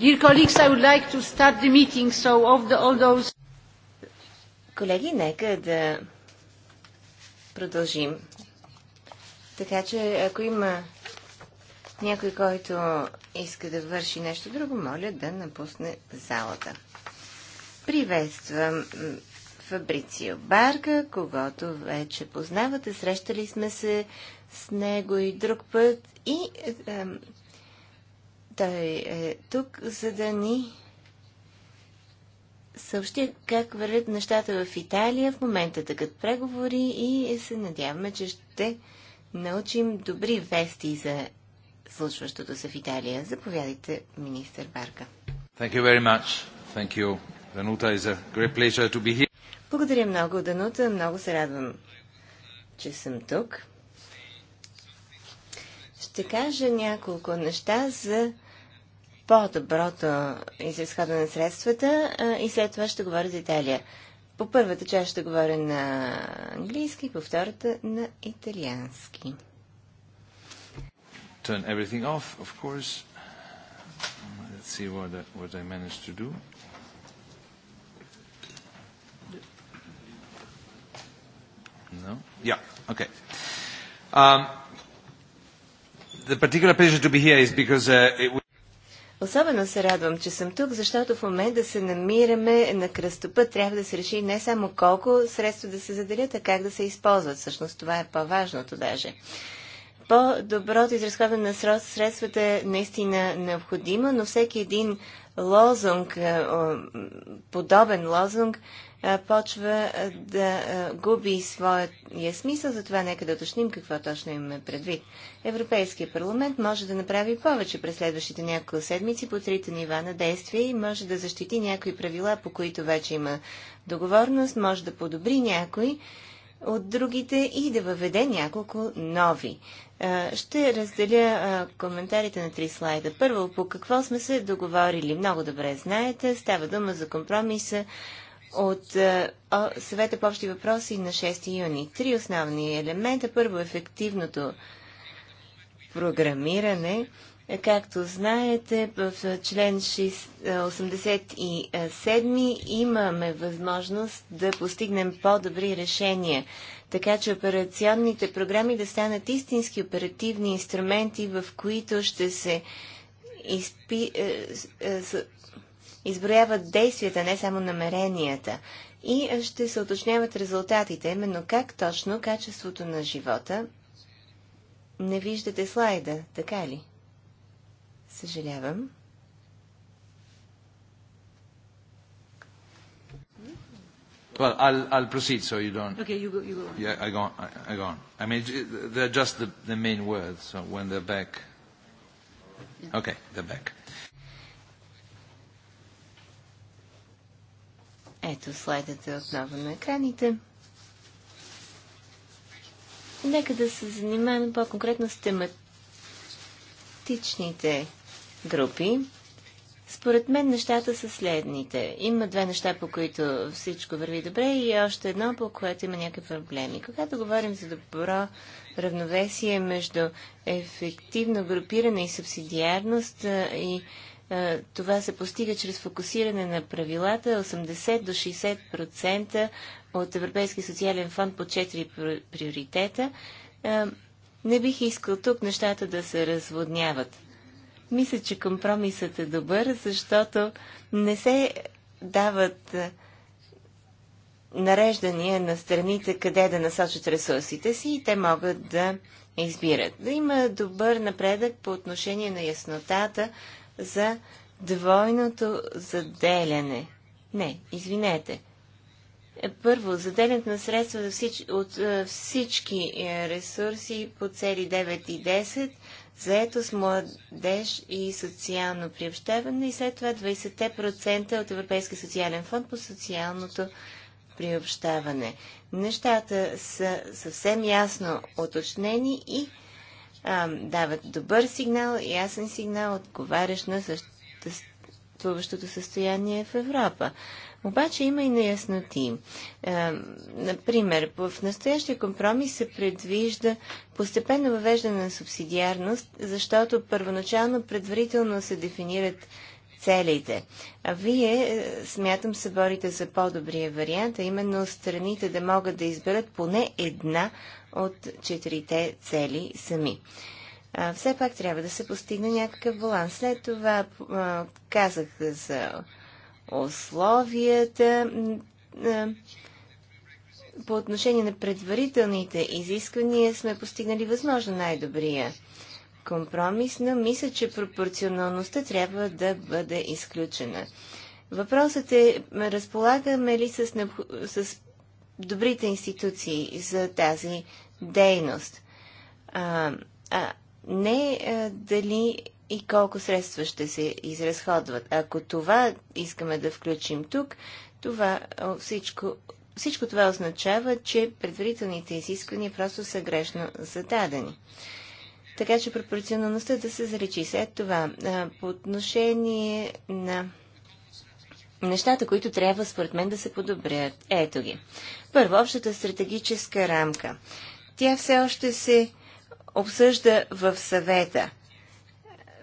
Dear colleagues, I would like to start the meeting, so of the, all those... Колеги, нека да продължим. Така че, ако има някой, който иска да върши нещо друго, моля да напусне залата. Приветствам Фабрицио Барга, когато вече познавате. Срещали сме се с него и друг път и е, той е тук, за да ни съобщи как вървят нещата в Италия. В момента така преговори и се надяваме, че ще научим добри вести за случващото се в Италия. Заповядайте, министър Барка. Thank you very much. Thank you. Danuta, it's a great pleasure to be here. Благодаря много, Данута. Много се радвам, че съм тук ще кажа няколко неща за по-доброто изразходване на средствата и след това ще говоря за Италия. По първата част ще говоря на английски, по втората на италиански. Turn everything off, of course. Let's see what I, what I managed to do. No? Yeah, okay. Um, Uh, Особено се радвам, че съм тук, защото в момента да се намираме на кръстопът. Трябва да се реши не само колко средства да се заделят, а как да се използват. Всъщност това е по-важното даже. По-доброто изразходване на средствата е наистина необходимо, но всеки един лозунг, е, подобен лозунг, е, почва е, да губи своя смисъл, затова нека да уточним какво точно имаме предвид. Европейския парламент може да направи повече през следващите няколко седмици по трите нива на действие и може да защити някои правила, по които вече има договорност, може да подобри някои от другите и да въведе няколко нови. Е, ще разделя е, коментарите на три слайда. Първо, по какво сме се договорили? Много добре знаете, става дума за компромиса от е, съвета по общи въпроси на 6 юни. Три основни елемента. Първо, ефективното програмиране. Както знаете, в член 87 имаме възможност да постигнем по-добри решения така че операционните програми да станат истински оперативни инструменти, в които ще се изпи, е, е, изброяват действията, не само намеренията. И е, ще се уточняват резултатите, именно как точно качеството на живота. Не виждате слайда, така ли? Съжалявам. Well, I'll, I'll proceed so you don't. Okay, you go, you go on. Yeah, I go on. I, I, go on. I mean, they're just the, the main words, so when they're back. Yeah. Okay, they're back. Ето слайдът отново на екраните. Нека да се занимаваме по-конкретно с тематичните групи. Според мен нещата са следните. Има две неща, по които всичко върви добре и още едно, по което има някакви проблеми. Когато говорим за добро равновесие между ефективно групиране и субсидиарност и това се постига чрез фокусиране на правилата 80 до 60% от Европейски социален фонд по 4 приоритета. не бих искал тук нещата да се разводняват. Мисля, че компромисът е добър, защото не се дават е, нареждания на страните къде да насочат ресурсите си и те могат да избират. Да има добър напредък по отношение на яснотата за двойното заделяне. Не, извинете. Е, първо, заделянето на средства от е, всички ресурси по цели 9 и 10 заетост, младеж и социално приобщаване и след това 20% от Европейския социален фонд по социалното приобщаване. Нещата са съвсем ясно оточнени и а, дават добър сигнал, ясен сигнал, отговарящ на съществуващото състояние в Европа. Обаче има и неясноти. Е, например, в настоящия компромис се предвижда постепенно въвеждане на субсидиарност, защото първоначално предварително се дефинират целите. А вие, е, смятам, се борите за по-добрия вариант, а именно страните да могат да изберат поне една от четирите цели сами. А, все пак трябва да се постигне някакъв баланс. След това а, казах за условията по отношение на предварителните изисквания сме постигнали възможно най-добрия компромис, но мисля, че пропорционалността трябва да бъде изключена. Въпросът е, разполагаме ли с, с добрите институции за тази дейност? А, а не а, дали и колко средства ще се изразходват. Ако това искаме да включим тук, това всичко, всичко това означава, че предварителните изисквания просто са грешно зададени. Така че пропорционалността да се заречи след това. По отношение на нещата, които трябва според мен да се подобрят. Ето ги. Първо, общата стратегическа рамка. Тя все още се обсъжда в съвета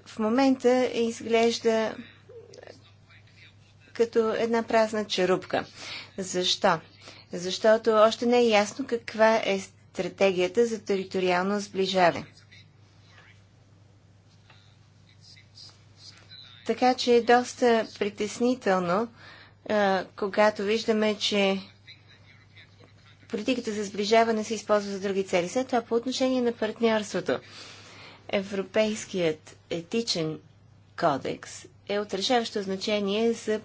в момента изглежда като една празна черупка. Защо? Защото още не е ясно каква е стратегията за териториално сближаване. Така че е доста притеснително, когато виждаме, че политиката за сближаване се използва за други цели. След това по отношение на партньорството. Европейският етичен кодекс е отрешаващо значение за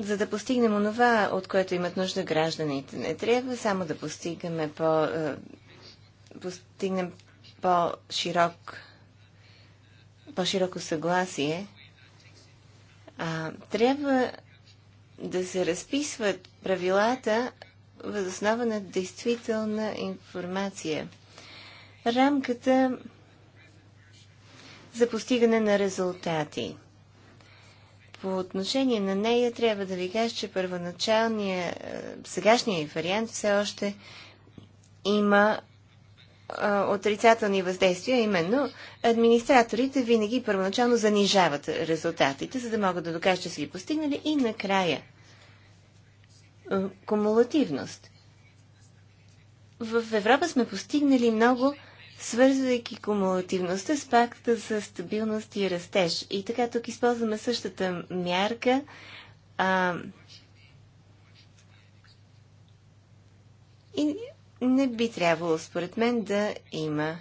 за да постигнем онова, от което имат нужда гражданите. Не трябва само да постигаме по, е, постигнем по-широк, по-широко съгласие, а, трябва да се разписват правилата възоснова на действителна информация. Рамката за постигане на резултати. По отношение на нея трябва да ви кажа, че първоначалният, е, сегашният вариант все още има е, отрицателни въздействия, именно администраторите винаги първоначално занижават резултатите, за да могат да докажат, че са ги постигнали и накрая е, кумулативност. В Европа сме постигнали много, свързвайки кумулативността с пакта за стабилност и растеж. И така тук използваме същата мярка. А, и не би трябвало, според мен, да има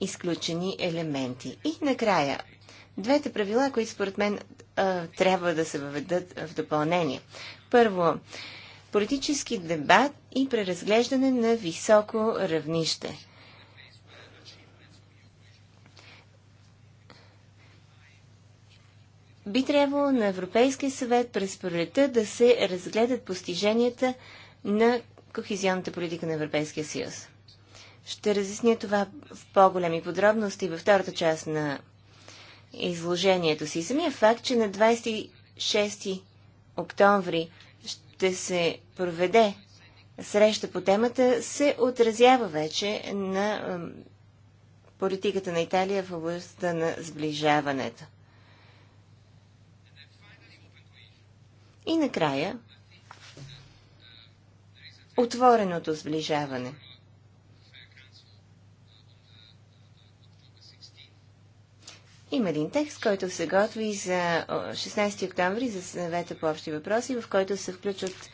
изключени елементи. И накрая, двете правила, които според мен трябва да се въведат в допълнение. Първо, политически дебат и преразглеждане на високо равнище. Би трябвало на Европейския съвет през пролета да се разгледат постиженията на кохезионната политика на Европейския съюз. Ще разясня това в по-големи подробности във втората част на изложението си. Самия факт, че на 26 октомври ще се проведе среща по темата, се отразява вече на политиката на Италия в областта на сближаването. И накрая, отвореното сближаване – Има един текст, който се готви за 16 октомври за съвета по общи въпроси, в който се включват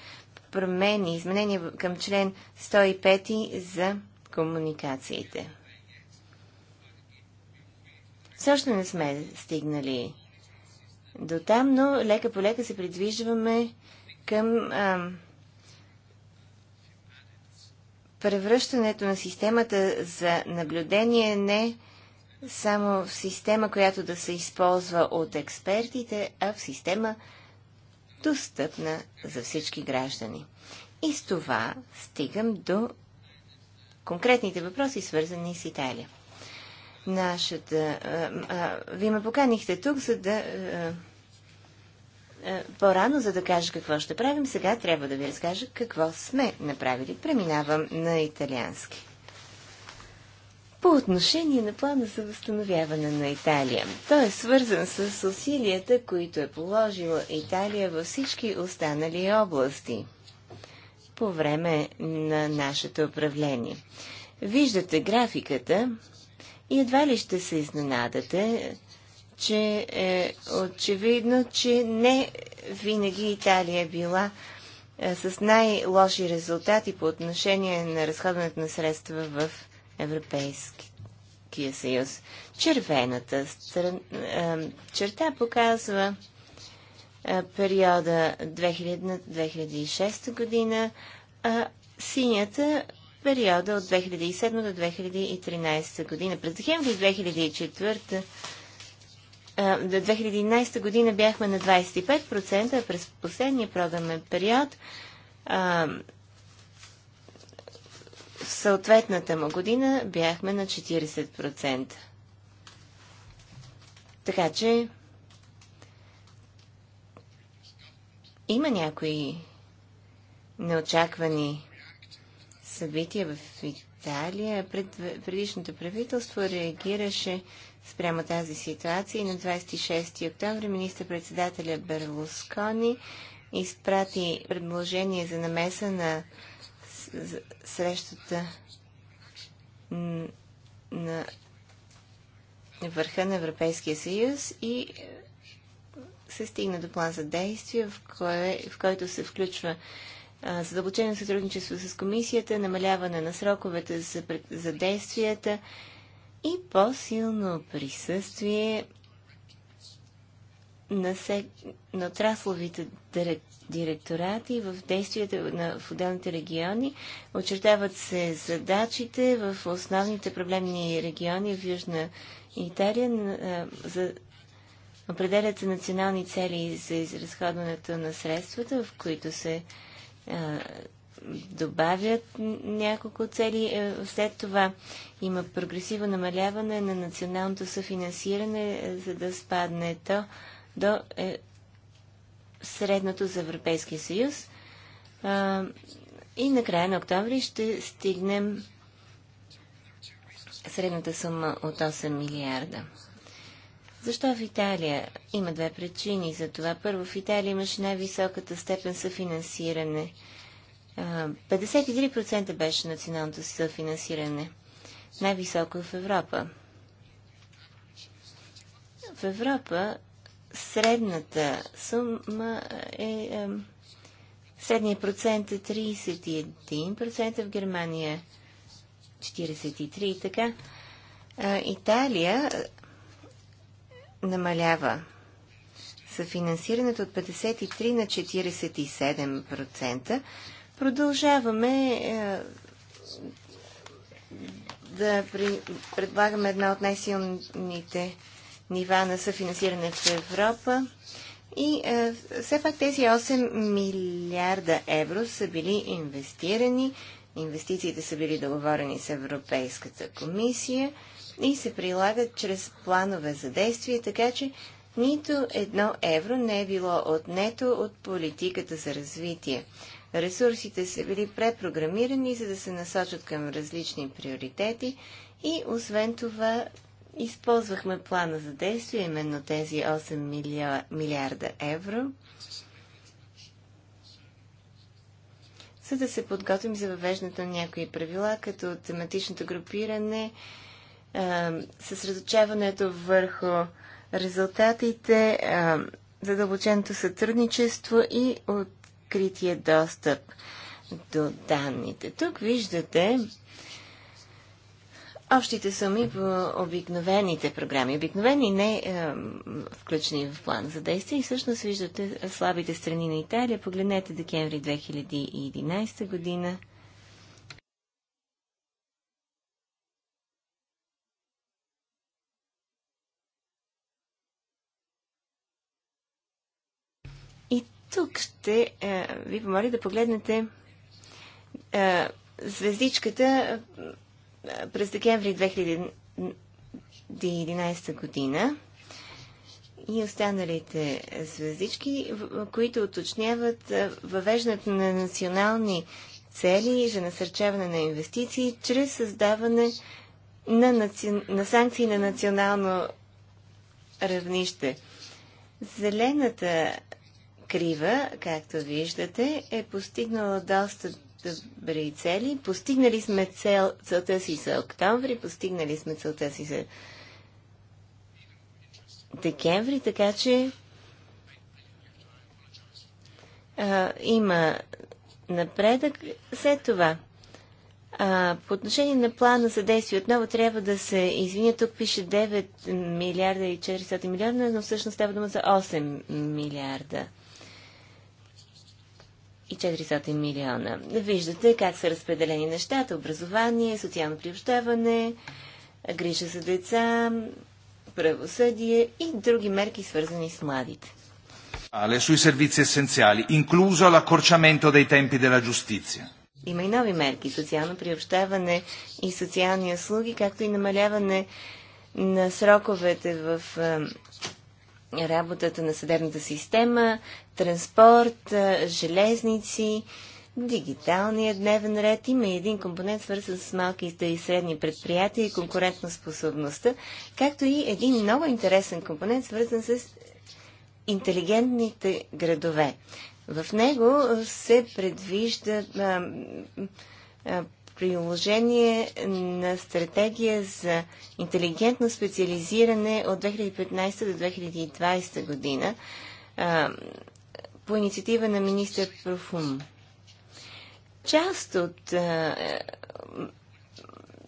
промени, изменения към член 105 за комуникациите. Също не сме стигнали до там, но лека по лека се придвижваме към ам, превръщането на системата за наблюдение не само в система, която да се използва от експертите, а в система достъпна за всички граждани. И с това стигам до конкретните въпроси, свързани с Италия. Нашата... А, а, вие ме поканихте тук, за да... А, по-рано, за да кажа какво ще правим, сега трябва да ви разкажа какво сме направили. Преминавам на италиански по отношение на плана за възстановяване на Италия. Той е свързан с усилията, които е положила Италия във всички останали области по време на нашето управление. Виждате графиката и едва ли ще се изненадате, че е очевидно, че не винаги Италия е била е, с най-лоши резултати по отношение на разходването на средства в Европейския съюз. Червената черта показва периода 2000-2006 година, а синята периода от 2007 до 2013 година. През декември 2004 до 2011 година бяхме на 25%, а през последния програмен период в съответната му година бяхме на 40%. Така че има някои неочаквани събития в Италия. Пред, предишното правителство реагираше спрямо тази ситуация и на 26 октомври министър-председателя Берлускони изпрати предложение за намеса на срещата на върха на Европейския съюз и се стигна до план за действие, в, кое, в който се включва задълбочено сътрудничество с комисията, намаляване на сроковете за, за действията и по-силно присъствие на, сек... на отрасловите директорати в действията на... в отделните региони. Очертават се задачите в основните проблемни региони в Южна Италия. За... Определят се национални цели за изразходването на средствата, в които се добавят няколко цели. Е, след това има прогресиво намаляване на националното съфинансиране, е, за да спадне то до е, средното за Европейския съюз. А, и на края на октомври ще стигнем средната сума от 8 милиарда. Защо в Италия? Има две причини за това. Първо, в Италия имаше най-високата степен съфинансиране. 53% беше националното съфинансиране. Най-високо в Европа. В Европа средната сума е, средният процент е 31%, в Германия 43% и така. Италия е, намалява съфинансирането от 53 на 47%. Продължаваме е, да предлагаме една от най-силните нива на съфинансиране в Европа. И е, все пак тези 8 милиарда евро са били инвестирани, инвестициите са били договорени с Европейската комисия и се прилагат чрез планове за действие, така че нито едно евро не е било отнето от политиката за развитие. Ресурсите са били препрограмирани, за да се насочат към различни приоритети и освен това Използвахме плана за действие, именно тези 8 милиар... милиарда евро, за да се подготвим за въвеждането на някои правила, като тематичното групиране, съсредоточаването върху резултатите, задълбоченото сътрудничество и открития достъп до данните. Тук виждате общите суми по обикновените програми. Обикновени не е, включени в план за действие и всъщност виждате слабите страни на Италия. Погледнете декември 2011 година. И тук ще е, ви помоля да погледнете е, звездичката е, през декември 2011 година и останалите звездички, които уточняват въвеждането на национални цели за насърчаване на инвестиции чрез създаване на, наци... на санкции на национално равнище. Зелената крива, както виждате, е постигнала доста добри цели. Постигнали сме цел, целта си за октомври, постигнали сме целта си за декември, така че а, има напредък. След това, а, по отношение на плана за действие, отново трябва да се извиня, тук пише 9 милиарда и 400 милиарда, но всъщност става дума за 8 милиарда. 400 милиона. Виждате как са разпределени нещата. Образование, социално приобщаване, грижа за деца, правосъдие и други мерки, свързани с младите. Але Има и нови мерки, социално приобщаване и социални услуги, както и намаляване на сроковете в е, работата на съдебната система, транспорт, железници, дигиталния дневен ред. Има и един компонент, свързан с малките и средни предприятия и конкурентна способността, както и един много интересен компонент, свързан с интелигентните градове. В него се предвижда а, а, приложение на стратегия за интелигентно специализиране от 2015 до 2020 година по инициатива на министър Профум. Част от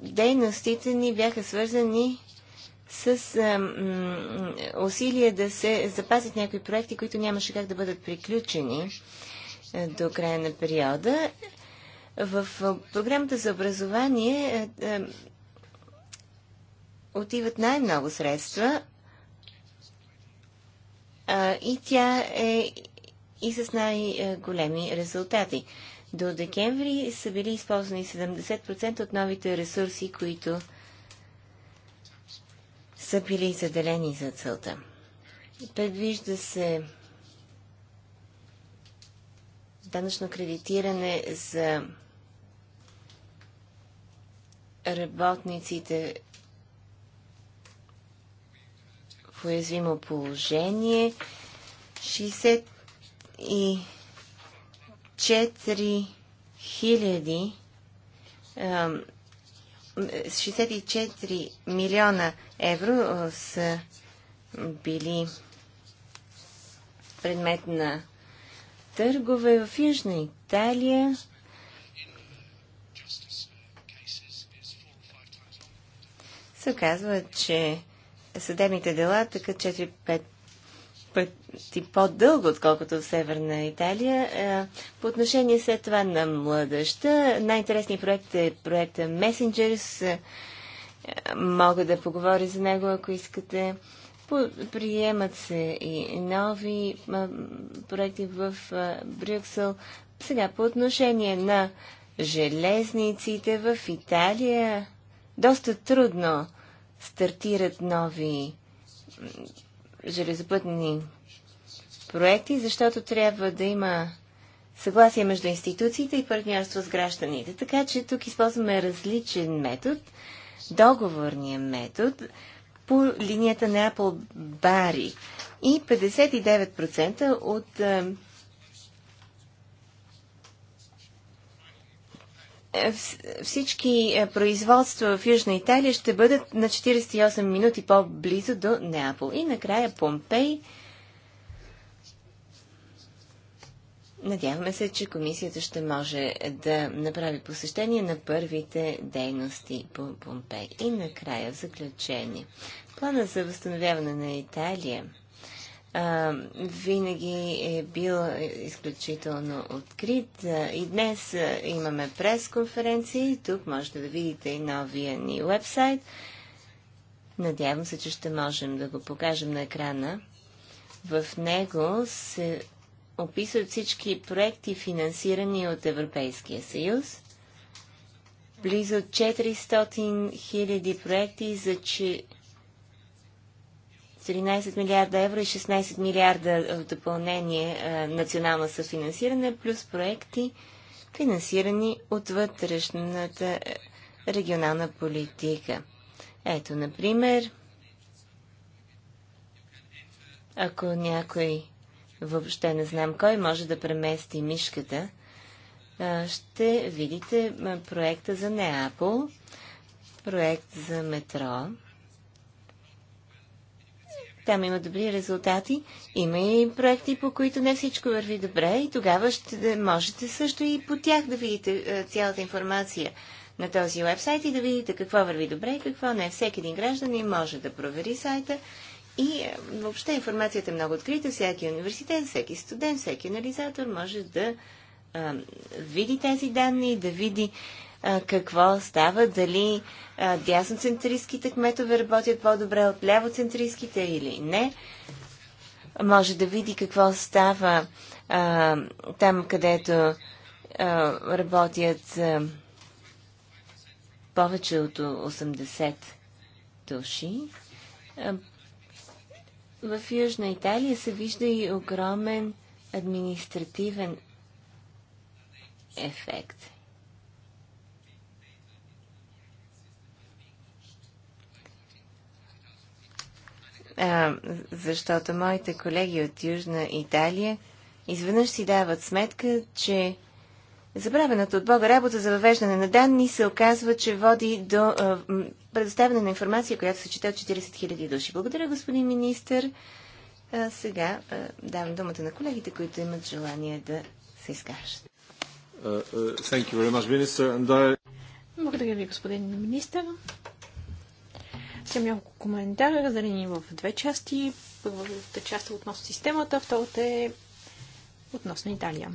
дейностите ни бяха свързани с а, усилия да се запазят някои проекти, които нямаше как да бъдат приключени а, до края на периода. В програмата за образование е, е, отиват най-много средства и тя е и с най-големи резултати. До декември са били използвани 70% от новите ресурси, които са били заделени за целта. Предвижда се данъчно кредитиране за работниците в уязвимо положение. 64 хиляди 64 милиона евро са били предмет на търгове в Южна Италия се оказва, че съдебните дела така 4-5 пъти по-дълго, отколкото в Северна Италия. По отношение след това на младеща, най-интересният проект е проекта Messengers. Мога да поговоря за него, ако искате. Приемат се и нови проекти в Брюксел. Сега, по отношение на железниците в Италия, доста трудно стартират нови железопътни проекти, защото трябва да има съгласие между институциите и партньорство с гражданите. Така че тук използваме различен метод, договорния метод, по линията на Apple Bari И 59% от е, всички е, производства в Южна Италия ще бъдат на 48 минути по-близо до Неапол. И накрая Помпей. Надяваме се, че комисията ще може да направи посещение на първите дейности по Помпей. И накрая в заключение. Плана за възстановяване на Италия – винаги е бил изключително открит. и днес имаме пресконференции. Тук можете да видите и новия ни вебсайт. Надявам се, че ще можем да го покажем на екрана. В него се описват всички проекти, финансирани от Европейския съюз. Близо 400 000 проекти за, че, 14 милиарда евро и 16 милиарда е, в допълнение а, е, национално съфинансиране, плюс проекти, финансирани от вътрешната е, регионална политика. Ето, например, ако някой, въобще не знам кой, може да премести мишката, ще видите проекта за Неапол, проект за метро, там има добри резултати. Има и проекти, по които не всичко върви добре и тогава ще можете също и по тях да видите е, цялата информация на този вебсайт и да видите какво върви добре и какво не. Всеки един гражданин може да провери сайта и е, въобще информацията е много открита. Всеки университет, всеки студент, всеки анализатор може да а, е, види тези данни, да види какво става, дали дясноцентристските кметове работят по-добре от лявоцентристските или не. Може да види какво става а, там, където а, работят а, повече от 80 души. А, в Южна Италия се вижда и огромен административен ефект – а, защото моите колеги от Южна Италия изведнъж си дават сметка, че забравената от Бога работа за въвеждане на данни се оказва, че води до а, предоставяне на информация, която се чете от 40 000 души. Благодаря, господин министр. А, сега а, давам думата на колегите, които имат желание да се изкажат. Uh, uh, Благодаря ви, господин министр. Сега няколко коментара, разделени в две части. Първата част е относно системата, втората е относно Италия.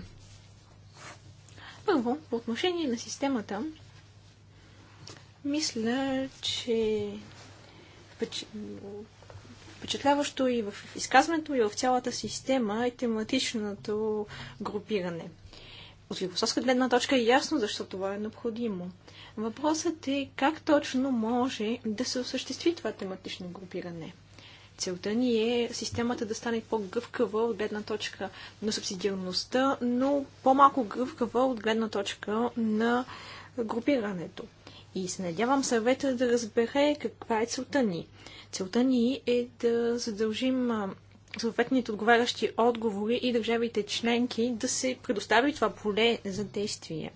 Първо, по отношение на системата, мисля, че впечатляващо и в изказването, и в цялата система е тематичното групиране. От философска гледна точка е ясно защо това е необходимо. Въпросът е как точно може да се осъществи това тематично групиране. Целта ни е системата да стане по-гъвкава от гледна точка на субсидиарността, но по-малко гъвкава от гледна точка на групирането. И се надявам съвета да разбере каква е целта ни. Целта ни е да задължим съответните отговарящи отговори и държавите членки да се предостави това поле за действие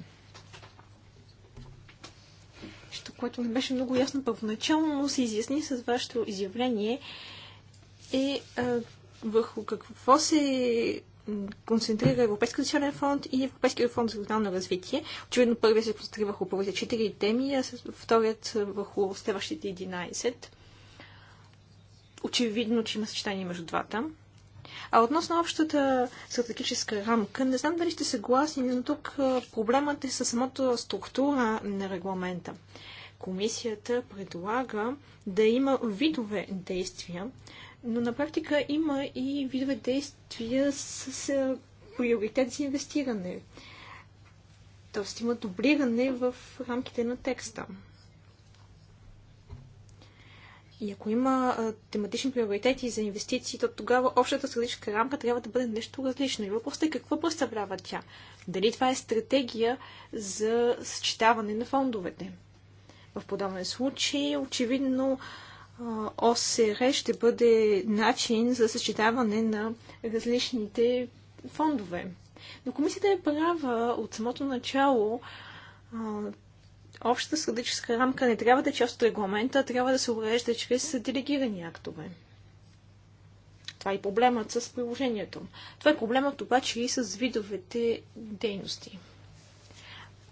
нещо, което не беше много ясно първоначално, но се изясни с вашето изявление, е върху какво се концентрира Европейския социален фонд и Европейския фонд за регионално развитие. Очевидно първият се концентрира върху първите 4 теми, а вторият върху следващите 11. Очевидно, че има съчетание между двата. А относно общата стратегическа рамка, не знам дали се съгласни, но тук проблемът е със самата структура на регламента. Комисията предлага да има видове действия, но на практика има и видове действия с, с приоритет за инвестиране. Тоест има дублиране в рамките на текста. И ако има а, тематични приоритети за инвестиции, то тогава общата стратегическа рамка трябва да бъде нещо различно. И въпросът е какво представлява тя? Дали това е стратегия за съчетаване на фондовете? В подобен случай, очевидно, ОСР ще бъде начин за съчетаване на различните фондове. Но комисията е права от самото начало. Общата стратегическа рамка не трябва да е част от регламента, трябва да се урежда чрез делегирани актове. Това е проблемът с приложението. Това е проблемът обаче и с видовете дейности.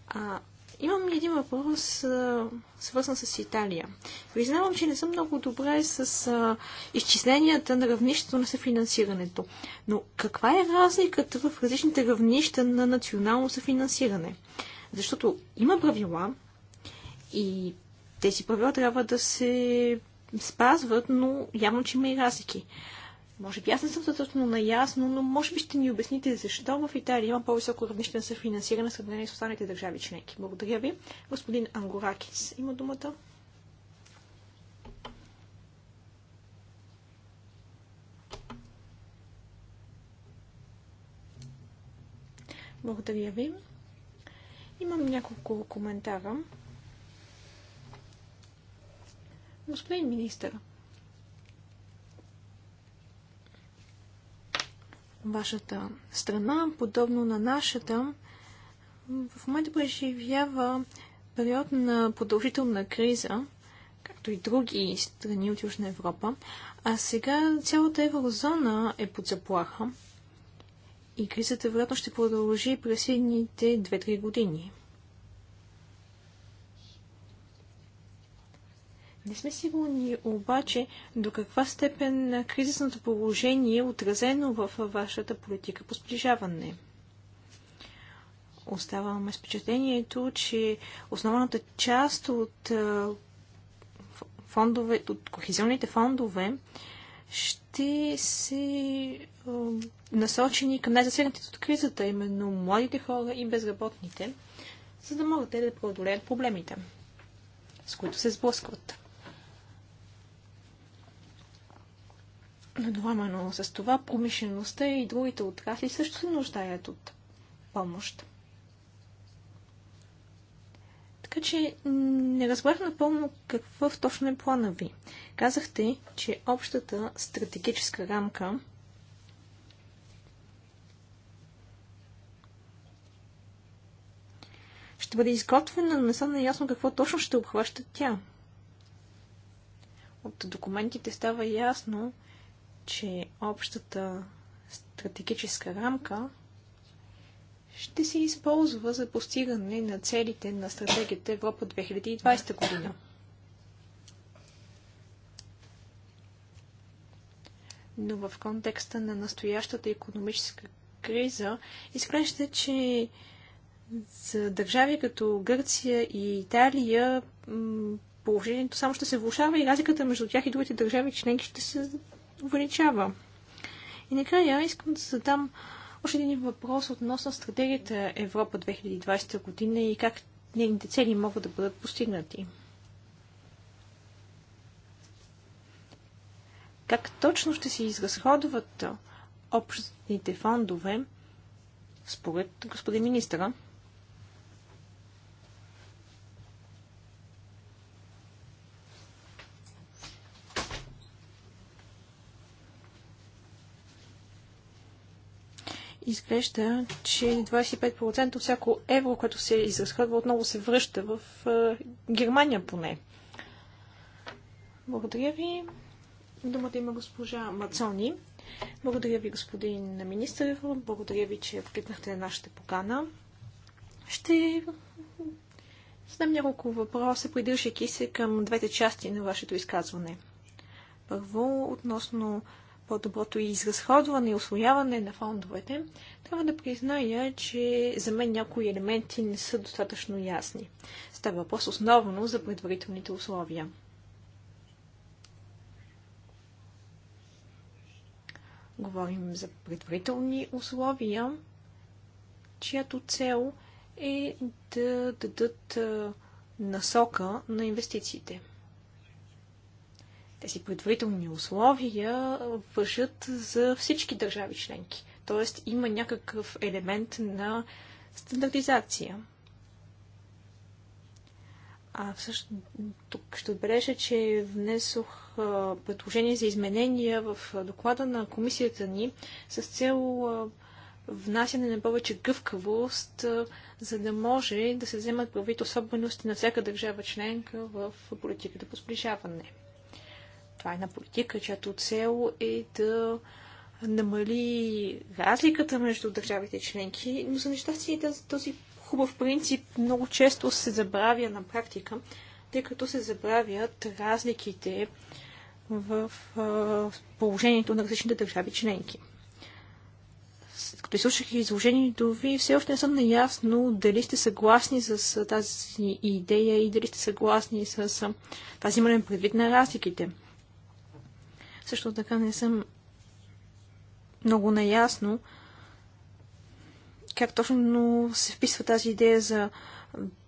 А Имам един въпрос, свързан с Италия. Признавам, че не съм много добре с а, изчисленията на равнището на съфинансирането. Но каква е разликата в различните равнища на национално съфинансиране? Защото има правила и тези правила трябва да се спазват, но явно, че има и разлики. Може би аз не съм достатъчно наясно, но може би ще ни обясните защо в Италия има по-високо равнище на съфинансиране в сравнение с останалите държави членки. Благодаря ви. Господин Ангоракис има думата. Благодаря ви. Имам няколко коментара. Господин министър, вашата страна, подобно на нашата, в момента преживява период на продължителна криза, както и други страни от Южна Европа, а сега цялата еврозона е под заплаха и кризата вероятно ще продължи през едните 2-3 години. Не сме сигурни обаче до каква степен на кризисното положение е отразено в вашата политика по сближаване. Оставаме с впечатлението, че основната част от фондове, от кохезионните фондове ще се насочени към най-засегнатите от кризата, именно младите хора и безработните, за да могат те да преодолеят проблемите, с които се сблъскват. Едновременно с това промишлеността и другите отрасли също се нуждаят от помощ. Така че не разбрах напълно какъв точно е плана ви. Казахте, че общата стратегическа рамка ще бъде изготвена, но не съм наясно какво точно ще обхваща тя. От документите става ясно, че общата стратегическа рамка ще се използва за постигане на целите на стратегията Европа 2020 година. Но в контекста на настоящата економическа криза, изглежда, че за държави като Гърция и Италия положението само ще се влушава и разликата между тях и другите държави членки ще се увеличава. И накрая искам да задам още един въпрос относно стратегията Европа 2020 година и как нейните цели могат да бъдат постигнати. Как точно ще се изразходват общностните фондове, според господин министра? изглежда, че 25% от всяко евро, което се изразходва, отново се връща в Германия поне. Благодаря ви. Думата има госпожа Мацони. Благодаря ви, господин министър. Благодаря ви, че откликнахте на нашата покана. Ще знам няколко въпроса, придържайки се към двете части на вашето изказване. Първо, относно по-доброто изразходване и освояване на фондовете, трябва да призная, че за мен някои елементи не са достатъчно ясни. Става въпрос основно за предварителните условия. Говорим за предварителни условия, чиято цел е да дадат насока на инвестициите. Тези предварителни условия въжат за всички държави членки. Тоест има някакъв елемент на стандартизация. А всъщност тук ще отбележа, че внесох предложение за изменения в доклада на комисията ни с цел внасяне на повече гъвкавост, за да може да се вземат правит особености на всяка държава членка в политиката по сближаване. Това е една политика, чиято цел е да намали разликата между държавите членки, но за нещастие този хубав принцип много често се забравя на практика, тъй като се забравят разликите в положението на различните държави членки. като изслушах изложението ви, все още не съм наясно дали сте съгласни с тази идея и дали сте съгласни с тази имане предвид на разликите. Също така не съм много наясно как точно се вписва тази идея за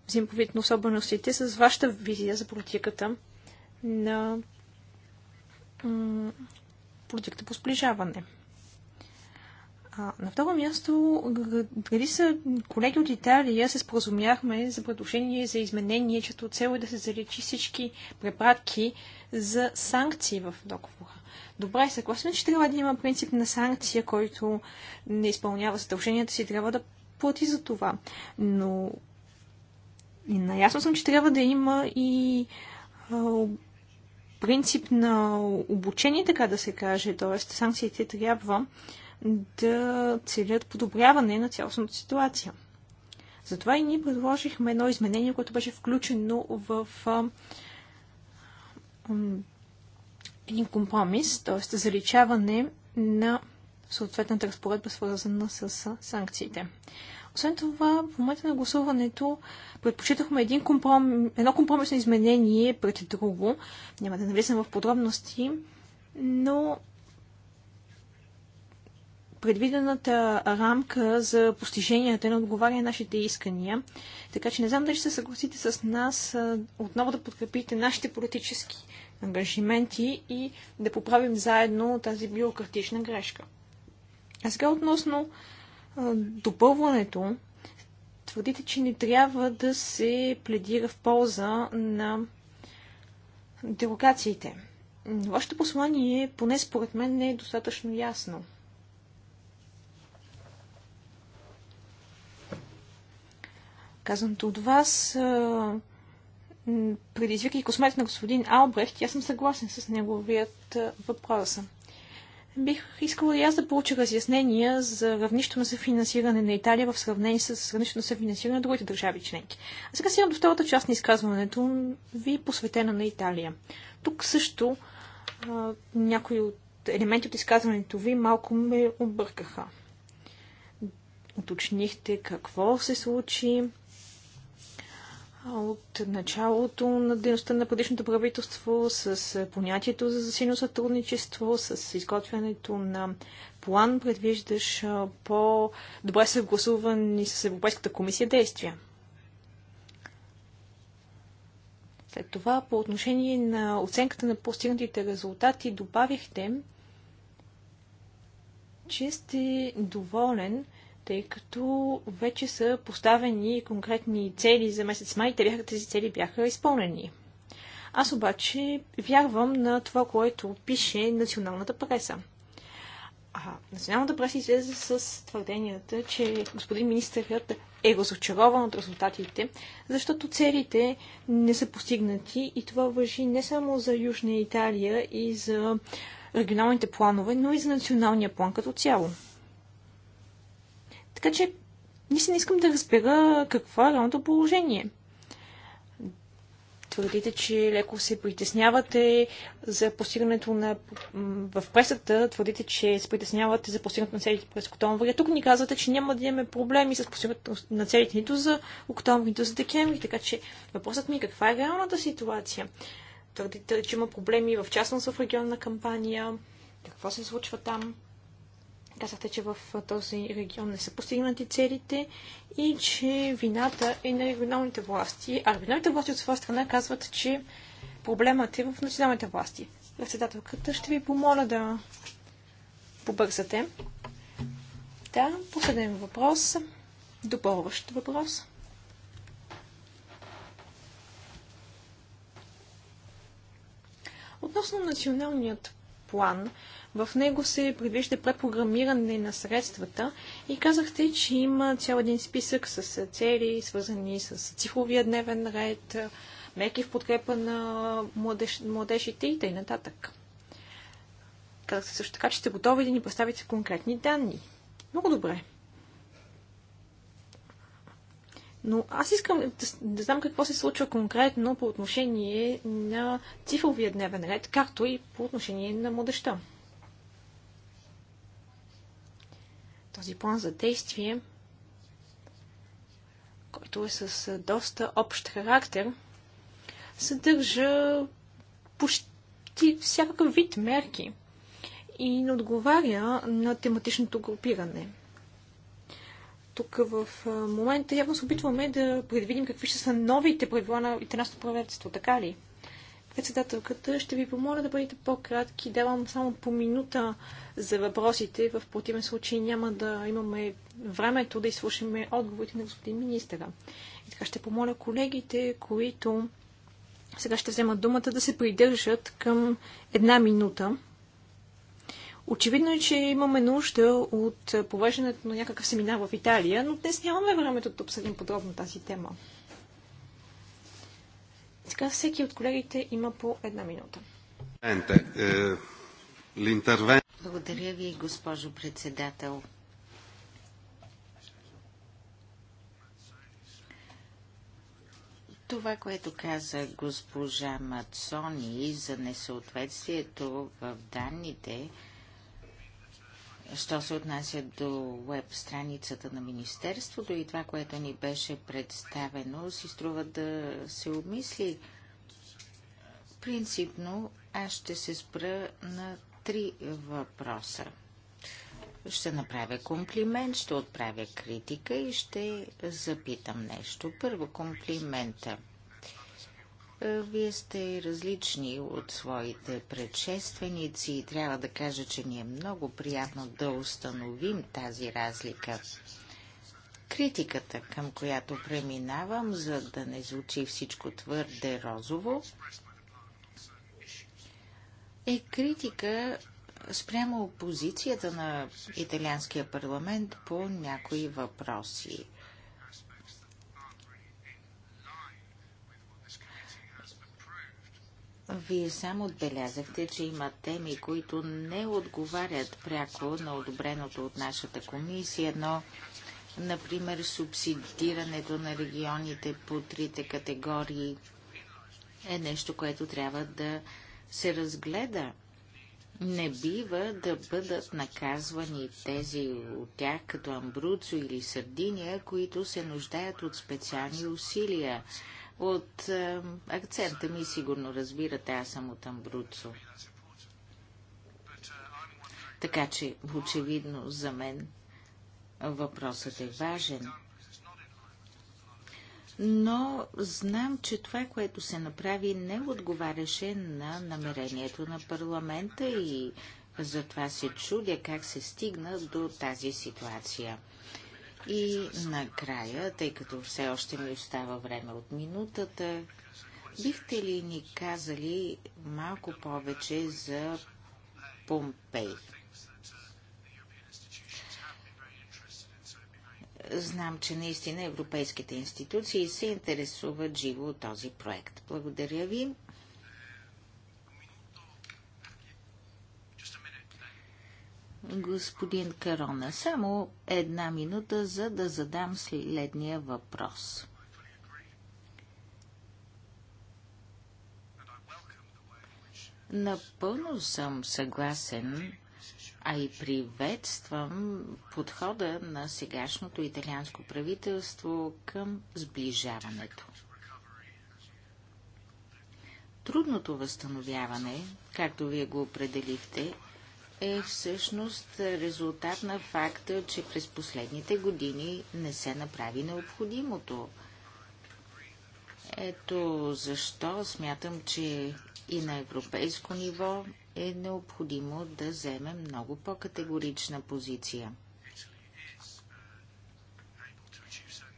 взаимоповид на особеностите с вашата визия за политиката на политиката по сближаване. А, на второ място, преди са колеги от Италия се споразумяхме за предложение за изменение, чето цел е да се заличи всички препратки за санкции в договора. Добре, съгласен, че трябва да има принцип на санкция, който не изпълнява задълженията си, трябва да плати за това. Но и наясно съм, че трябва да има и принцип на обучение, така да се каже. т.е. санкциите трябва да целят подобряване на цялостната ситуация. Затова и ние предложихме едно изменение, което беше включено в един компромис, т.е. заличаване на съответната разпоредба, свързана с санкциите. Освен това, в момента на гласуването предпочитахме един компром... едно компромисно изменение пред друго. Няма да навлизам в подробности, но предвидената рамка за постиженията не отговаря на нашите искания. Така че не знам дали ще се съгласите с нас отново да подкрепите нашите политически ангажименти и да поправим заедно тази бюрократична грешка. А сега относно допълването, твърдите, че не трябва да се пледира в полза на делокациите. Вашето послание, е, поне според мен, не е достатъчно ясно. Казаното от вас предизвика и космет на господин Албрехт аз съм съгласен с неговият въпрос. Бих искала и аз да получа разяснения за равнището на съфинансиране на Италия в сравнение с равнището на съфинансиране на другите държави членки. А сега сега до втората част на изказването ви, посветена на Италия. Тук също а, някои от елементи от изказването ви малко ме объркаха. Уточнихте какво се случи, от началото на дейността на предишното правителство с е, понятието за засилено сътрудничество, с изготвянето на план, предвиждаш е, по-добре съгласувани с Европейската комисия действия. След това, по отношение на оценката на постигнатите резултати, добавихте, че сте доволен, тъй като вече са поставени конкретни цели за месец май, те бяха, тези цели бяха изпълнени. Аз обаче вярвам на това, което пише националната преса. А, националната преса излезе с твърденията, че господин министърът е разочарован от резултатите, защото целите не са постигнати и това въжи не само за Южна Италия и за регионалните планове, но и за националния план като цяло. Така че не искам да разбера какво е реалното положение. Твърдите, че леко се притеснявате за постигането на... В пресата твърдите, че се притеснявате за постигането на целите през октомври. А тук ни казвате, че няма да имаме проблеми с постигането на целите нито за октомври, нито за декември. Така че въпросът ми е каква е реалната ситуация. Твърдите, че има проблеми в частност в регионна кампания. Какво се случва там? Казахте, че в този регион не са постигнати целите и че вината е на регионалните власти. А регионалните власти от своя страна казват, че проблемът е в националните власти. Председателката ще ви помоля да побързате. Да, последен въпрос. Допълващ въпрос. Относно националният план, в него се предвижда препрограмиране на средствата и казахте, че има цял един списък с цели, свързани с цифровия дневен ред, меки в подкрепа на младеж, младежите и т.н. Казахте също така, че сте готови да ни представите конкретни данни. Много добре. Но аз искам да, да знам какво се случва конкретно по отношение на цифровия дневен ред, както и по отношение на младеща. този план за действие, който е с доста общ характер, съдържа почти всякакъв вид мерки и не отговаря на тематичното групиране. Тук в момента явно се опитваме да предвидим какви ще са новите правила на италянското правителство, така ли? Председателката, ще ви помоля да бъдете по-кратки. Давам само по минута за въпросите. В противен случай няма да имаме времето да изслушаме отговорите на господин министъра. И така ще помоля колегите, които сега ще вземат думата, да се придържат към една минута. Очевидно е, че имаме нужда от повеждането на някакъв семинар в Италия, но днес нямаме времето да обсъдим подробно тази тема. Сега всеки от колегите има по една минута. Eh, Благодаря ви, госпожо председател. Това, което каза госпожа Мацони за несъответствието в данните, що се отнася до веб страницата на Министерството и това, което ни беше представено, си струва да се обмисли. Принципно аз ще се спра на три въпроса. Ще направя комплимент, ще отправя критика и ще запитам нещо. Първо комплимента – е, вие сте различни от своите предшественици и трябва да кажа, че ни е много приятно да установим тази разлика. Критиката, към която преминавам, за да не звучи всичко твърде розово, е критика спрямо опозицията на италианския парламент по някои въпроси. Вие само отбелязахте, че има теми, които не отговарят пряко на одобреното от нашата комисия, но, например, субсидирането на регионите по трите категории е нещо, което трябва да се разгледа. Не бива да бъдат наказвани тези от тях, като Амбруцо или Сърдиния, които се нуждаят от специални усилия. От е, акцента ми сигурно разбирате, аз съм от Амбруцо. Така че, очевидно, за мен въпросът е важен. Но знам, че това, което се направи, не отговаряше на намерението на парламента и затова се чудя как се стигна до тази ситуация. И накрая, тъй като все още ми остава време от минутата, бихте ли ни казали малко повече за Помпей? Знам, че наистина европейските институции се интересуват живо от този проект. Благодаря ви. господин Карона. Само една минута, за да задам следния въпрос. Напълно съм съгласен, а и приветствам подхода на сегашното италианско правителство към сближаването. Трудното възстановяване, както вие го определихте, е всъщност резултат на факта, че през последните години не се направи необходимото. Ето защо смятам, че и на европейско ниво е необходимо да вземе много по-категорична позиция.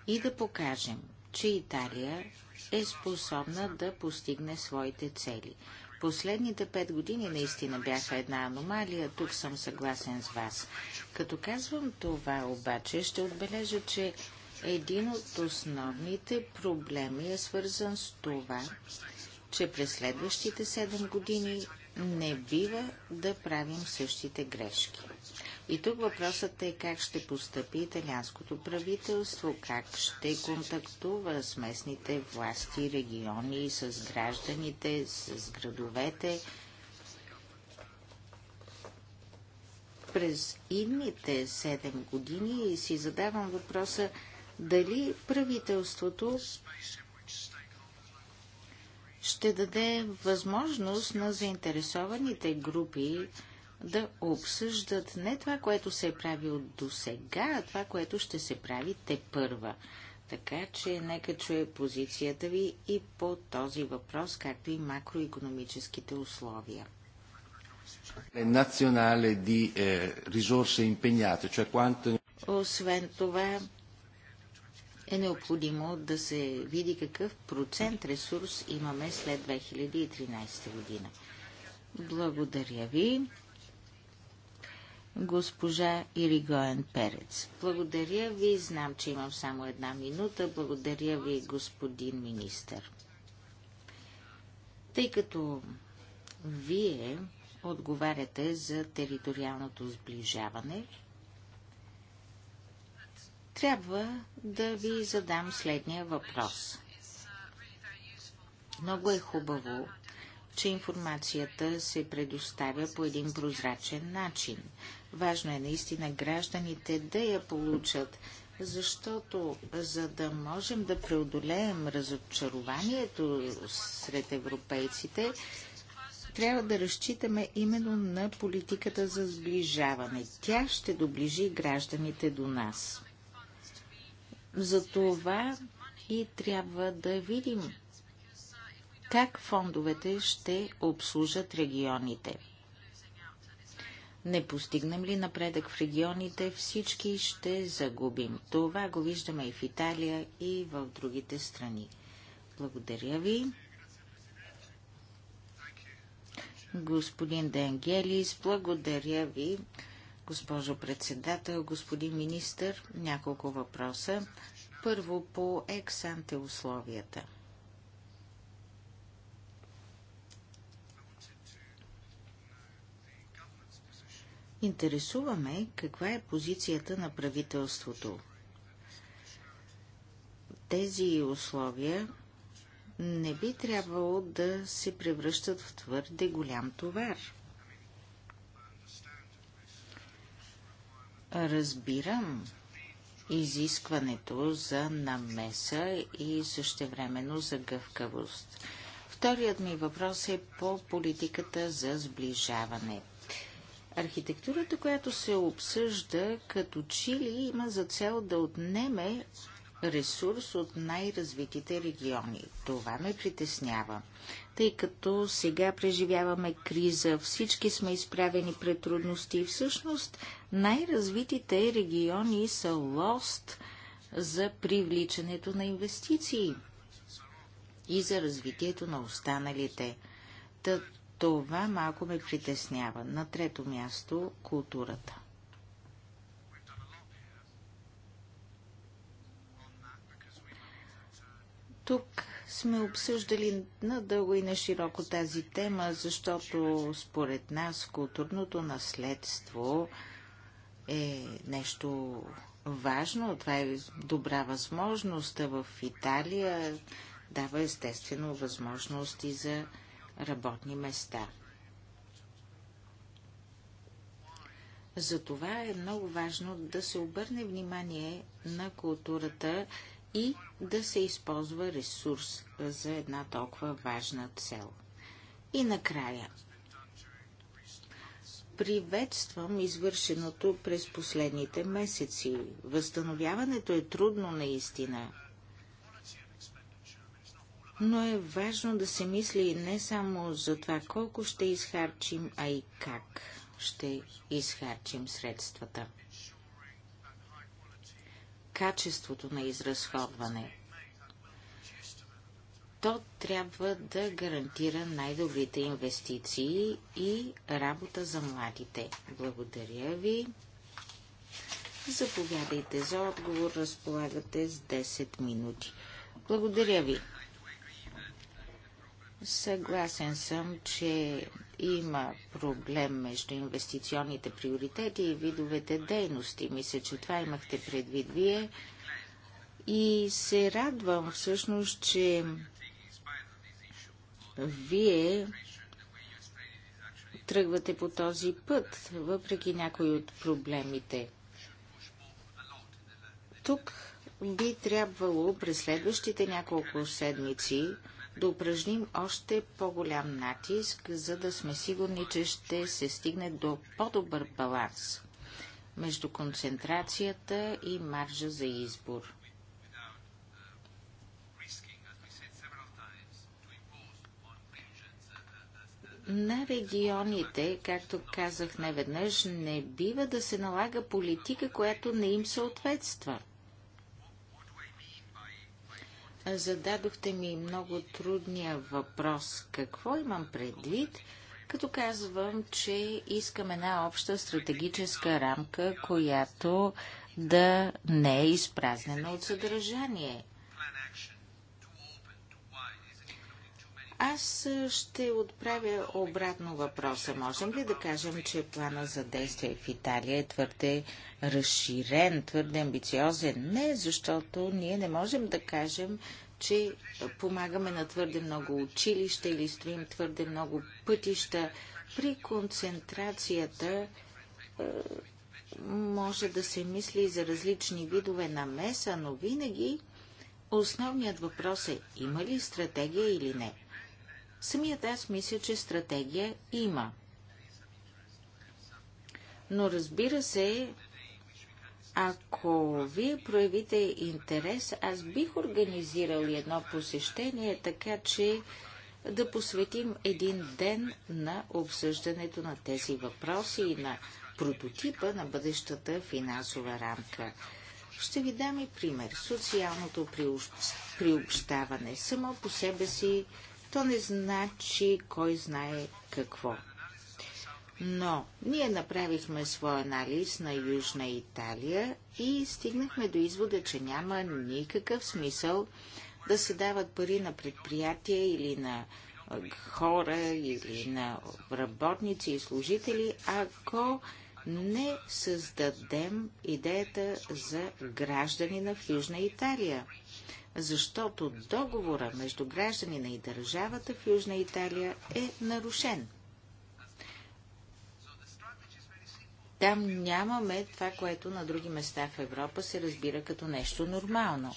И да покажем, че Италия е способна да постигне своите цели. Последните пет години наистина бяха една аномалия, тук съм съгласен с вас. Като казвам това обаче, ще отбележа, че един от основните проблеми е свързан с това, че през следващите 7 години не бива да правим същите грешки. И тук въпросът е как ще поступи италианското правителство, как ще контактува с местните власти, региони, с гражданите, с градовете. През идните 7 години си задавам въпроса дали правителството ще даде възможност на заинтересованите групи да обсъждат не това, което се е правило до сега, а това, което ще се прави те първа. Така че нека чуе позицията ви и по този въпрос, както и макроекономическите условия. Е, национале ди е, ресурси импегнати, че quanto... Освен това, е необходимо да се види какъв процент ресурс имаме след 2013 година. Благодаря ви госпожа Иригоен Перец. Благодаря ви. Знам, че имам само една минута. Благодаря ви, господин министър. Тъй като вие отговаряте за териториалното сближаване, трябва да ви задам следния въпрос. Много е хубаво, че информацията се предоставя по един прозрачен начин. Важно е наистина гражданите да я получат, защото за да можем да преодолеем разочарованието сред европейците, трябва да разчитаме именно на политиката за сближаване. Тя ще доближи гражданите до нас. За това и трябва да видим как фондовете ще обслужат регионите. Не постигнем ли напредък в регионите, всички ще загубим. Това го виждаме и в Италия, и в другите страни. Благодаря ви. Господин Денгелис, благодаря ви. Госпожо председател, господин министър, няколко въпроса. Първо по ексанте условията. интересуваме каква е позицията на правителството. Тези условия не би трябвало да се превръщат в твърде голям товар. Разбирам изискването за намеса и същевременно за гъвкавост. Вторият ми въпрос е по политиката за сближаване – Архитектурата, която се обсъжда като Чили, има за цел да отнеме ресурс от най-развитите региони. Това ме притеснява, тъй като сега преживяваме криза, всички сме изправени пред трудности. и Всъщност най-развитите региони са лост за привличането на инвестиции и за развитието на останалите. Та това малко ме притеснява. На трето място – културата. Тук сме обсъждали надълго и на широко тази тема, защото според нас културното наследство е нещо важно. Това е добра възможност в Италия. Дава естествено възможности за работни места. Затова е много важно да се обърне внимание на културата и да се използва ресурс за една толкова важна цел. И накрая. Приветствам извършеното през последните месеци. Възстановяването е трудно наистина, но е важно да се мисли не само за това колко ще изхарчим, а и как ще изхарчим средствата. Качеството на изразходване. То трябва да гарантира най-добрите инвестиции и работа за младите. Благодаря ви. Заповядайте за отговор. Разполагате с 10 минути. Благодаря ви. Съгласен съм, че има проблем между инвестиционните приоритети и видовете дейности. Мисля, че това имахте предвид вие. И се радвам всъщност, че вие тръгвате по този път, въпреки някои от проблемите. Тук би трябвало през следващите няколко седмици да упражним още по-голям натиск, за да сме сигурни, че ще се стигне до по-добър баланс между концентрацията и маржа за избор. На регионите, както казах неведнъж, не бива да се налага политика, която не им съответства – Зададохте ми много трудния въпрос. Какво имам предвид, като казвам, че искам една обща стратегическа рамка, която да не е изпразнена от съдържание? Аз ще отправя обратно въпроса. Можем ли да кажем, че плана за действие в Италия е твърде разширен, твърде амбициозен? Не, защото ние не можем да кажем, че помагаме на твърде много училища или строим твърде много пътища. При концентрацията може да се мисли за различни видове намеса, но винаги основният въпрос е има ли стратегия или не. Самият аз мисля, че стратегия има. Но разбира се, ако вие проявите интерес, аз бих организирал едно посещение, така че да посветим един ден на обсъждането на тези въпроси и на прототипа на бъдещата финансова рамка. Ще ви дам и пример. Социалното приобщаване само по себе си то не значи кой знае какво. Но ние направихме свой анализ на Южна Италия и стигнахме до извода, че няма никакъв смисъл да се дават пари на предприятия или на хора или на работници и служители, ако не създадем идеята за гражданина в Южна Италия защото договора между гражданина и държавата в Южна Италия е нарушен. Там нямаме това, което на други места в Европа се разбира като нещо нормално.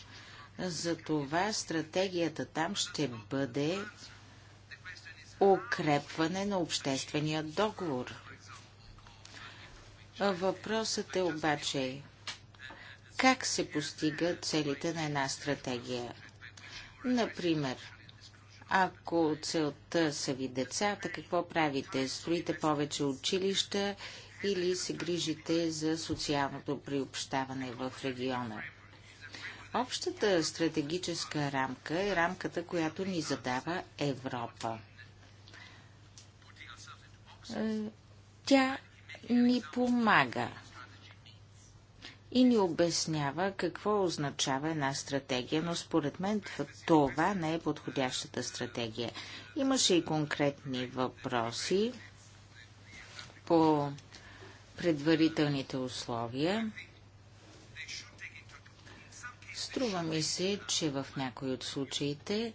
Затова стратегията там ще бъде укрепване на обществения договор. Въпросът е обаче как се постигат целите на една стратегия. Например, ако целта са ви децата, какво правите? Строите повече училища или се грижите за социалното приобщаване в региона? Общата стратегическа рамка е рамката, която ни задава Европа. Е, тя ни помага и ни обяснява какво означава една стратегия, но според мен това не е подходящата стратегия. Имаше и конкретни въпроси по предварителните условия. Струва ми се, че в някои от случаите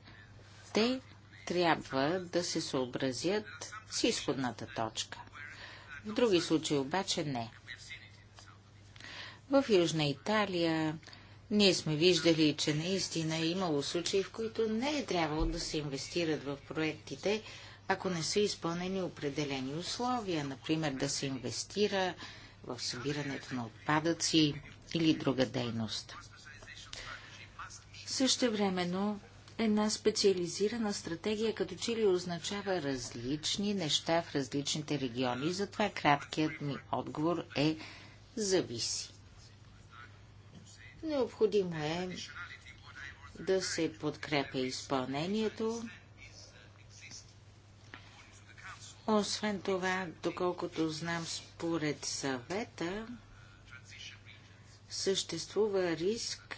те трябва да се съобразят с изходната точка. В други случаи обаче не. В Южна Италия ние сме виждали, че наистина е имало случаи, в които не е трябвало да се инвестират в проектите, ако не са изпълнени определени условия, например да се инвестира в събирането на отпадъци или друга дейност. Също времено една специализирана стратегия като че ли означава различни неща в различните региони, затова краткият ми отговор е зависи. Необходимо е да се подкрепя изпълнението. Освен това, доколкото знам, според съвета съществува риск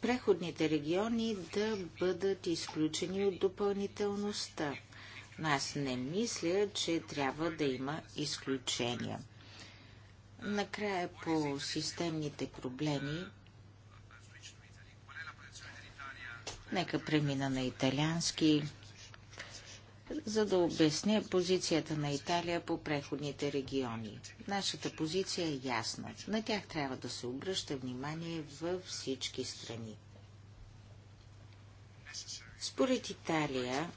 преходните региони да бъдат изключени от допълнителността. Но аз не мисля, че трябва да има изключения. Накрая по системните проблеми Нека премина на италиански, за да обясня позицията на Италия по преходните региони. Нашата позиция е ясна. На тях трябва да се обръща внимание във всички страни. Според Италия,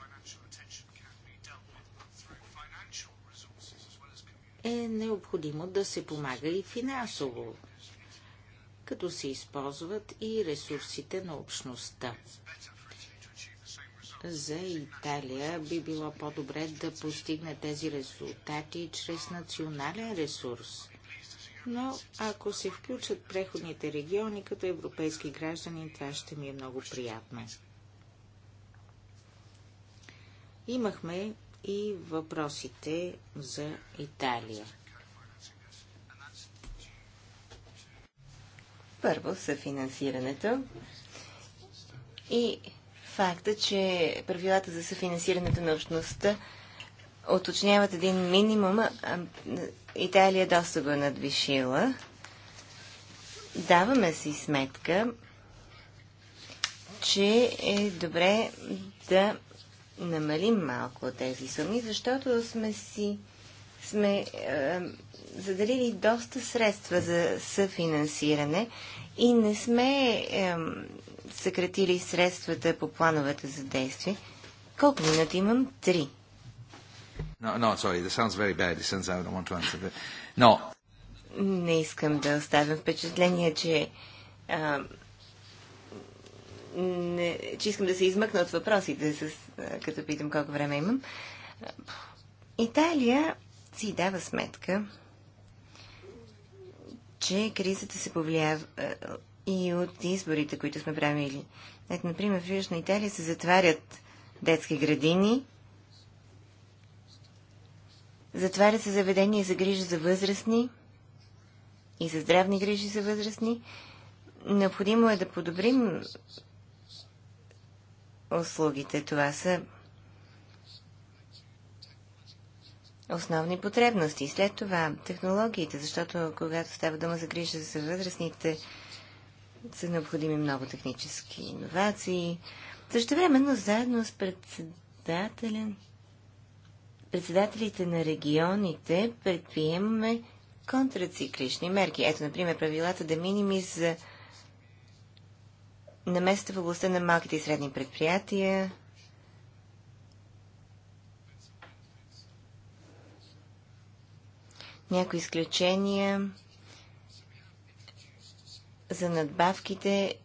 е необходимо да се помага и финансово, като се използват и ресурсите на общността за Италия би било по-добре да постигне тези резултати чрез национален ресурс. Но ако се включат преходните региони като европейски граждани, това ще ми е много приятно. Имахме и въпросите за Италия. Първо са финансирането и факта, че правилата за съфинансирането на общността уточняват един минимум. А Италия е доста го е надвишила. Даваме си сметка, че е добре да намалим малко тези суми, защото сме си сме е, заделили доста средства за съфинансиране и не сме е, съкратили средствата по плановете за действие. Колко минути имам? Три. No, no, sorry, sounds very bad. It sounds I don't want to answer No. Не искам да оставям впечатление, че, а, не, че искам да се измъкна от въпросите, с, а, като питам колко време имам. Италия си дава сметка, че кризата се повлия, и от изборите, които сме правили. Ето, например, в Южна Италия се затварят детски градини, затварят се заведения за грижи за възрастни и за здравни грижи за възрастни. Необходимо е да подобрим услугите. Това са основни потребности. След това технологиите, защото когато става дума за грижа за възрастните, са необходими много технически иновации. времено заедно с председателя, председателите на регионите предприемаме контрациклични мерки. Ето, например, правилата да миними за наместа в областта на малките и средни предприятия, някои изключения за надбавките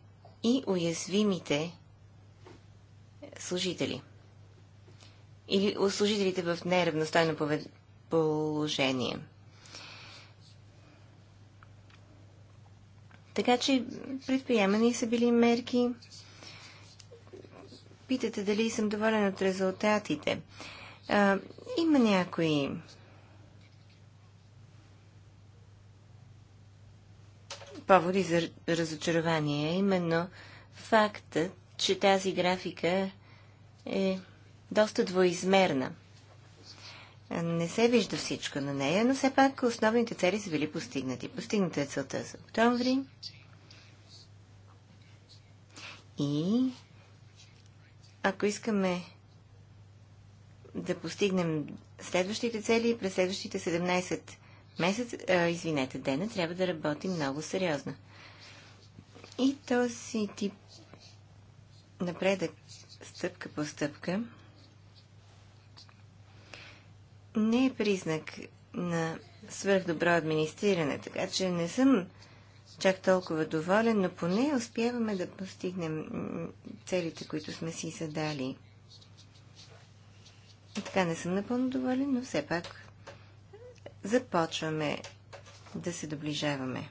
и уязвимите служители или служителите в неравностойно положение. Така че предприемани са били мерки. Питате дали съм доволен от резултатите. А, има някои поводи за разочарование, именно факта, че тази графика е доста двоизмерна. Не се вижда всичко на нея, но все пак основните цели са били постигнати. Постигната е целта за октомври и ако искаме да постигнем следващите цели през следващите 17 месец, а, извинете, дена, трябва да работи много сериозно. И този тип напредък, стъпка по стъпка, не е признак на свърхдобро администриране, така че не съм чак толкова доволен, но поне успяваме да постигнем целите, които сме си задали. Така не съм напълно доволен, но все пак започваме да се доближаваме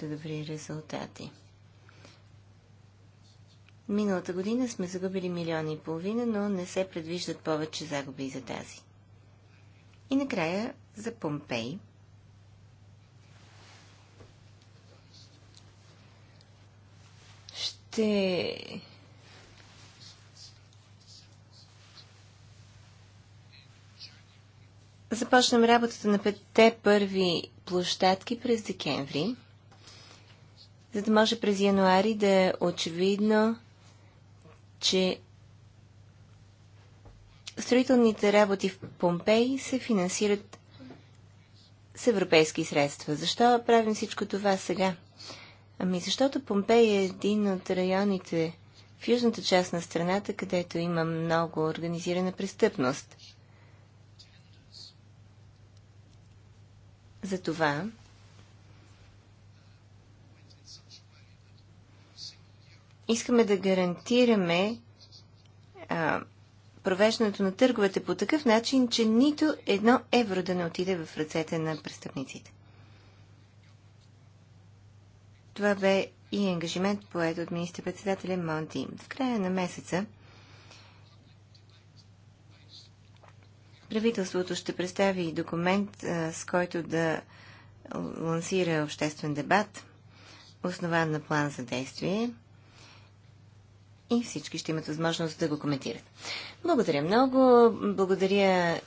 до добри резултати. Миналата година сме загубили милиони и половина, но не се предвиждат повече загуби за тази. И накрая за Помпей. Ще започнем работата на петте първи площадки през декември, за да може през януари да е очевидно, че строителните работи в Помпей се финансират с европейски средства. Защо правим всичко това сега? Ами защото Помпей е един от районите в южната част на страната, където има много организирана престъпност. Затова искаме да гарантираме а, провеждането на търговете по такъв начин, че нито едно евро да не отиде в ръцете на престъпниците. Това бе и ангажимент поет от министър-председателя Монти. В края на месеца Правителството ще представи документ, с който да лансира обществен дебат, основан на план за действие и всички ще имат възможност да го коментират. Благодаря много. Благодаря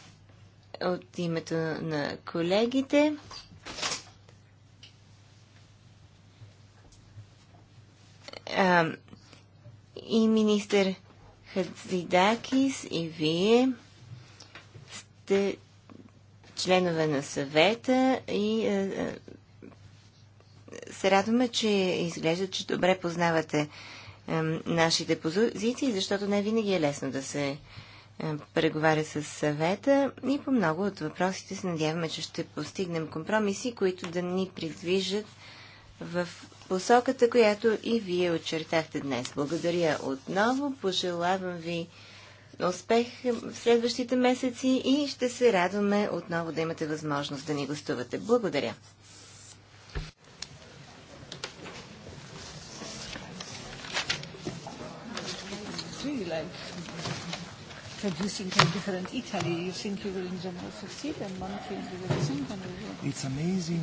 от името на колегите. А, и министър Хадзидакис, и вие сте членове на съвета и е, е, се радваме, че изглежда, че добре познавате е, нашите позиции, защото не винаги е лесно да се е, преговаря с съвета и по много от въпросите се надяваме, че ще постигнем компромиси, които да ни придвижат в посоката, която и вие очертахте днес. Благодаря отново, пожелавам ви успех в следващите месеци и ще се радваме отново да имате възможност да ни гостувате. Благодаря. really like producing a different Italy. You think you will in general succeed, and one thing you will think, and you will. It's amazing